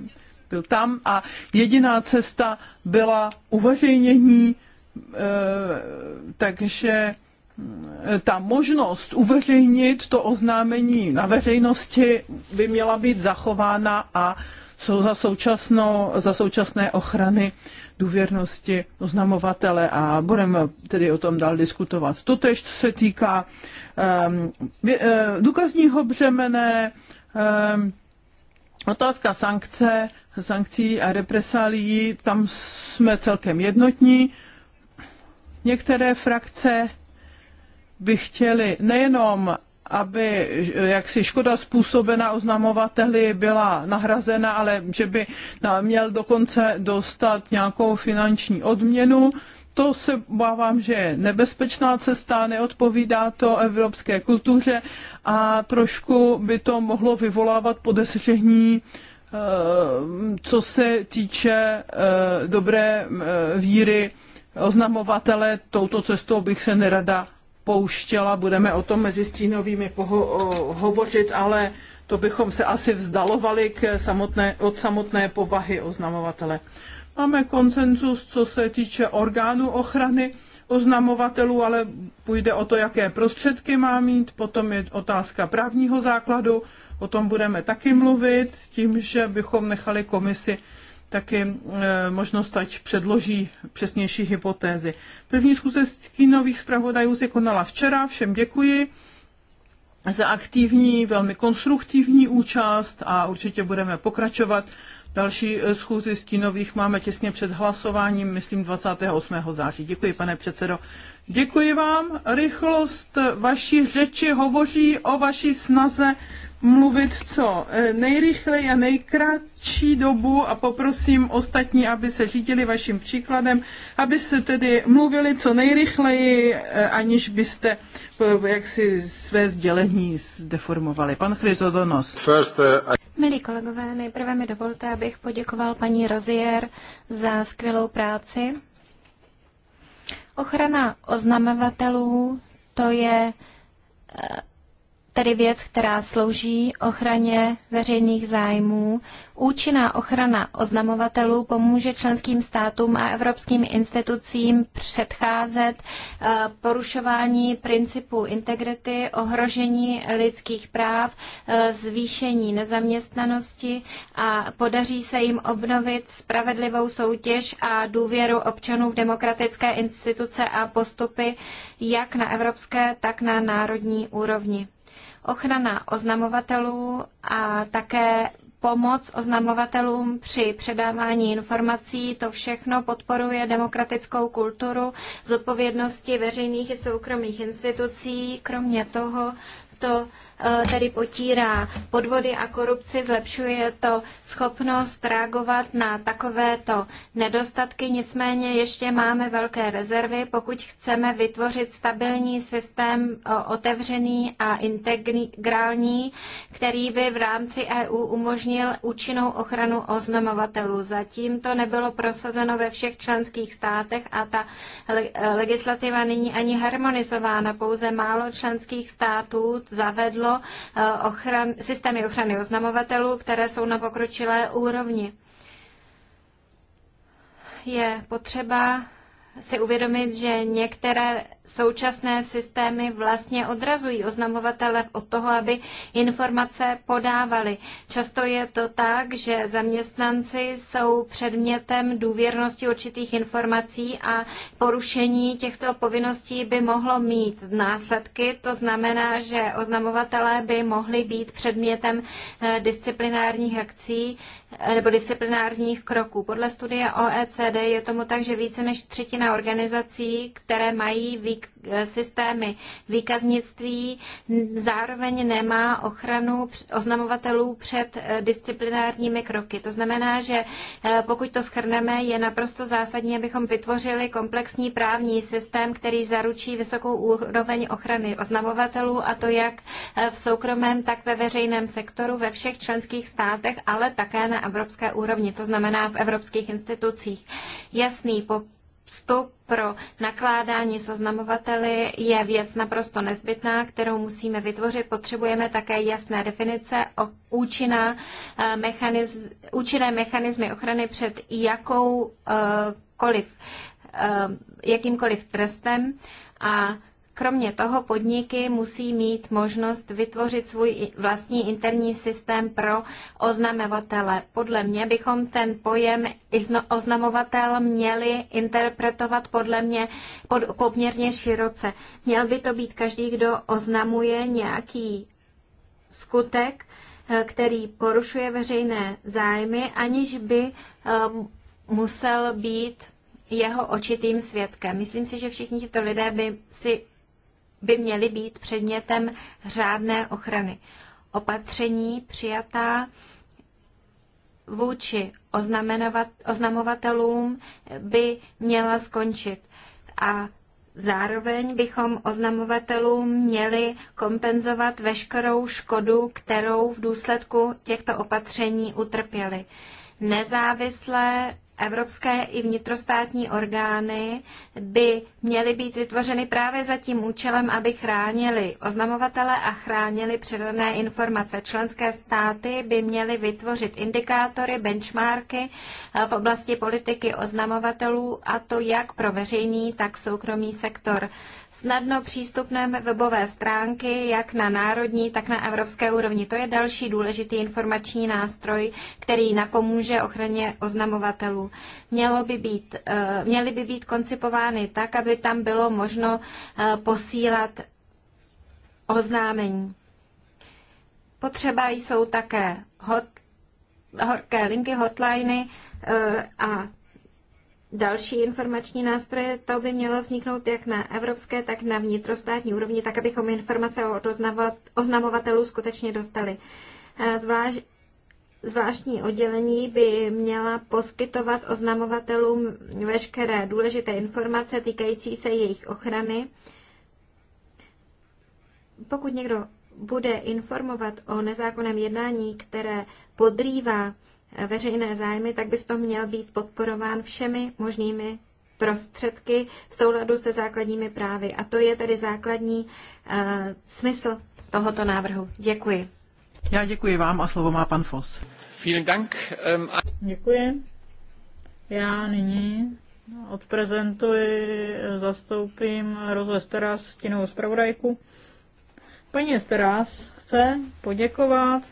byl tam a jediná cesta byla uveřejnění, eh, takže eh, ta možnost uveřejnit to oznámení na veřejnosti by měla být zachována a jsou za, současnou, za současné ochrany důvěrnosti oznamovatele a budeme tedy o tom dál diskutovat. Toto ještě se týká um, důkazního břemene, um, otázka sankce, sankcí a represálí, tam jsme celkem jednotní. Některé frakce by chtěly nejenom aby jaksi škoda způsobená oznamovateli byla nahrazena, ale že by měl dokonce dostat nějakou finanční odměnu. To se obávám, že je nebezpečná cesta, neodpovídá to evropské kultuře a trošku by to mohlo vyvolávat podezření eh, co se týče eh, dobré eh, víry oznamovatele, touto cestou bych se nerada pouštěla, budeme o tom mezi stínovými hovořit, ale to bychom se asi vzdalovali k samotné, od samotné povahy oznamovatele. Máme koncenzus, co se týče orgánů ochrany oznamovatelů, ale půjde o to, jaké prostředky má mít. Potom je otázka právního základu, o tom budeme taky mluvit, s tím, že bychom nechali komisi taky e, možnost, ať předloží přesnější hypotézy. První schůze stínových zpravodajů se konala včera, všem děkuji za aktivní, velmi konstruktivní účast a určitě budeme pokračovat. Další e, schůzi stínových máme těsně před hlasováním, myslím 28. září. Děkuji, pane předsedo. Děkuji vám. Rychlost vaší řeči hovoří o vaší snaze mluvit co e, nejrychleji a nejkratší dobu a poprosím ostatní, aby se řídili vaším příkladem, aby se tedy mluvili co nejrychleji, e, aniž byste e, jaksi své sdělení zdeformovali. Pan Chryzodonos. Milí kolegové, nejprve mi dovolte, abych poděkoval paní Rozier za skvělou práci. Ochrana oznamovatelů to je tedy věc, která slouží ochraně veřejných zájmů. Účinná ochrana oznamovatelů pomůže členským státům a evropským institucím předcházet eh, porušování principu integrity, ohrožení lidských práv, eh, zvýšení nezaměstnanosti a podaří se jim obnovit spravedlivou soutěž a důvěru občanů v demokratické instituce a postupy jak na evropské, tak na národní úrovni ochrana oznamovatelů a také pomoc oznamovatelům při předávání informací. To všechno podporuje demokratickou kulturu zodpovědnosti veřejných i soukromých institucí. Kromě toho to Eh, tedy potírá podvody a korupci, zlepšuje to schopnost reagovat na takovéto nedostatky, nicméně ještě máme velké rezervy, pokud chceme vytvořit stabilní systém eh, otevřený a integrální, který by v rámci EU umožnil účinnou ochranu oznamovatelů. Zatím to nebylo prosazeno ve všech členských státech a ta legislativa není ani harmonizována. Pouze málo členských států zavedlo Eh, ochran, systémy ochrany oznamovatelů, které jsou na pokročilé úrovni. Je potřeba si uvědomit, že některé současné systémy vlastně odrazují oznamovatele od toho, aby informace podávali. Často je to tak, že zaměstnanci jsou předmětem důvěrnosti určitých informací a porušení těchto povinností by mohlo mít následky. To znamená, že oznamovatelé by mohli být předmětem eh, disciplinárních akcí Eh, nebo disciplinárních kroků. Podle studie OECD je tomu tak, že více než třetina organizací, které mají vík, eh, systémy výkaznictví, zároveň nemá ochranu oznamovatelů před eh, disciplinárními kroky. To znamená, že pokud to schrneme, je naprosto zásadní, abychom vytvořili komplexní právní systém, který zaručí vysokou úroveň ochrany oznamovatelů, a to jak v soukromém, tak ve veřejném sektoru ve všech členských státech, ale také na evropské úrovni, to znamená v evropských institucích. Jasný postup pro nakládání s oznamovateli je věc naprosto nezbytná, kterou musíme vytvořit. Potřebujeme také jasné definice o účinná eh, mechaniz, účinné mechanizmy ochrany před jakoukoliv, eh, eh, jakýmkoliv trestem a Kromě toho podniky musí mít možnost vytvořit svůj vlastní interní systém pro oznamovatele. Podle mě bychom ten pojem oznamovatel měli interpretovat podle mě pod, poměrně široce. Měl by to být každý, kdo oznamuje nějaký skutek, eh, který porušuje veřejné zájmy, aniž by eh, musel být jeho očitým svědkem. Myslím si, že všichni tito lidé by si by měly být předmětem řádné ochrany. Opatření přijatá vůči oznamovatelům by měla skončit a zároveň bychom oznamovatelům měli kompenzovat veškerou škodu, kterou v důsledku těchto opatření utrpěli. Nezávislé evropské i vnitrostátní orgány by měly být vytvořeny právě za tím účelem, aby chránili oznamovatele a chránili předané informace. Členské státy by měly vytvořit indikátory, benchmarky eh, v oblasti politiky oznamovatelů, a to jak pro veřejný, tak soukromý sektor snadno přístupné webové stránky, jak na národní, tak na evropské úrovni. To je další důležitý informační nástroj, který napomůže ochraně oznamovatelů. Mělo by být, eh, měly by být koncipovány tak, aby tam bylo možno eh, posílat oznámení. Potřeba jsou také hot, horké linky, hotliny eh, a další informační nástroje, to by mělo vzniknout jak na evropské, tak na vnitrostátní úrovni, tak abychom informace o oznamovatelů skutečně dostali. Eh, zvlášť, zvláštní oddělení by měla poskytovat oznamovatelům veškeré důležité informace týkající se jejich ochrany. Pokud někdo bude informovat o nezákonném jednání, které podrývá veřejné zájmy, tak by v tom měl být podporován všemi možnými prostředky v souladu se základními právy. A to je tedy základní uh, smysl tohoto návrhu. Děkuji. Já děkuji vám a slovo má pan Fos. Vielen Dank. Ähm, děkuji. Já nyní odprezentuji, zastoupím Rozve Esteras, stínovou zpravodajku. Paní Esteras chce poděkovat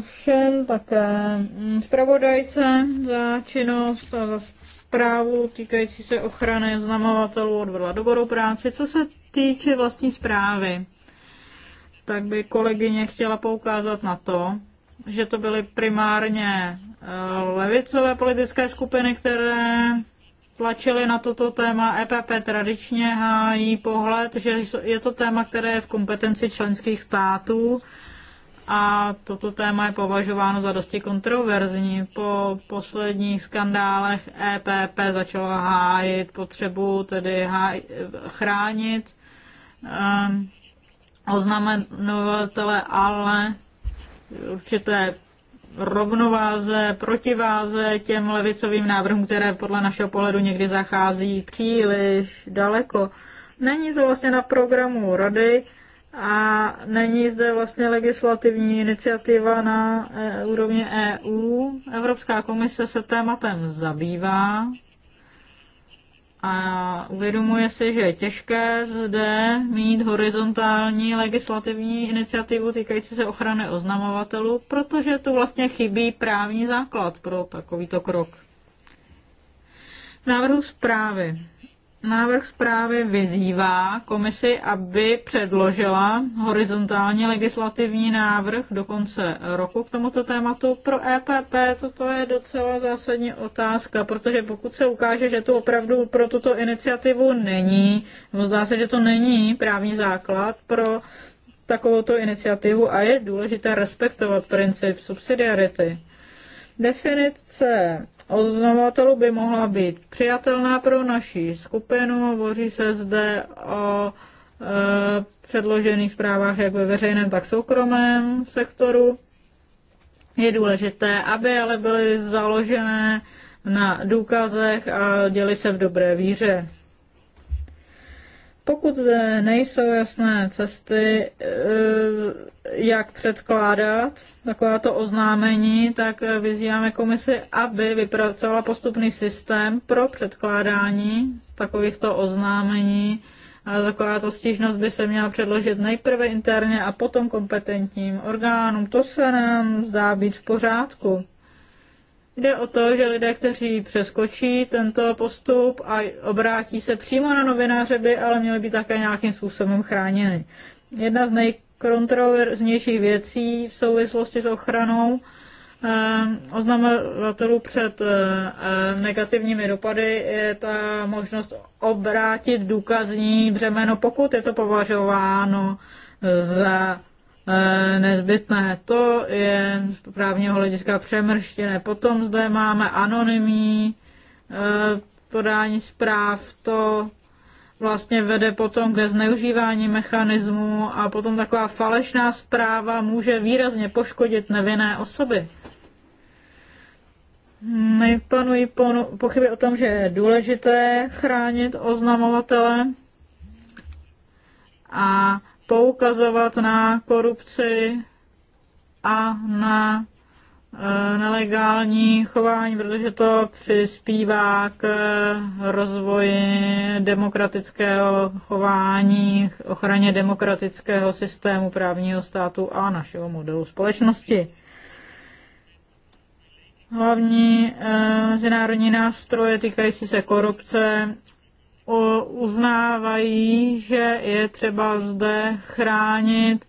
všem také mm, zpravodajce za činnost a za zprávu týkající se ochrany oznamovatelů odvedla dobrou práci. Co se týče vlastní zprávy, tak by kolegyně chtěla poukázat na to, že to byly primárně eh, levicové politické skupiny, které tlačily na toto téma. EPP tradičně hájí pohled, že je to téma, které je v kompetenci členských států a toto téma je považováno za dosti kontroverzní. Po posledních skandálech EPP začalo hájit potřebu tedy háj, chránit um, ehm, oznamenovatele, ale určité rovnováze, protiváze těm levicovým návrhům, které podle našeho pohledu někdy zachází příliš daleko. Není to vlastně na programu rady a není zde vlastně legislativní iniciativa na e, úrovni EU. Evropská komise se tématem zabývá a uvědomuje si, že je těžké zde mít horizontální legislativní iniciativu týkající se ochrany oznamovatelů, protože tu vlastně chybí právní základ pro takovýto krok. V návrhu zprávy Návrh zprávy vyzývá komisi, aby předložila horizontální legislativní návrh do konce roku k tomuto tématu. Pro EPP toto je docela zásadní otázka, protože pokud se ukáže, že to opravdu pro tuto iniciativu není, nebo zdá se, že to není právní základ pro takovouto iniciativu a je důležité respektovat princip subsidiarity. Definice oznamovatelů by mohla být přijatelná pro naši skupinu. Hovoří se zde o e, předložených zprávách jak ve veřejném, tak soukromém sektoru. Je důležité, aby ale byly založené na důkazech a děli se v dobré víře. Pokud nejsou jasné cesty, eh, jak předkládat takováto oznámení, tak vyzýváme komisi, aby vypracovala postupný systém pro předkládání takovýchto oznámení. A takováto stížnost by se měla předložit nejprve interně a potom kompetentním orgánům. To se nám zdá být v pořádku. Jde o to, že lidé, kteří přeskočí tento postup a obrátí se přímo na novináře, by ale měli být také nějakým způsobem chráněni. Jedna z nejkontroverznějších věcí v souvislosti s ochranou eh, oznamovatelů před eh, negativními dopady je ta možnost obrátit důkazní břemeno, pokud je to považováno eh, za E, nezbytné. To je z právního hlediska přemrštěné. Potom zde máme anonymní e, podání zpráv, to vlastně vede potom ke zneužívání mechanismu a potom taková falešná zpráva může výrazně poškodit nevinné osoby. Nejpanují pochyby o tom, že je důležité chránit oznamovatele a poukazovat na korupci a na e, nelegální chování, protože to přispívá k rozvoji demokratického chování, ochraně demokratického systému právního státu a našeho modelu společnosti. Hlavní e, mezinárodní nástroje týkající se korupce uznávají, že je třeba zde chránit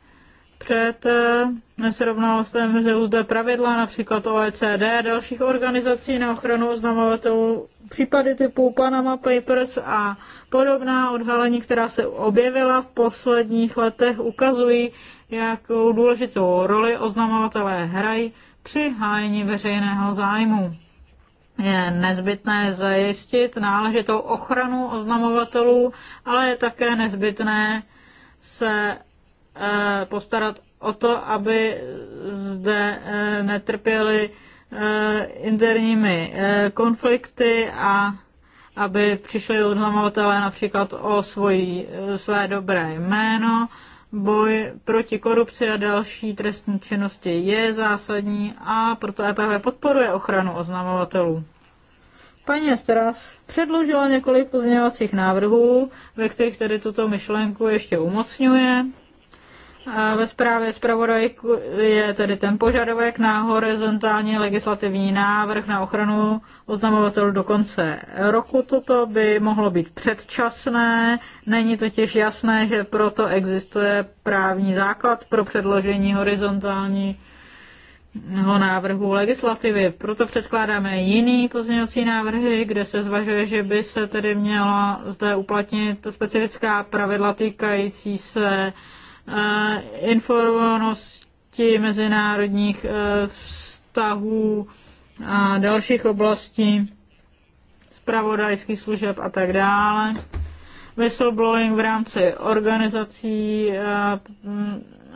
před eh, nesrovnalostem, že zde pravidla například OECD a dalších organizací na ochranu oznamovatelů, případy typu Panama Papers a podobná odhalení, která se objevila v posledních letech, ukazují, jakou důležitou roli oznamovatelé hrají při hájení veřejného zájmu je nezbytné zajistit náležitou ochranu oznamovatelů, ale je také nezbytné se eh, postarat o to, aby zde eh, netrpěli eh, interními konflikty a aby přišli oznamovatelé například o svojí, své dobré jméno boj proti korupci a další trestní činnosti je zásadní a proto EPV podporuje ochranu oznamovatelů. Paní Esteras předložila několik pozměňovacích návrhů, ve kterých tedy tuto myšlenku ještě umocňuje a ve zprávě zpravodaj je tedy ten požadavek na horizontální legislativní návrh na ochranu oznamovatelů do konce roku. Toto by mohlo být předčasné, není totiž jasné, že proto existuje právní základ pro předložení horizontální návrhu legislativy. Proto předkládáme jiný pozměňovací návrhy, kde se zvažuje, že by se tedy měla zde uplatnit specifická pravidla týkající se informovanosti mezinárodních e, vztahů a dalších oblastí, zpravodajských služeb a tak dále. Whistleblowing v rámci organizací, e,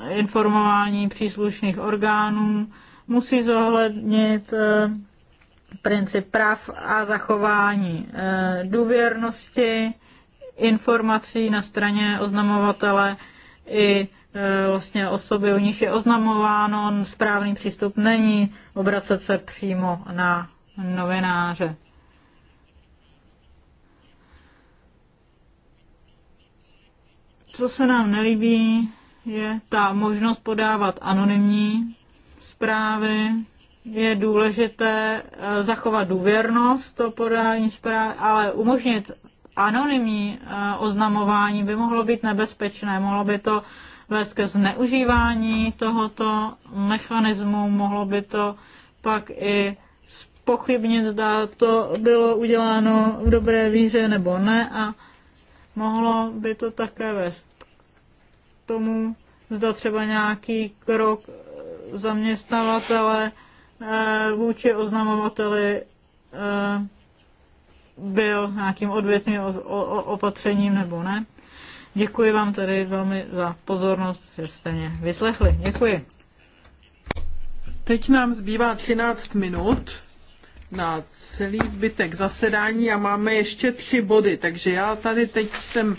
informování příslušných orgánů musí zohlednit e, princip prav a zachování důvěrnosti informací na straně oznamovatele i e, vlastně osoby, u nich je oznamováno, správný přístup není obracet se přímo na novináře. Co se nám nelíbí, je ta možnost podávat anonymní zprávy. Je důležité e, zachovat důvěrnost to podání zprávy, ale umožnit anonymní eh, oznamování by mohlo být nebezpečné, mohlo by to vést ke zneužívání tohoto mechanismu, mohlo by to pak i pochybnit, zda to bylo uděláno v dobré víře nebo ne a mohlo by to také vést k tomu, zda třeba nějaký krok zaměstnavatele eh, vůči oznamovateli eh, byl nějakým odvětným opatřením nebo ne. Děkuji vám tedy velmi za pozornost, že jste mě vyslechli. Děkuji. Teď nám zbývá 13 minut na celý zbytek zasedání a máme ještě tři body, takže já tady teď jsem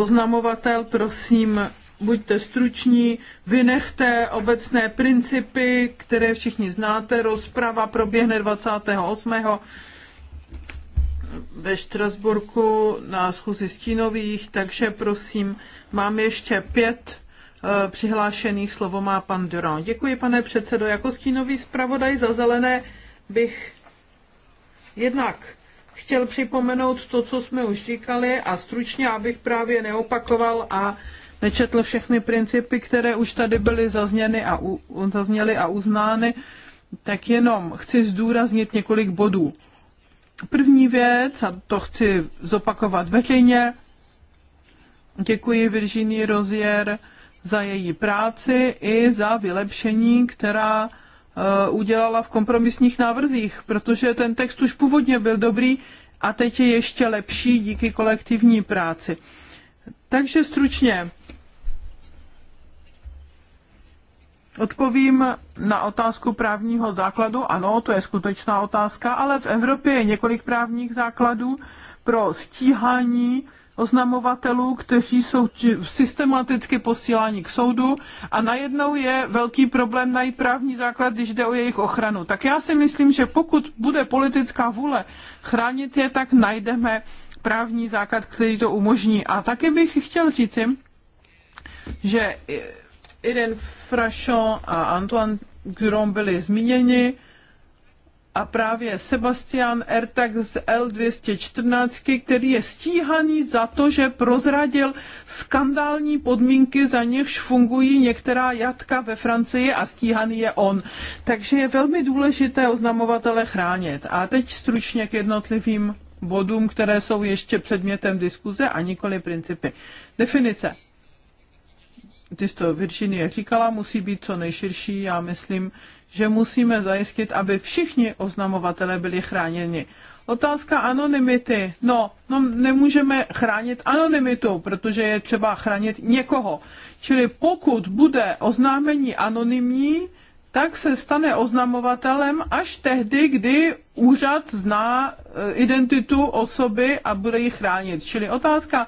oznamovatel, prosím, buďte struční, vynechte obecné principy, které všichni znáte, rozprava proběhne 28 ve Štrasburku na schůzi stínových, takže prosím, mám ještě pět eh, přihlášených, slovo má pan Durand. Děkuji, pane předsedo. Jako stínový zpravodaj za zelené bych jednak chtěl připomenout to, co jsme už říkali a stručně, abych právě neopakoval a nečetl všechny principy, které už tady byly zazněny a u, zazněly a uznány, tak jenom chci zdůraznit několik bodů. První věc, a to chci zopakovat veřejně, děkuji Virginii Rozier za její práci i za vylepšení, která eh, udělala v kompromisních návrzích, protože ten text už původně byl dobrý a teď je ještě lepší díky kolektivní práci. Takže stručně, Odpovím na otázku právního základu. Ano, to je skutečná otázka, ale v Evropě je několik právních základů pro stíhání oznamovatelů, kteří jsou systematicky posíláni k soudu a najednou je velký problém najít právní základ, když jde o jejich ochranu. Tak já si myslím, že pokud bude politická vůle chránit je, tak najdeme právní základ, který to umožní. A taky bych chtěl říct, že Irene Frachon a Antoine Guron byli zmíněni a právě Sebastian Ertag z L214, který je stíhaný za to, že prozradil skandální podmínky, za něž fungují některá jatka ve Francii a stíhaný je on. Takže je velmi důležité oznamovatele chránit. A teď stručně k jednotlivým bodům, které jsou ještě předmětem diskuze a nikoli principy. Definice ty to Virginie říkala, musí být co nejširší. Já myslím, že musíme zajistit, aby všichni oznamovatele byli chráněni. Otázka anonymity. No, no, nemůžeme chránit anonymitu, protože je třeba chránit někoho. Čili pokud bude oznámení anonymní, tak se stane oznamovatelem až tehdy, kdy úřad zná eh, identitu osoby a bude ji chránit. Čili otázka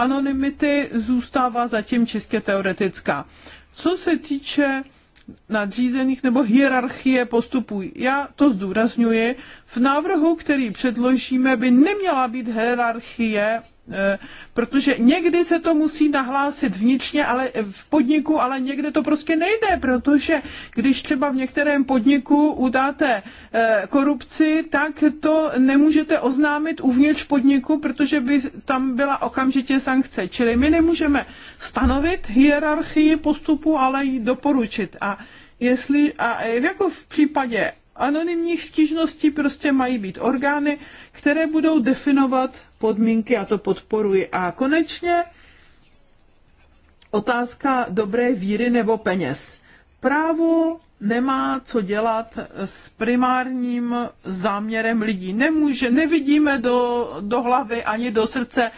anonymity zůstává zatím čistě teoretická. Co se týče nadřízených nebo hierarchie postupů. Já to zdůrazňuji. V návrhu, který předložíme, by neměla být hierarchie Eh, protože někdy se to musí nahlásit vnitřně, ale eh, v podniku, ale někde to prostě nejde, protože když třeba v některém podniku udáte eh, korupci, tak to nemůžete oznámit uvnitř podniku, protože by tam byla okamžitě sankce. Čili my nemůžeme stanovit hierarchii postupu, ale ji doporučit. A jestli, a jako v případě anonymních stížností prostě mají být orgány, které budou definovat podmínky a to podporuji. A konečně otázka dobré víry nebo peněz. Právo nemá co dělat s primárním záměrem lidí. Nemůže, nevidíme do, do hlavy ani do srdce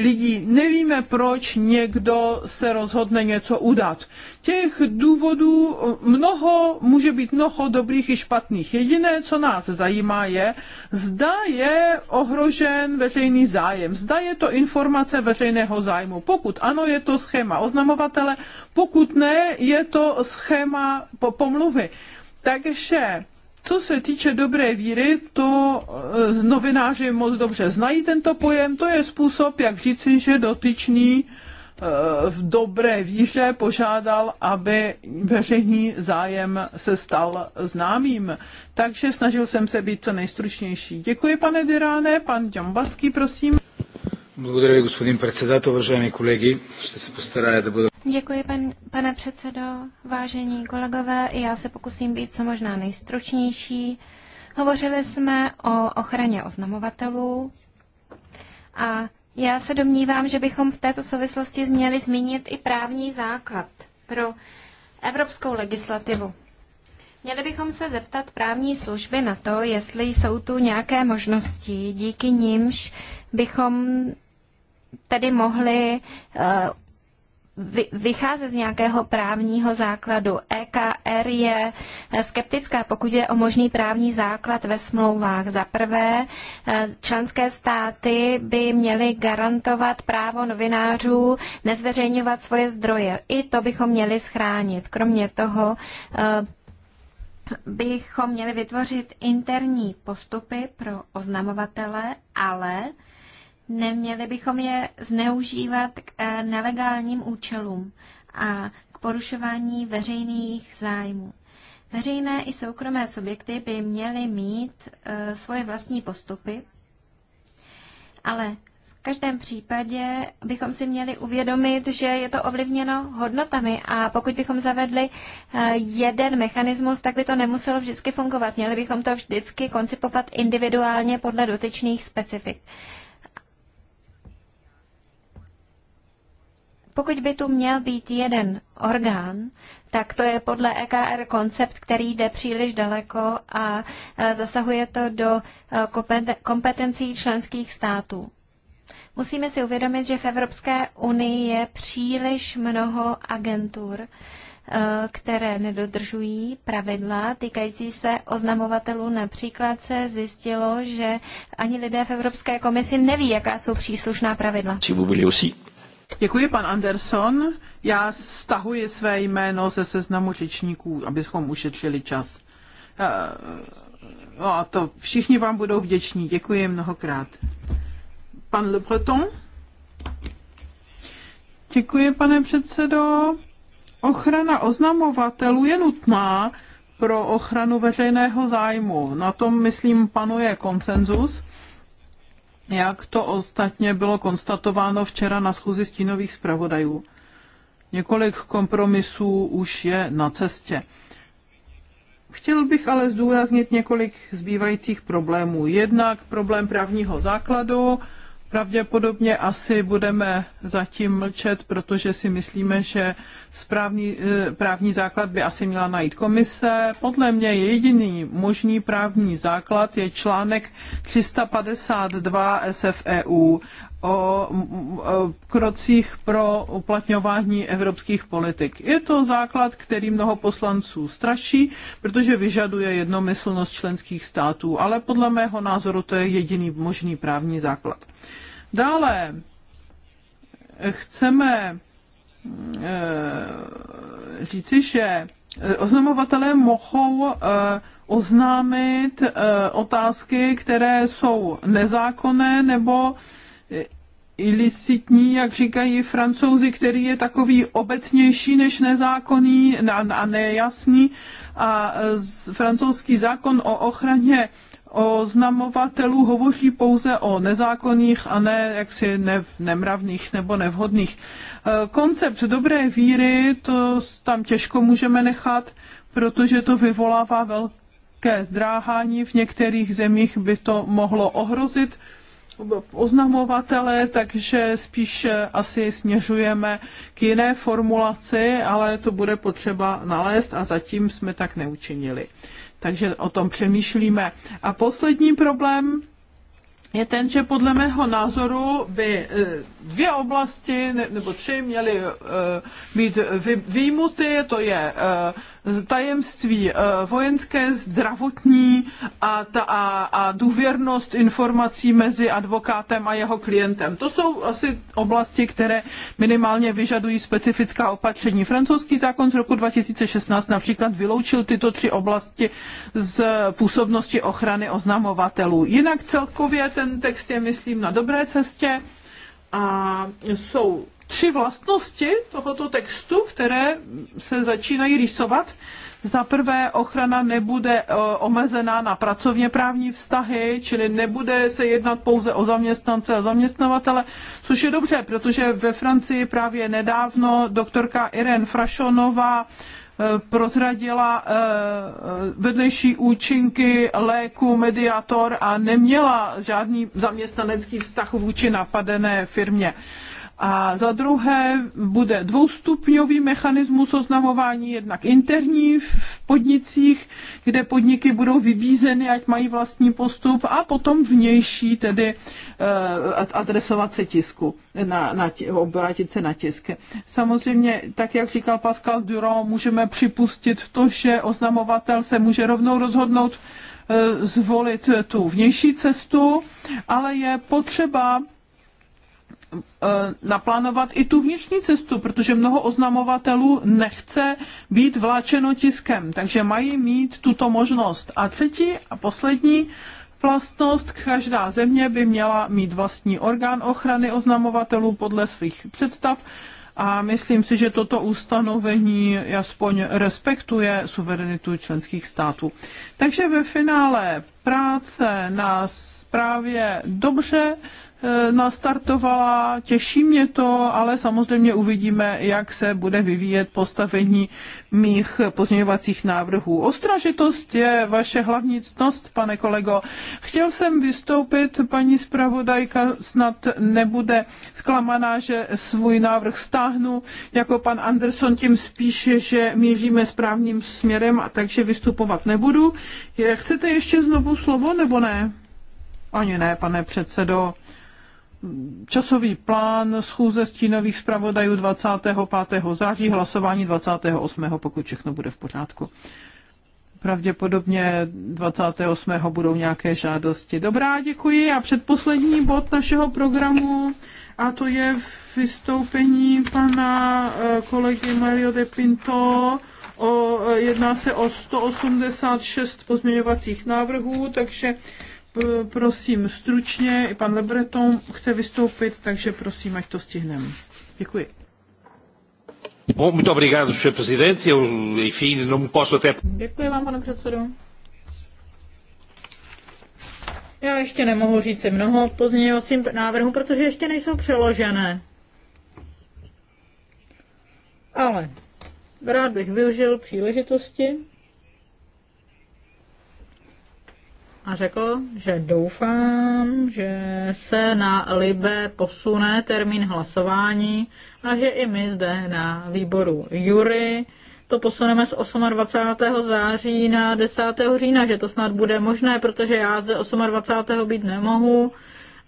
lidí. Nevíme, proč někdo se rozhodne něco udat. Těch důvodů mnoho, může být mnoho dobrých i špatných. Jediné, co nás zajímá, je, zda je ohrožen veřejný zájem, zda je to informace veřejného zájmu. Pokud ano, je to schéma oznamovatele, pokud ne, je to schéma pomluvy. Takže co se týče dobré víry, to eh, novináři moc dobře znají tento pojem. To je způsob, jak říci, že dotyčný eh, v dobré víře požádal, aby veřejný zájem se stal známým. Takže snažil jsem se být co nejstručnější. Děkuji, pane Diráne. Pan Džambaský, prosím. Благодаря ви, господин председател, уважаеми колеги. Ще се постарая да бъда... Děkuji, pan, pane předsedo, vážení kolegové. Já se pokusím být co možná nejstručnější. Hovořili jsme o ochraně oznamovatelů a já se domnívám, že bychom v této souvislosti měli zmínit i právní základ pro evropskou legislativu. Měli bychom se zeptat právní služby na to, jestli jsou tu nějaké možnosti, díky nimž bychom tedy mohli eh, vycházet z nějakého právního základu. EKR je eh, skeptická, pokud je o možný právní základ ve smlouvách. Za prvé, eh, členské státy by měly garantovat právo novinářů nezveřejňovat svoje zdroje. I to bychom měli schránit. Kromě toho bychom měli vytvořit interní postupy pro oznamovatele, ale Neměli bychom je zneužívat k eh, nelegálním účelům a k porušování veřejných zájmů. Veřejné i soukromé subjekty by měly mít eh, svoje vlastní postupy, ale v každém případě bychom si měli uvědomit, že je to ovlivněno hodnotami a pokud bychom zavedli eh, jeden mechanismus, tak by to nemuselo vždycky fungovat. Měli bychom to vždycky koncipovat individuálně podle dotyčných specifik. Pokud by tu měl být jeden orgán, tak to je podle EKR koncept, který jde příliš daleko a e, zasahuje to do e, kompetencí členských států. Musíme si uvědomit, že v Evropské unii je příliš mnoho agentur, e, které nedodržují pravidla týkající se oznamovatelů. Například se zjistilo, že ani lidé v Evropské komisi neví, jaká jsou příslušná pravidla. Si byli voulez Děkuji, pan Anderson. Já stahuji své jméno ze seznamu řečníků, abychom ušetřili čas. Eh, no a to všichni vám budou vděční. Děkuji mnohokrát. Pan Le Breton? Děkuji, pane předsedo. Ochrana oznamovatelů je nutná pro ochranu veřejného zájmu. Na tom, myslím, panuje konsenzus jak to ostatně bylo konstatováno včera na schůzi stínových zpravodajů. Několik kompromisů už je na cestě. Chtěl bych ale zdůraznit několik zbývajících problémů. Jednak problém právního základu, Pravděpodobně asi budeme zatím mlčet, protože si myslíme, že správný, eh, právní základ by asi měla najít komise. Podle mě jediný možný právní základ je článek 352 SFEU o krocích pro uplatňování evropských politik. Je to základ, který mnoho poslanců straší, protože vyžaduje jednomyslnost členských států, ale podle mého názoru to je jediný možný právní základ. Dále chceme eh, říci, že eh, oznamovatelé mohou eh, oznámit otázky, které jsou nezákonné nebo ilicitní, jak říkají francouzi, který je takový obecnější než nezákonný a nejasný. A francouzský zákon o ochraně oznamovatelů hovoří pouze o nezákonných a ne jaksi ne, nemravných nebo nevhodných. E, koncept dobré víry to tam těžko můžeme nechat, protože to vyvolává velké zdráhání. V některých zemích by to mohlo ohrozit oznamovatele, takže spíš asi směřujeme k jiné formulaci, ale to bude potřeba nalézt a zatím jsme tak neučinili takže o tom přemýšlíme. A poslední problém, je ten, že podle mého názoru by eh, dvě oblasti nebo tři měly být eh, výjimuty, to je eh, tajemství vojenské, zdravotní a, ta, a, a důvěrnost informací mezi advokátem a jeho klientem. To jsou asi oblasti, které minimálně vyžadují specifická opatření. Francouzský zákon z roku 2016 například vyloučil tyto tři oblasti z působnosti ochrany oznamovatelů. Jinak celkově ten text je, myslím, na dobré cestě a jsou tři vlastnosti tohoto textu, které se začínají rýsovat. Za prvé, ochrana nebude e, omezená na pracovně právní vztahy, čili nebude se jednat pouze o zaměstnance a zaměstnavatele, což je dobře, protože ve Francii právě nedávno doktorka Irene Frašonová Eh, prozradila eh, eh, vedlejší účinky léku Mediator a neměla žádný zaměstnanecký vztah vůči napadené firmě. A za druhé bude dvoustupňový mechanismus oznamování, jednak interní v podnicích, kde podniky budou vybízeny, ať mají vlastní postup, a potom vnější, tedy eh, adresovat se tisku, na, na, obrátit se na tisk. Samozřejmě, tak jak říkal Pascal Duro, můžeme připustit to, že oznamovatel se může rovnou rozhodnout eh, zvolit tu vnější cestu, ale je potřeba Eh, naplánovat i tu vnitřní cestu, protože mnoho oznamovatelů nechce být vláčeno tiskem, takže mají mít tuto možnost. A třetí a poslední vlastnost, každá země by měla mít vlastní orgán ochrany oznamovatelů podle svých představ a myslím si, že toto ustanovení aspoň respektuje suverenitu členských států. Takže ve finále práce nás právě dobře Eh, nastartovala, těší mě to, ale samozřejmě uvidíme, jak se bude vyvíjet postavení mých pozměňovacích návrhů. Ostražitost je vaše hlavní ctnost, pane kolego. Chtěl jsem vystoupit, paní zpravodajka snad nebude zklamaná, že svůj návrh stáhnu jako pan Anderson, tím spíše, že míříme správným směrem, a takže vystupovat nebudu. Chcete ještě znovu slovo nebo ne? Ani ne, pane předsedo časový plán schůze stínových zpravodajů 25. září, hlasování 28. pokud všechno bude v pořádku. Pravděpodobně 28. budou nějaké žádosti. Dobrá, děkuji. A předposlední bod našeho programu, a to je vystoupení pana eh, kolegy Mario de Pinto. O, eh, jedná se o 186 pozměňovacích návrhů, takže prosím stručně, i pan Lebreton chce vystoupit, takže prosím, ať to stihneme. Děkuji. Bom, muito obrigado, senhor Presidente. Eu, enfim, não posso até... Děkuji vám, pane předsedo. Já ještě nemohu říct si mnoho pozměňovacím návrhů, protože ještě nejsou přeložené. Ale rád bych využil příležitosti a řekl, že doufám, že se na Libe posune termín hlasování a že i my zde na výboru Jury to posuneme z 28. září na 10. října, že to snad bude možné, protože já zde 28. být nemohu.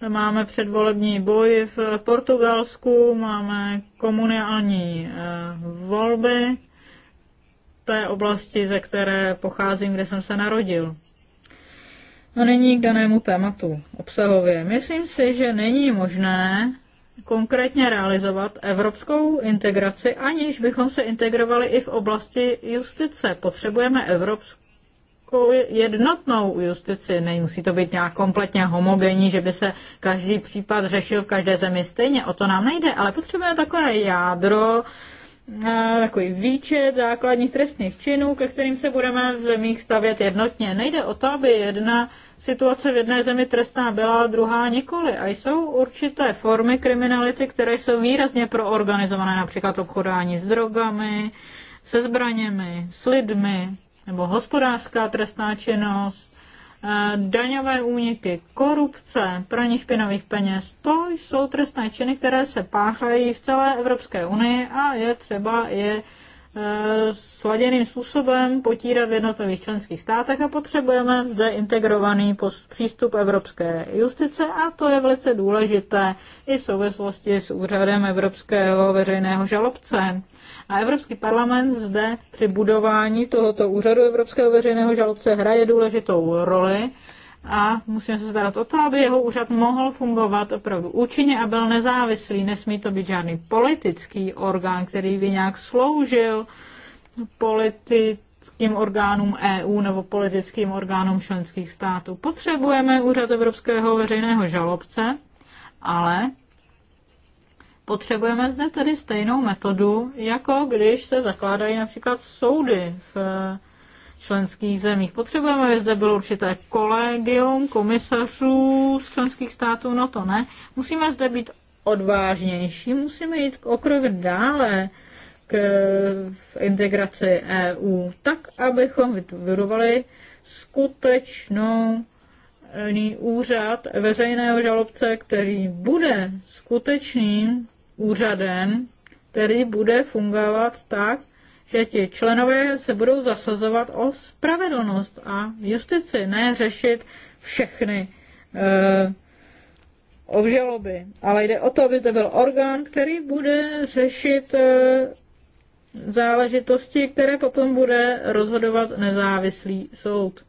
Máme předvolební boj v Portugalsku, máme komunální eh, volby té oblasti, ze které pocházím, kde jsem se narodil. No nyní k danému tématu obsahově. Myslím si, že není možné konkrétně realizovat evropskou integraci, aniž bychom se integrovali i v oblasti justice. Potřebujeme evropskou jednotnou justici. Nemusí to být nějak kompletně homogenní, že by se každý případ řešil v každé zemi stejně. O to nám nejde, ale potřebujeme takové jádro takový výčet základních trestných činů, ke kterým se budeme v zemích stavět jednotně. Nejde o to, aby jedna situace v jedné zemi trestná byla, druhá nikoli. A jsou určité formy kriminality, které jsou výrazně proorganizované, například obchodání s drogami, se zbraněmi, s lidmi, nebo hospodářská trestná činnost, Eh, daňové úniky, korupce, praní špinavých peněz, to jsou trestné činy, které se páchají v celé Evropské unii a je třeba je eh, sladěným způsobem potírat v jednotlivých členských státech a potřebujeme zde integrovaný přístup evropské justice a to je velice důležité i v souvislosti s úřadem Evropského veřejného žalobce. A Evropský parlament zde při budování tohoto úřadu Evropského veřejného žalobce hraje důležitou roli a musíme se starat o to, aby jeho úřad mohl fungovat opravdu účinně a byl nezávislý. Nesmí to být žádný politický orgán, který by nějak sloužil politickým orgánům EU nebo politickým orgánům členských států. Potřebujeme úřad Evropského veřejného žalobce, ale Potřebujeme zde tedy stejnou metodu, jako když se zakládají například soudy v eh, členských zemích. Potřebujeme, aby zde bylo určité kolegium komisařů z členských států, no to ne. Musíme zde být odvážnější, musíme jít o krok dále k integraci EU, tak, abychom vybudovali skutečnou eh, úřad veřejného žalobce, který bude skutečným úřadem, který bude fungovat tak, že ti členové se budou zasazovat o spravedlnost a justici, ne řešit všechny eh, obžaloby. Ale jde o to, aby to byl orgán, který bude řešit eh, záležitosti, které potom bude rozhodovat nezávislý soud.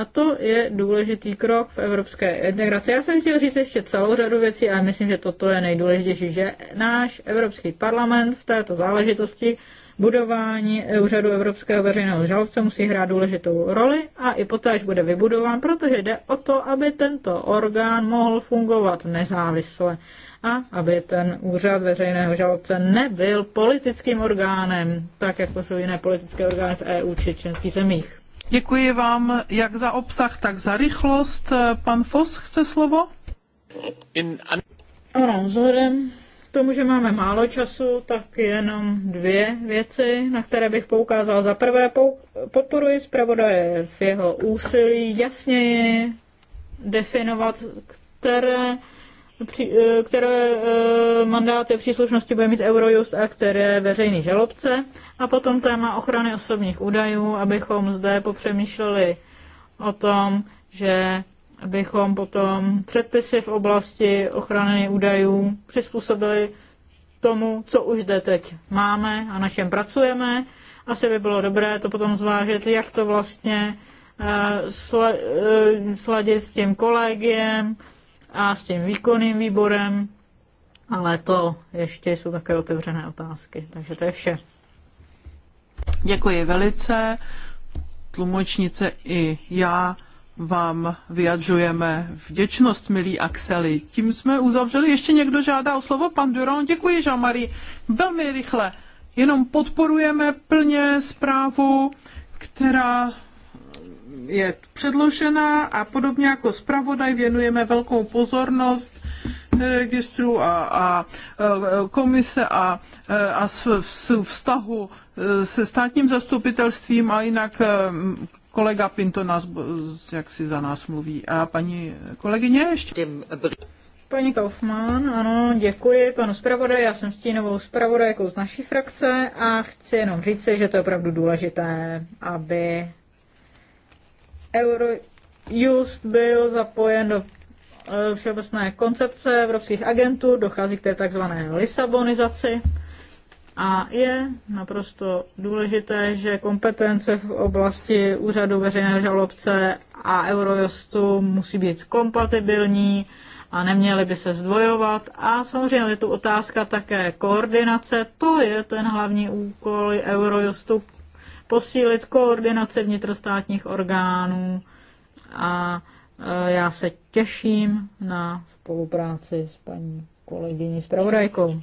A to je důležitý krok v evropské integraci. Já jsem chtěl říct ještě celou řadu věcí a myslím, že toto je nejdůležitější, že náš Evropský parlament v této záležitosti budování úřadu Evropského veřejného žalobce musí hrát důležitou roli a i poté, až bude vybudován, protože jde o to, aby tento orgán mohl fungovat nezávisle a aby ten úřad veřejného žalobce nebyl politickým orgánem, tak jako jsou jiné politické orgány v EU či členských zemích. Děkuji vám jak za obsah, tak za rychlost. Pan Fos chce slovo? Ano, vzhledem k tomu, že máme málo času, tak jenom dvě věci, na které bych poukázal. Za prvé podporuji zpravodaje v jeho úsilí jasněji definovat, které Eh, které eh, mandáty příslušnosti bude mít Eurojust a které veřejný žalobce. A potom téma ochrany osobních údajů, abychom zde popřemýšleli o tom, že bychom potom předpisy v oblasti ochrany údajů přizpůsobili tomu, co už zde teď máme a na čem pracujeme. Asi by bylo dobré to potom zvážit, jak to vlastně eh, sladit s tím kolegiem, a s tím výkonným výborem, ale to ještě jsou také otevřené otázky. Takže to je vše. Děkuji velice. Tlumočnice i já vám vyjadřujeme vděčnost, milí Axeli. Tím jsme uzavřeli. Ještě někdo žádá o slovo? Pan Duron, děkuji, Jean-Marie. Velmi rychle. Jenom podporujeme plně zprávu, která je předložena a podobně jako zpravodaj věnujeme velkou pozornost eh, registru a, a eh, komise a, eh, a vztahu se státním zastupitelstvím a jinak kolega Pinto nás, jak si za nás mluví. A paní kolegyně ještě? Paní Kaufmann, ano, děkuji panu zpravodaji, já jsem stínovou zpravodajkou z naší frakce a chci jenom říci, že to je opravdu důležité, aby Eurojust byl zapojen do e, všeobecné koncepce evropských agentů, dochází k té takzvané lisabonizaci a je naprosto důležité, že kompetence v oblasti úřadu veřejného žalobce a Eurojustu musí být kompatibilní a neměly by se zdvojovat. A samozřejmě je tu otázka také koordinace. To je ten hlavní úkol Eurojustu posílit koordinaci vnitrostátních orgánů a e, já se těším na spolupráci s paní kolegyní zpravodajkou.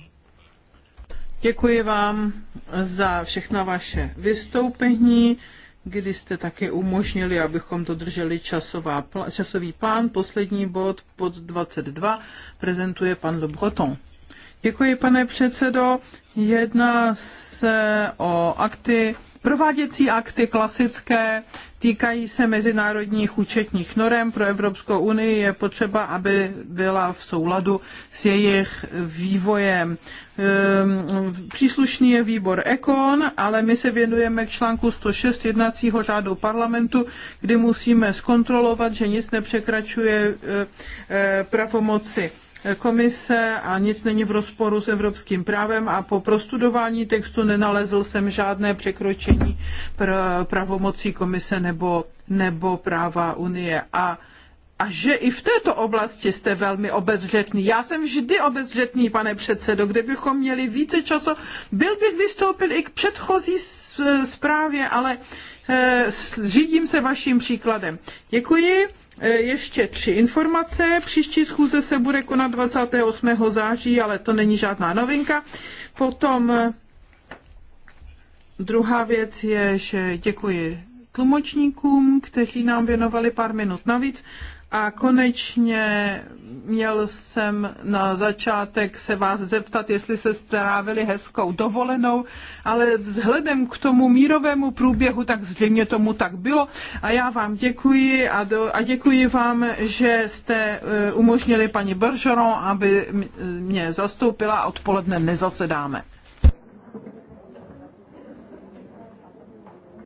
Děkuji vám za všechna vaše vystoupení, kdy jste také umožnili, abychom dodrželi časová, časový plán. Poslední bod pod 22 prezentuje pan Le Breton. Děkuji, pane předsedo. Jedná se o akty Prováděcí akty klasické týkají se mezinárodních účetních norem. Pro Evropskou unii je potřeba, aby byla v souladu s jejich vývojem. Ehm, příslušný je výbor EKON, ale my se věnujeme k článku 106 jednacího řádu parlamentu, kdy musíme zkontrolovat, že nic nepřekračuje eh, eh, pravomoci komise a nic není v rozporu s evropským právem a po prostudování textu nenalezl jsem žádné překročení pr- pravomocí komise nebo, nebo práva Unie. A a že i v této oblasti jste velmi obezřetný. Já jsem vždy obezřetný, pane předsedo. Kdybychom měli více času, byl bych vystoupil i k předchozí zprávě, ale eh, řídím se vaším příkladem. Děkuji. E, ještě tři informace. Příští schůze se bude konat 28. září, ale to není žádná novinka. Potom e, druhá věc je, že děkuji tlumočníkům, kteří nám věnovali pár minut navíc. A konečně měl jsem na začátek se vás zeptat, jestli se strávili hezkou dovolenou, ale vzhledem k tomu mírovému průběhu, tak zřejmě tomu tak bylo. A já vám děkuji a, do, a děkuji vám, že jste eh, umožnili paní Bergeron, aby mě zastoupila a odpoledne nezasedáme.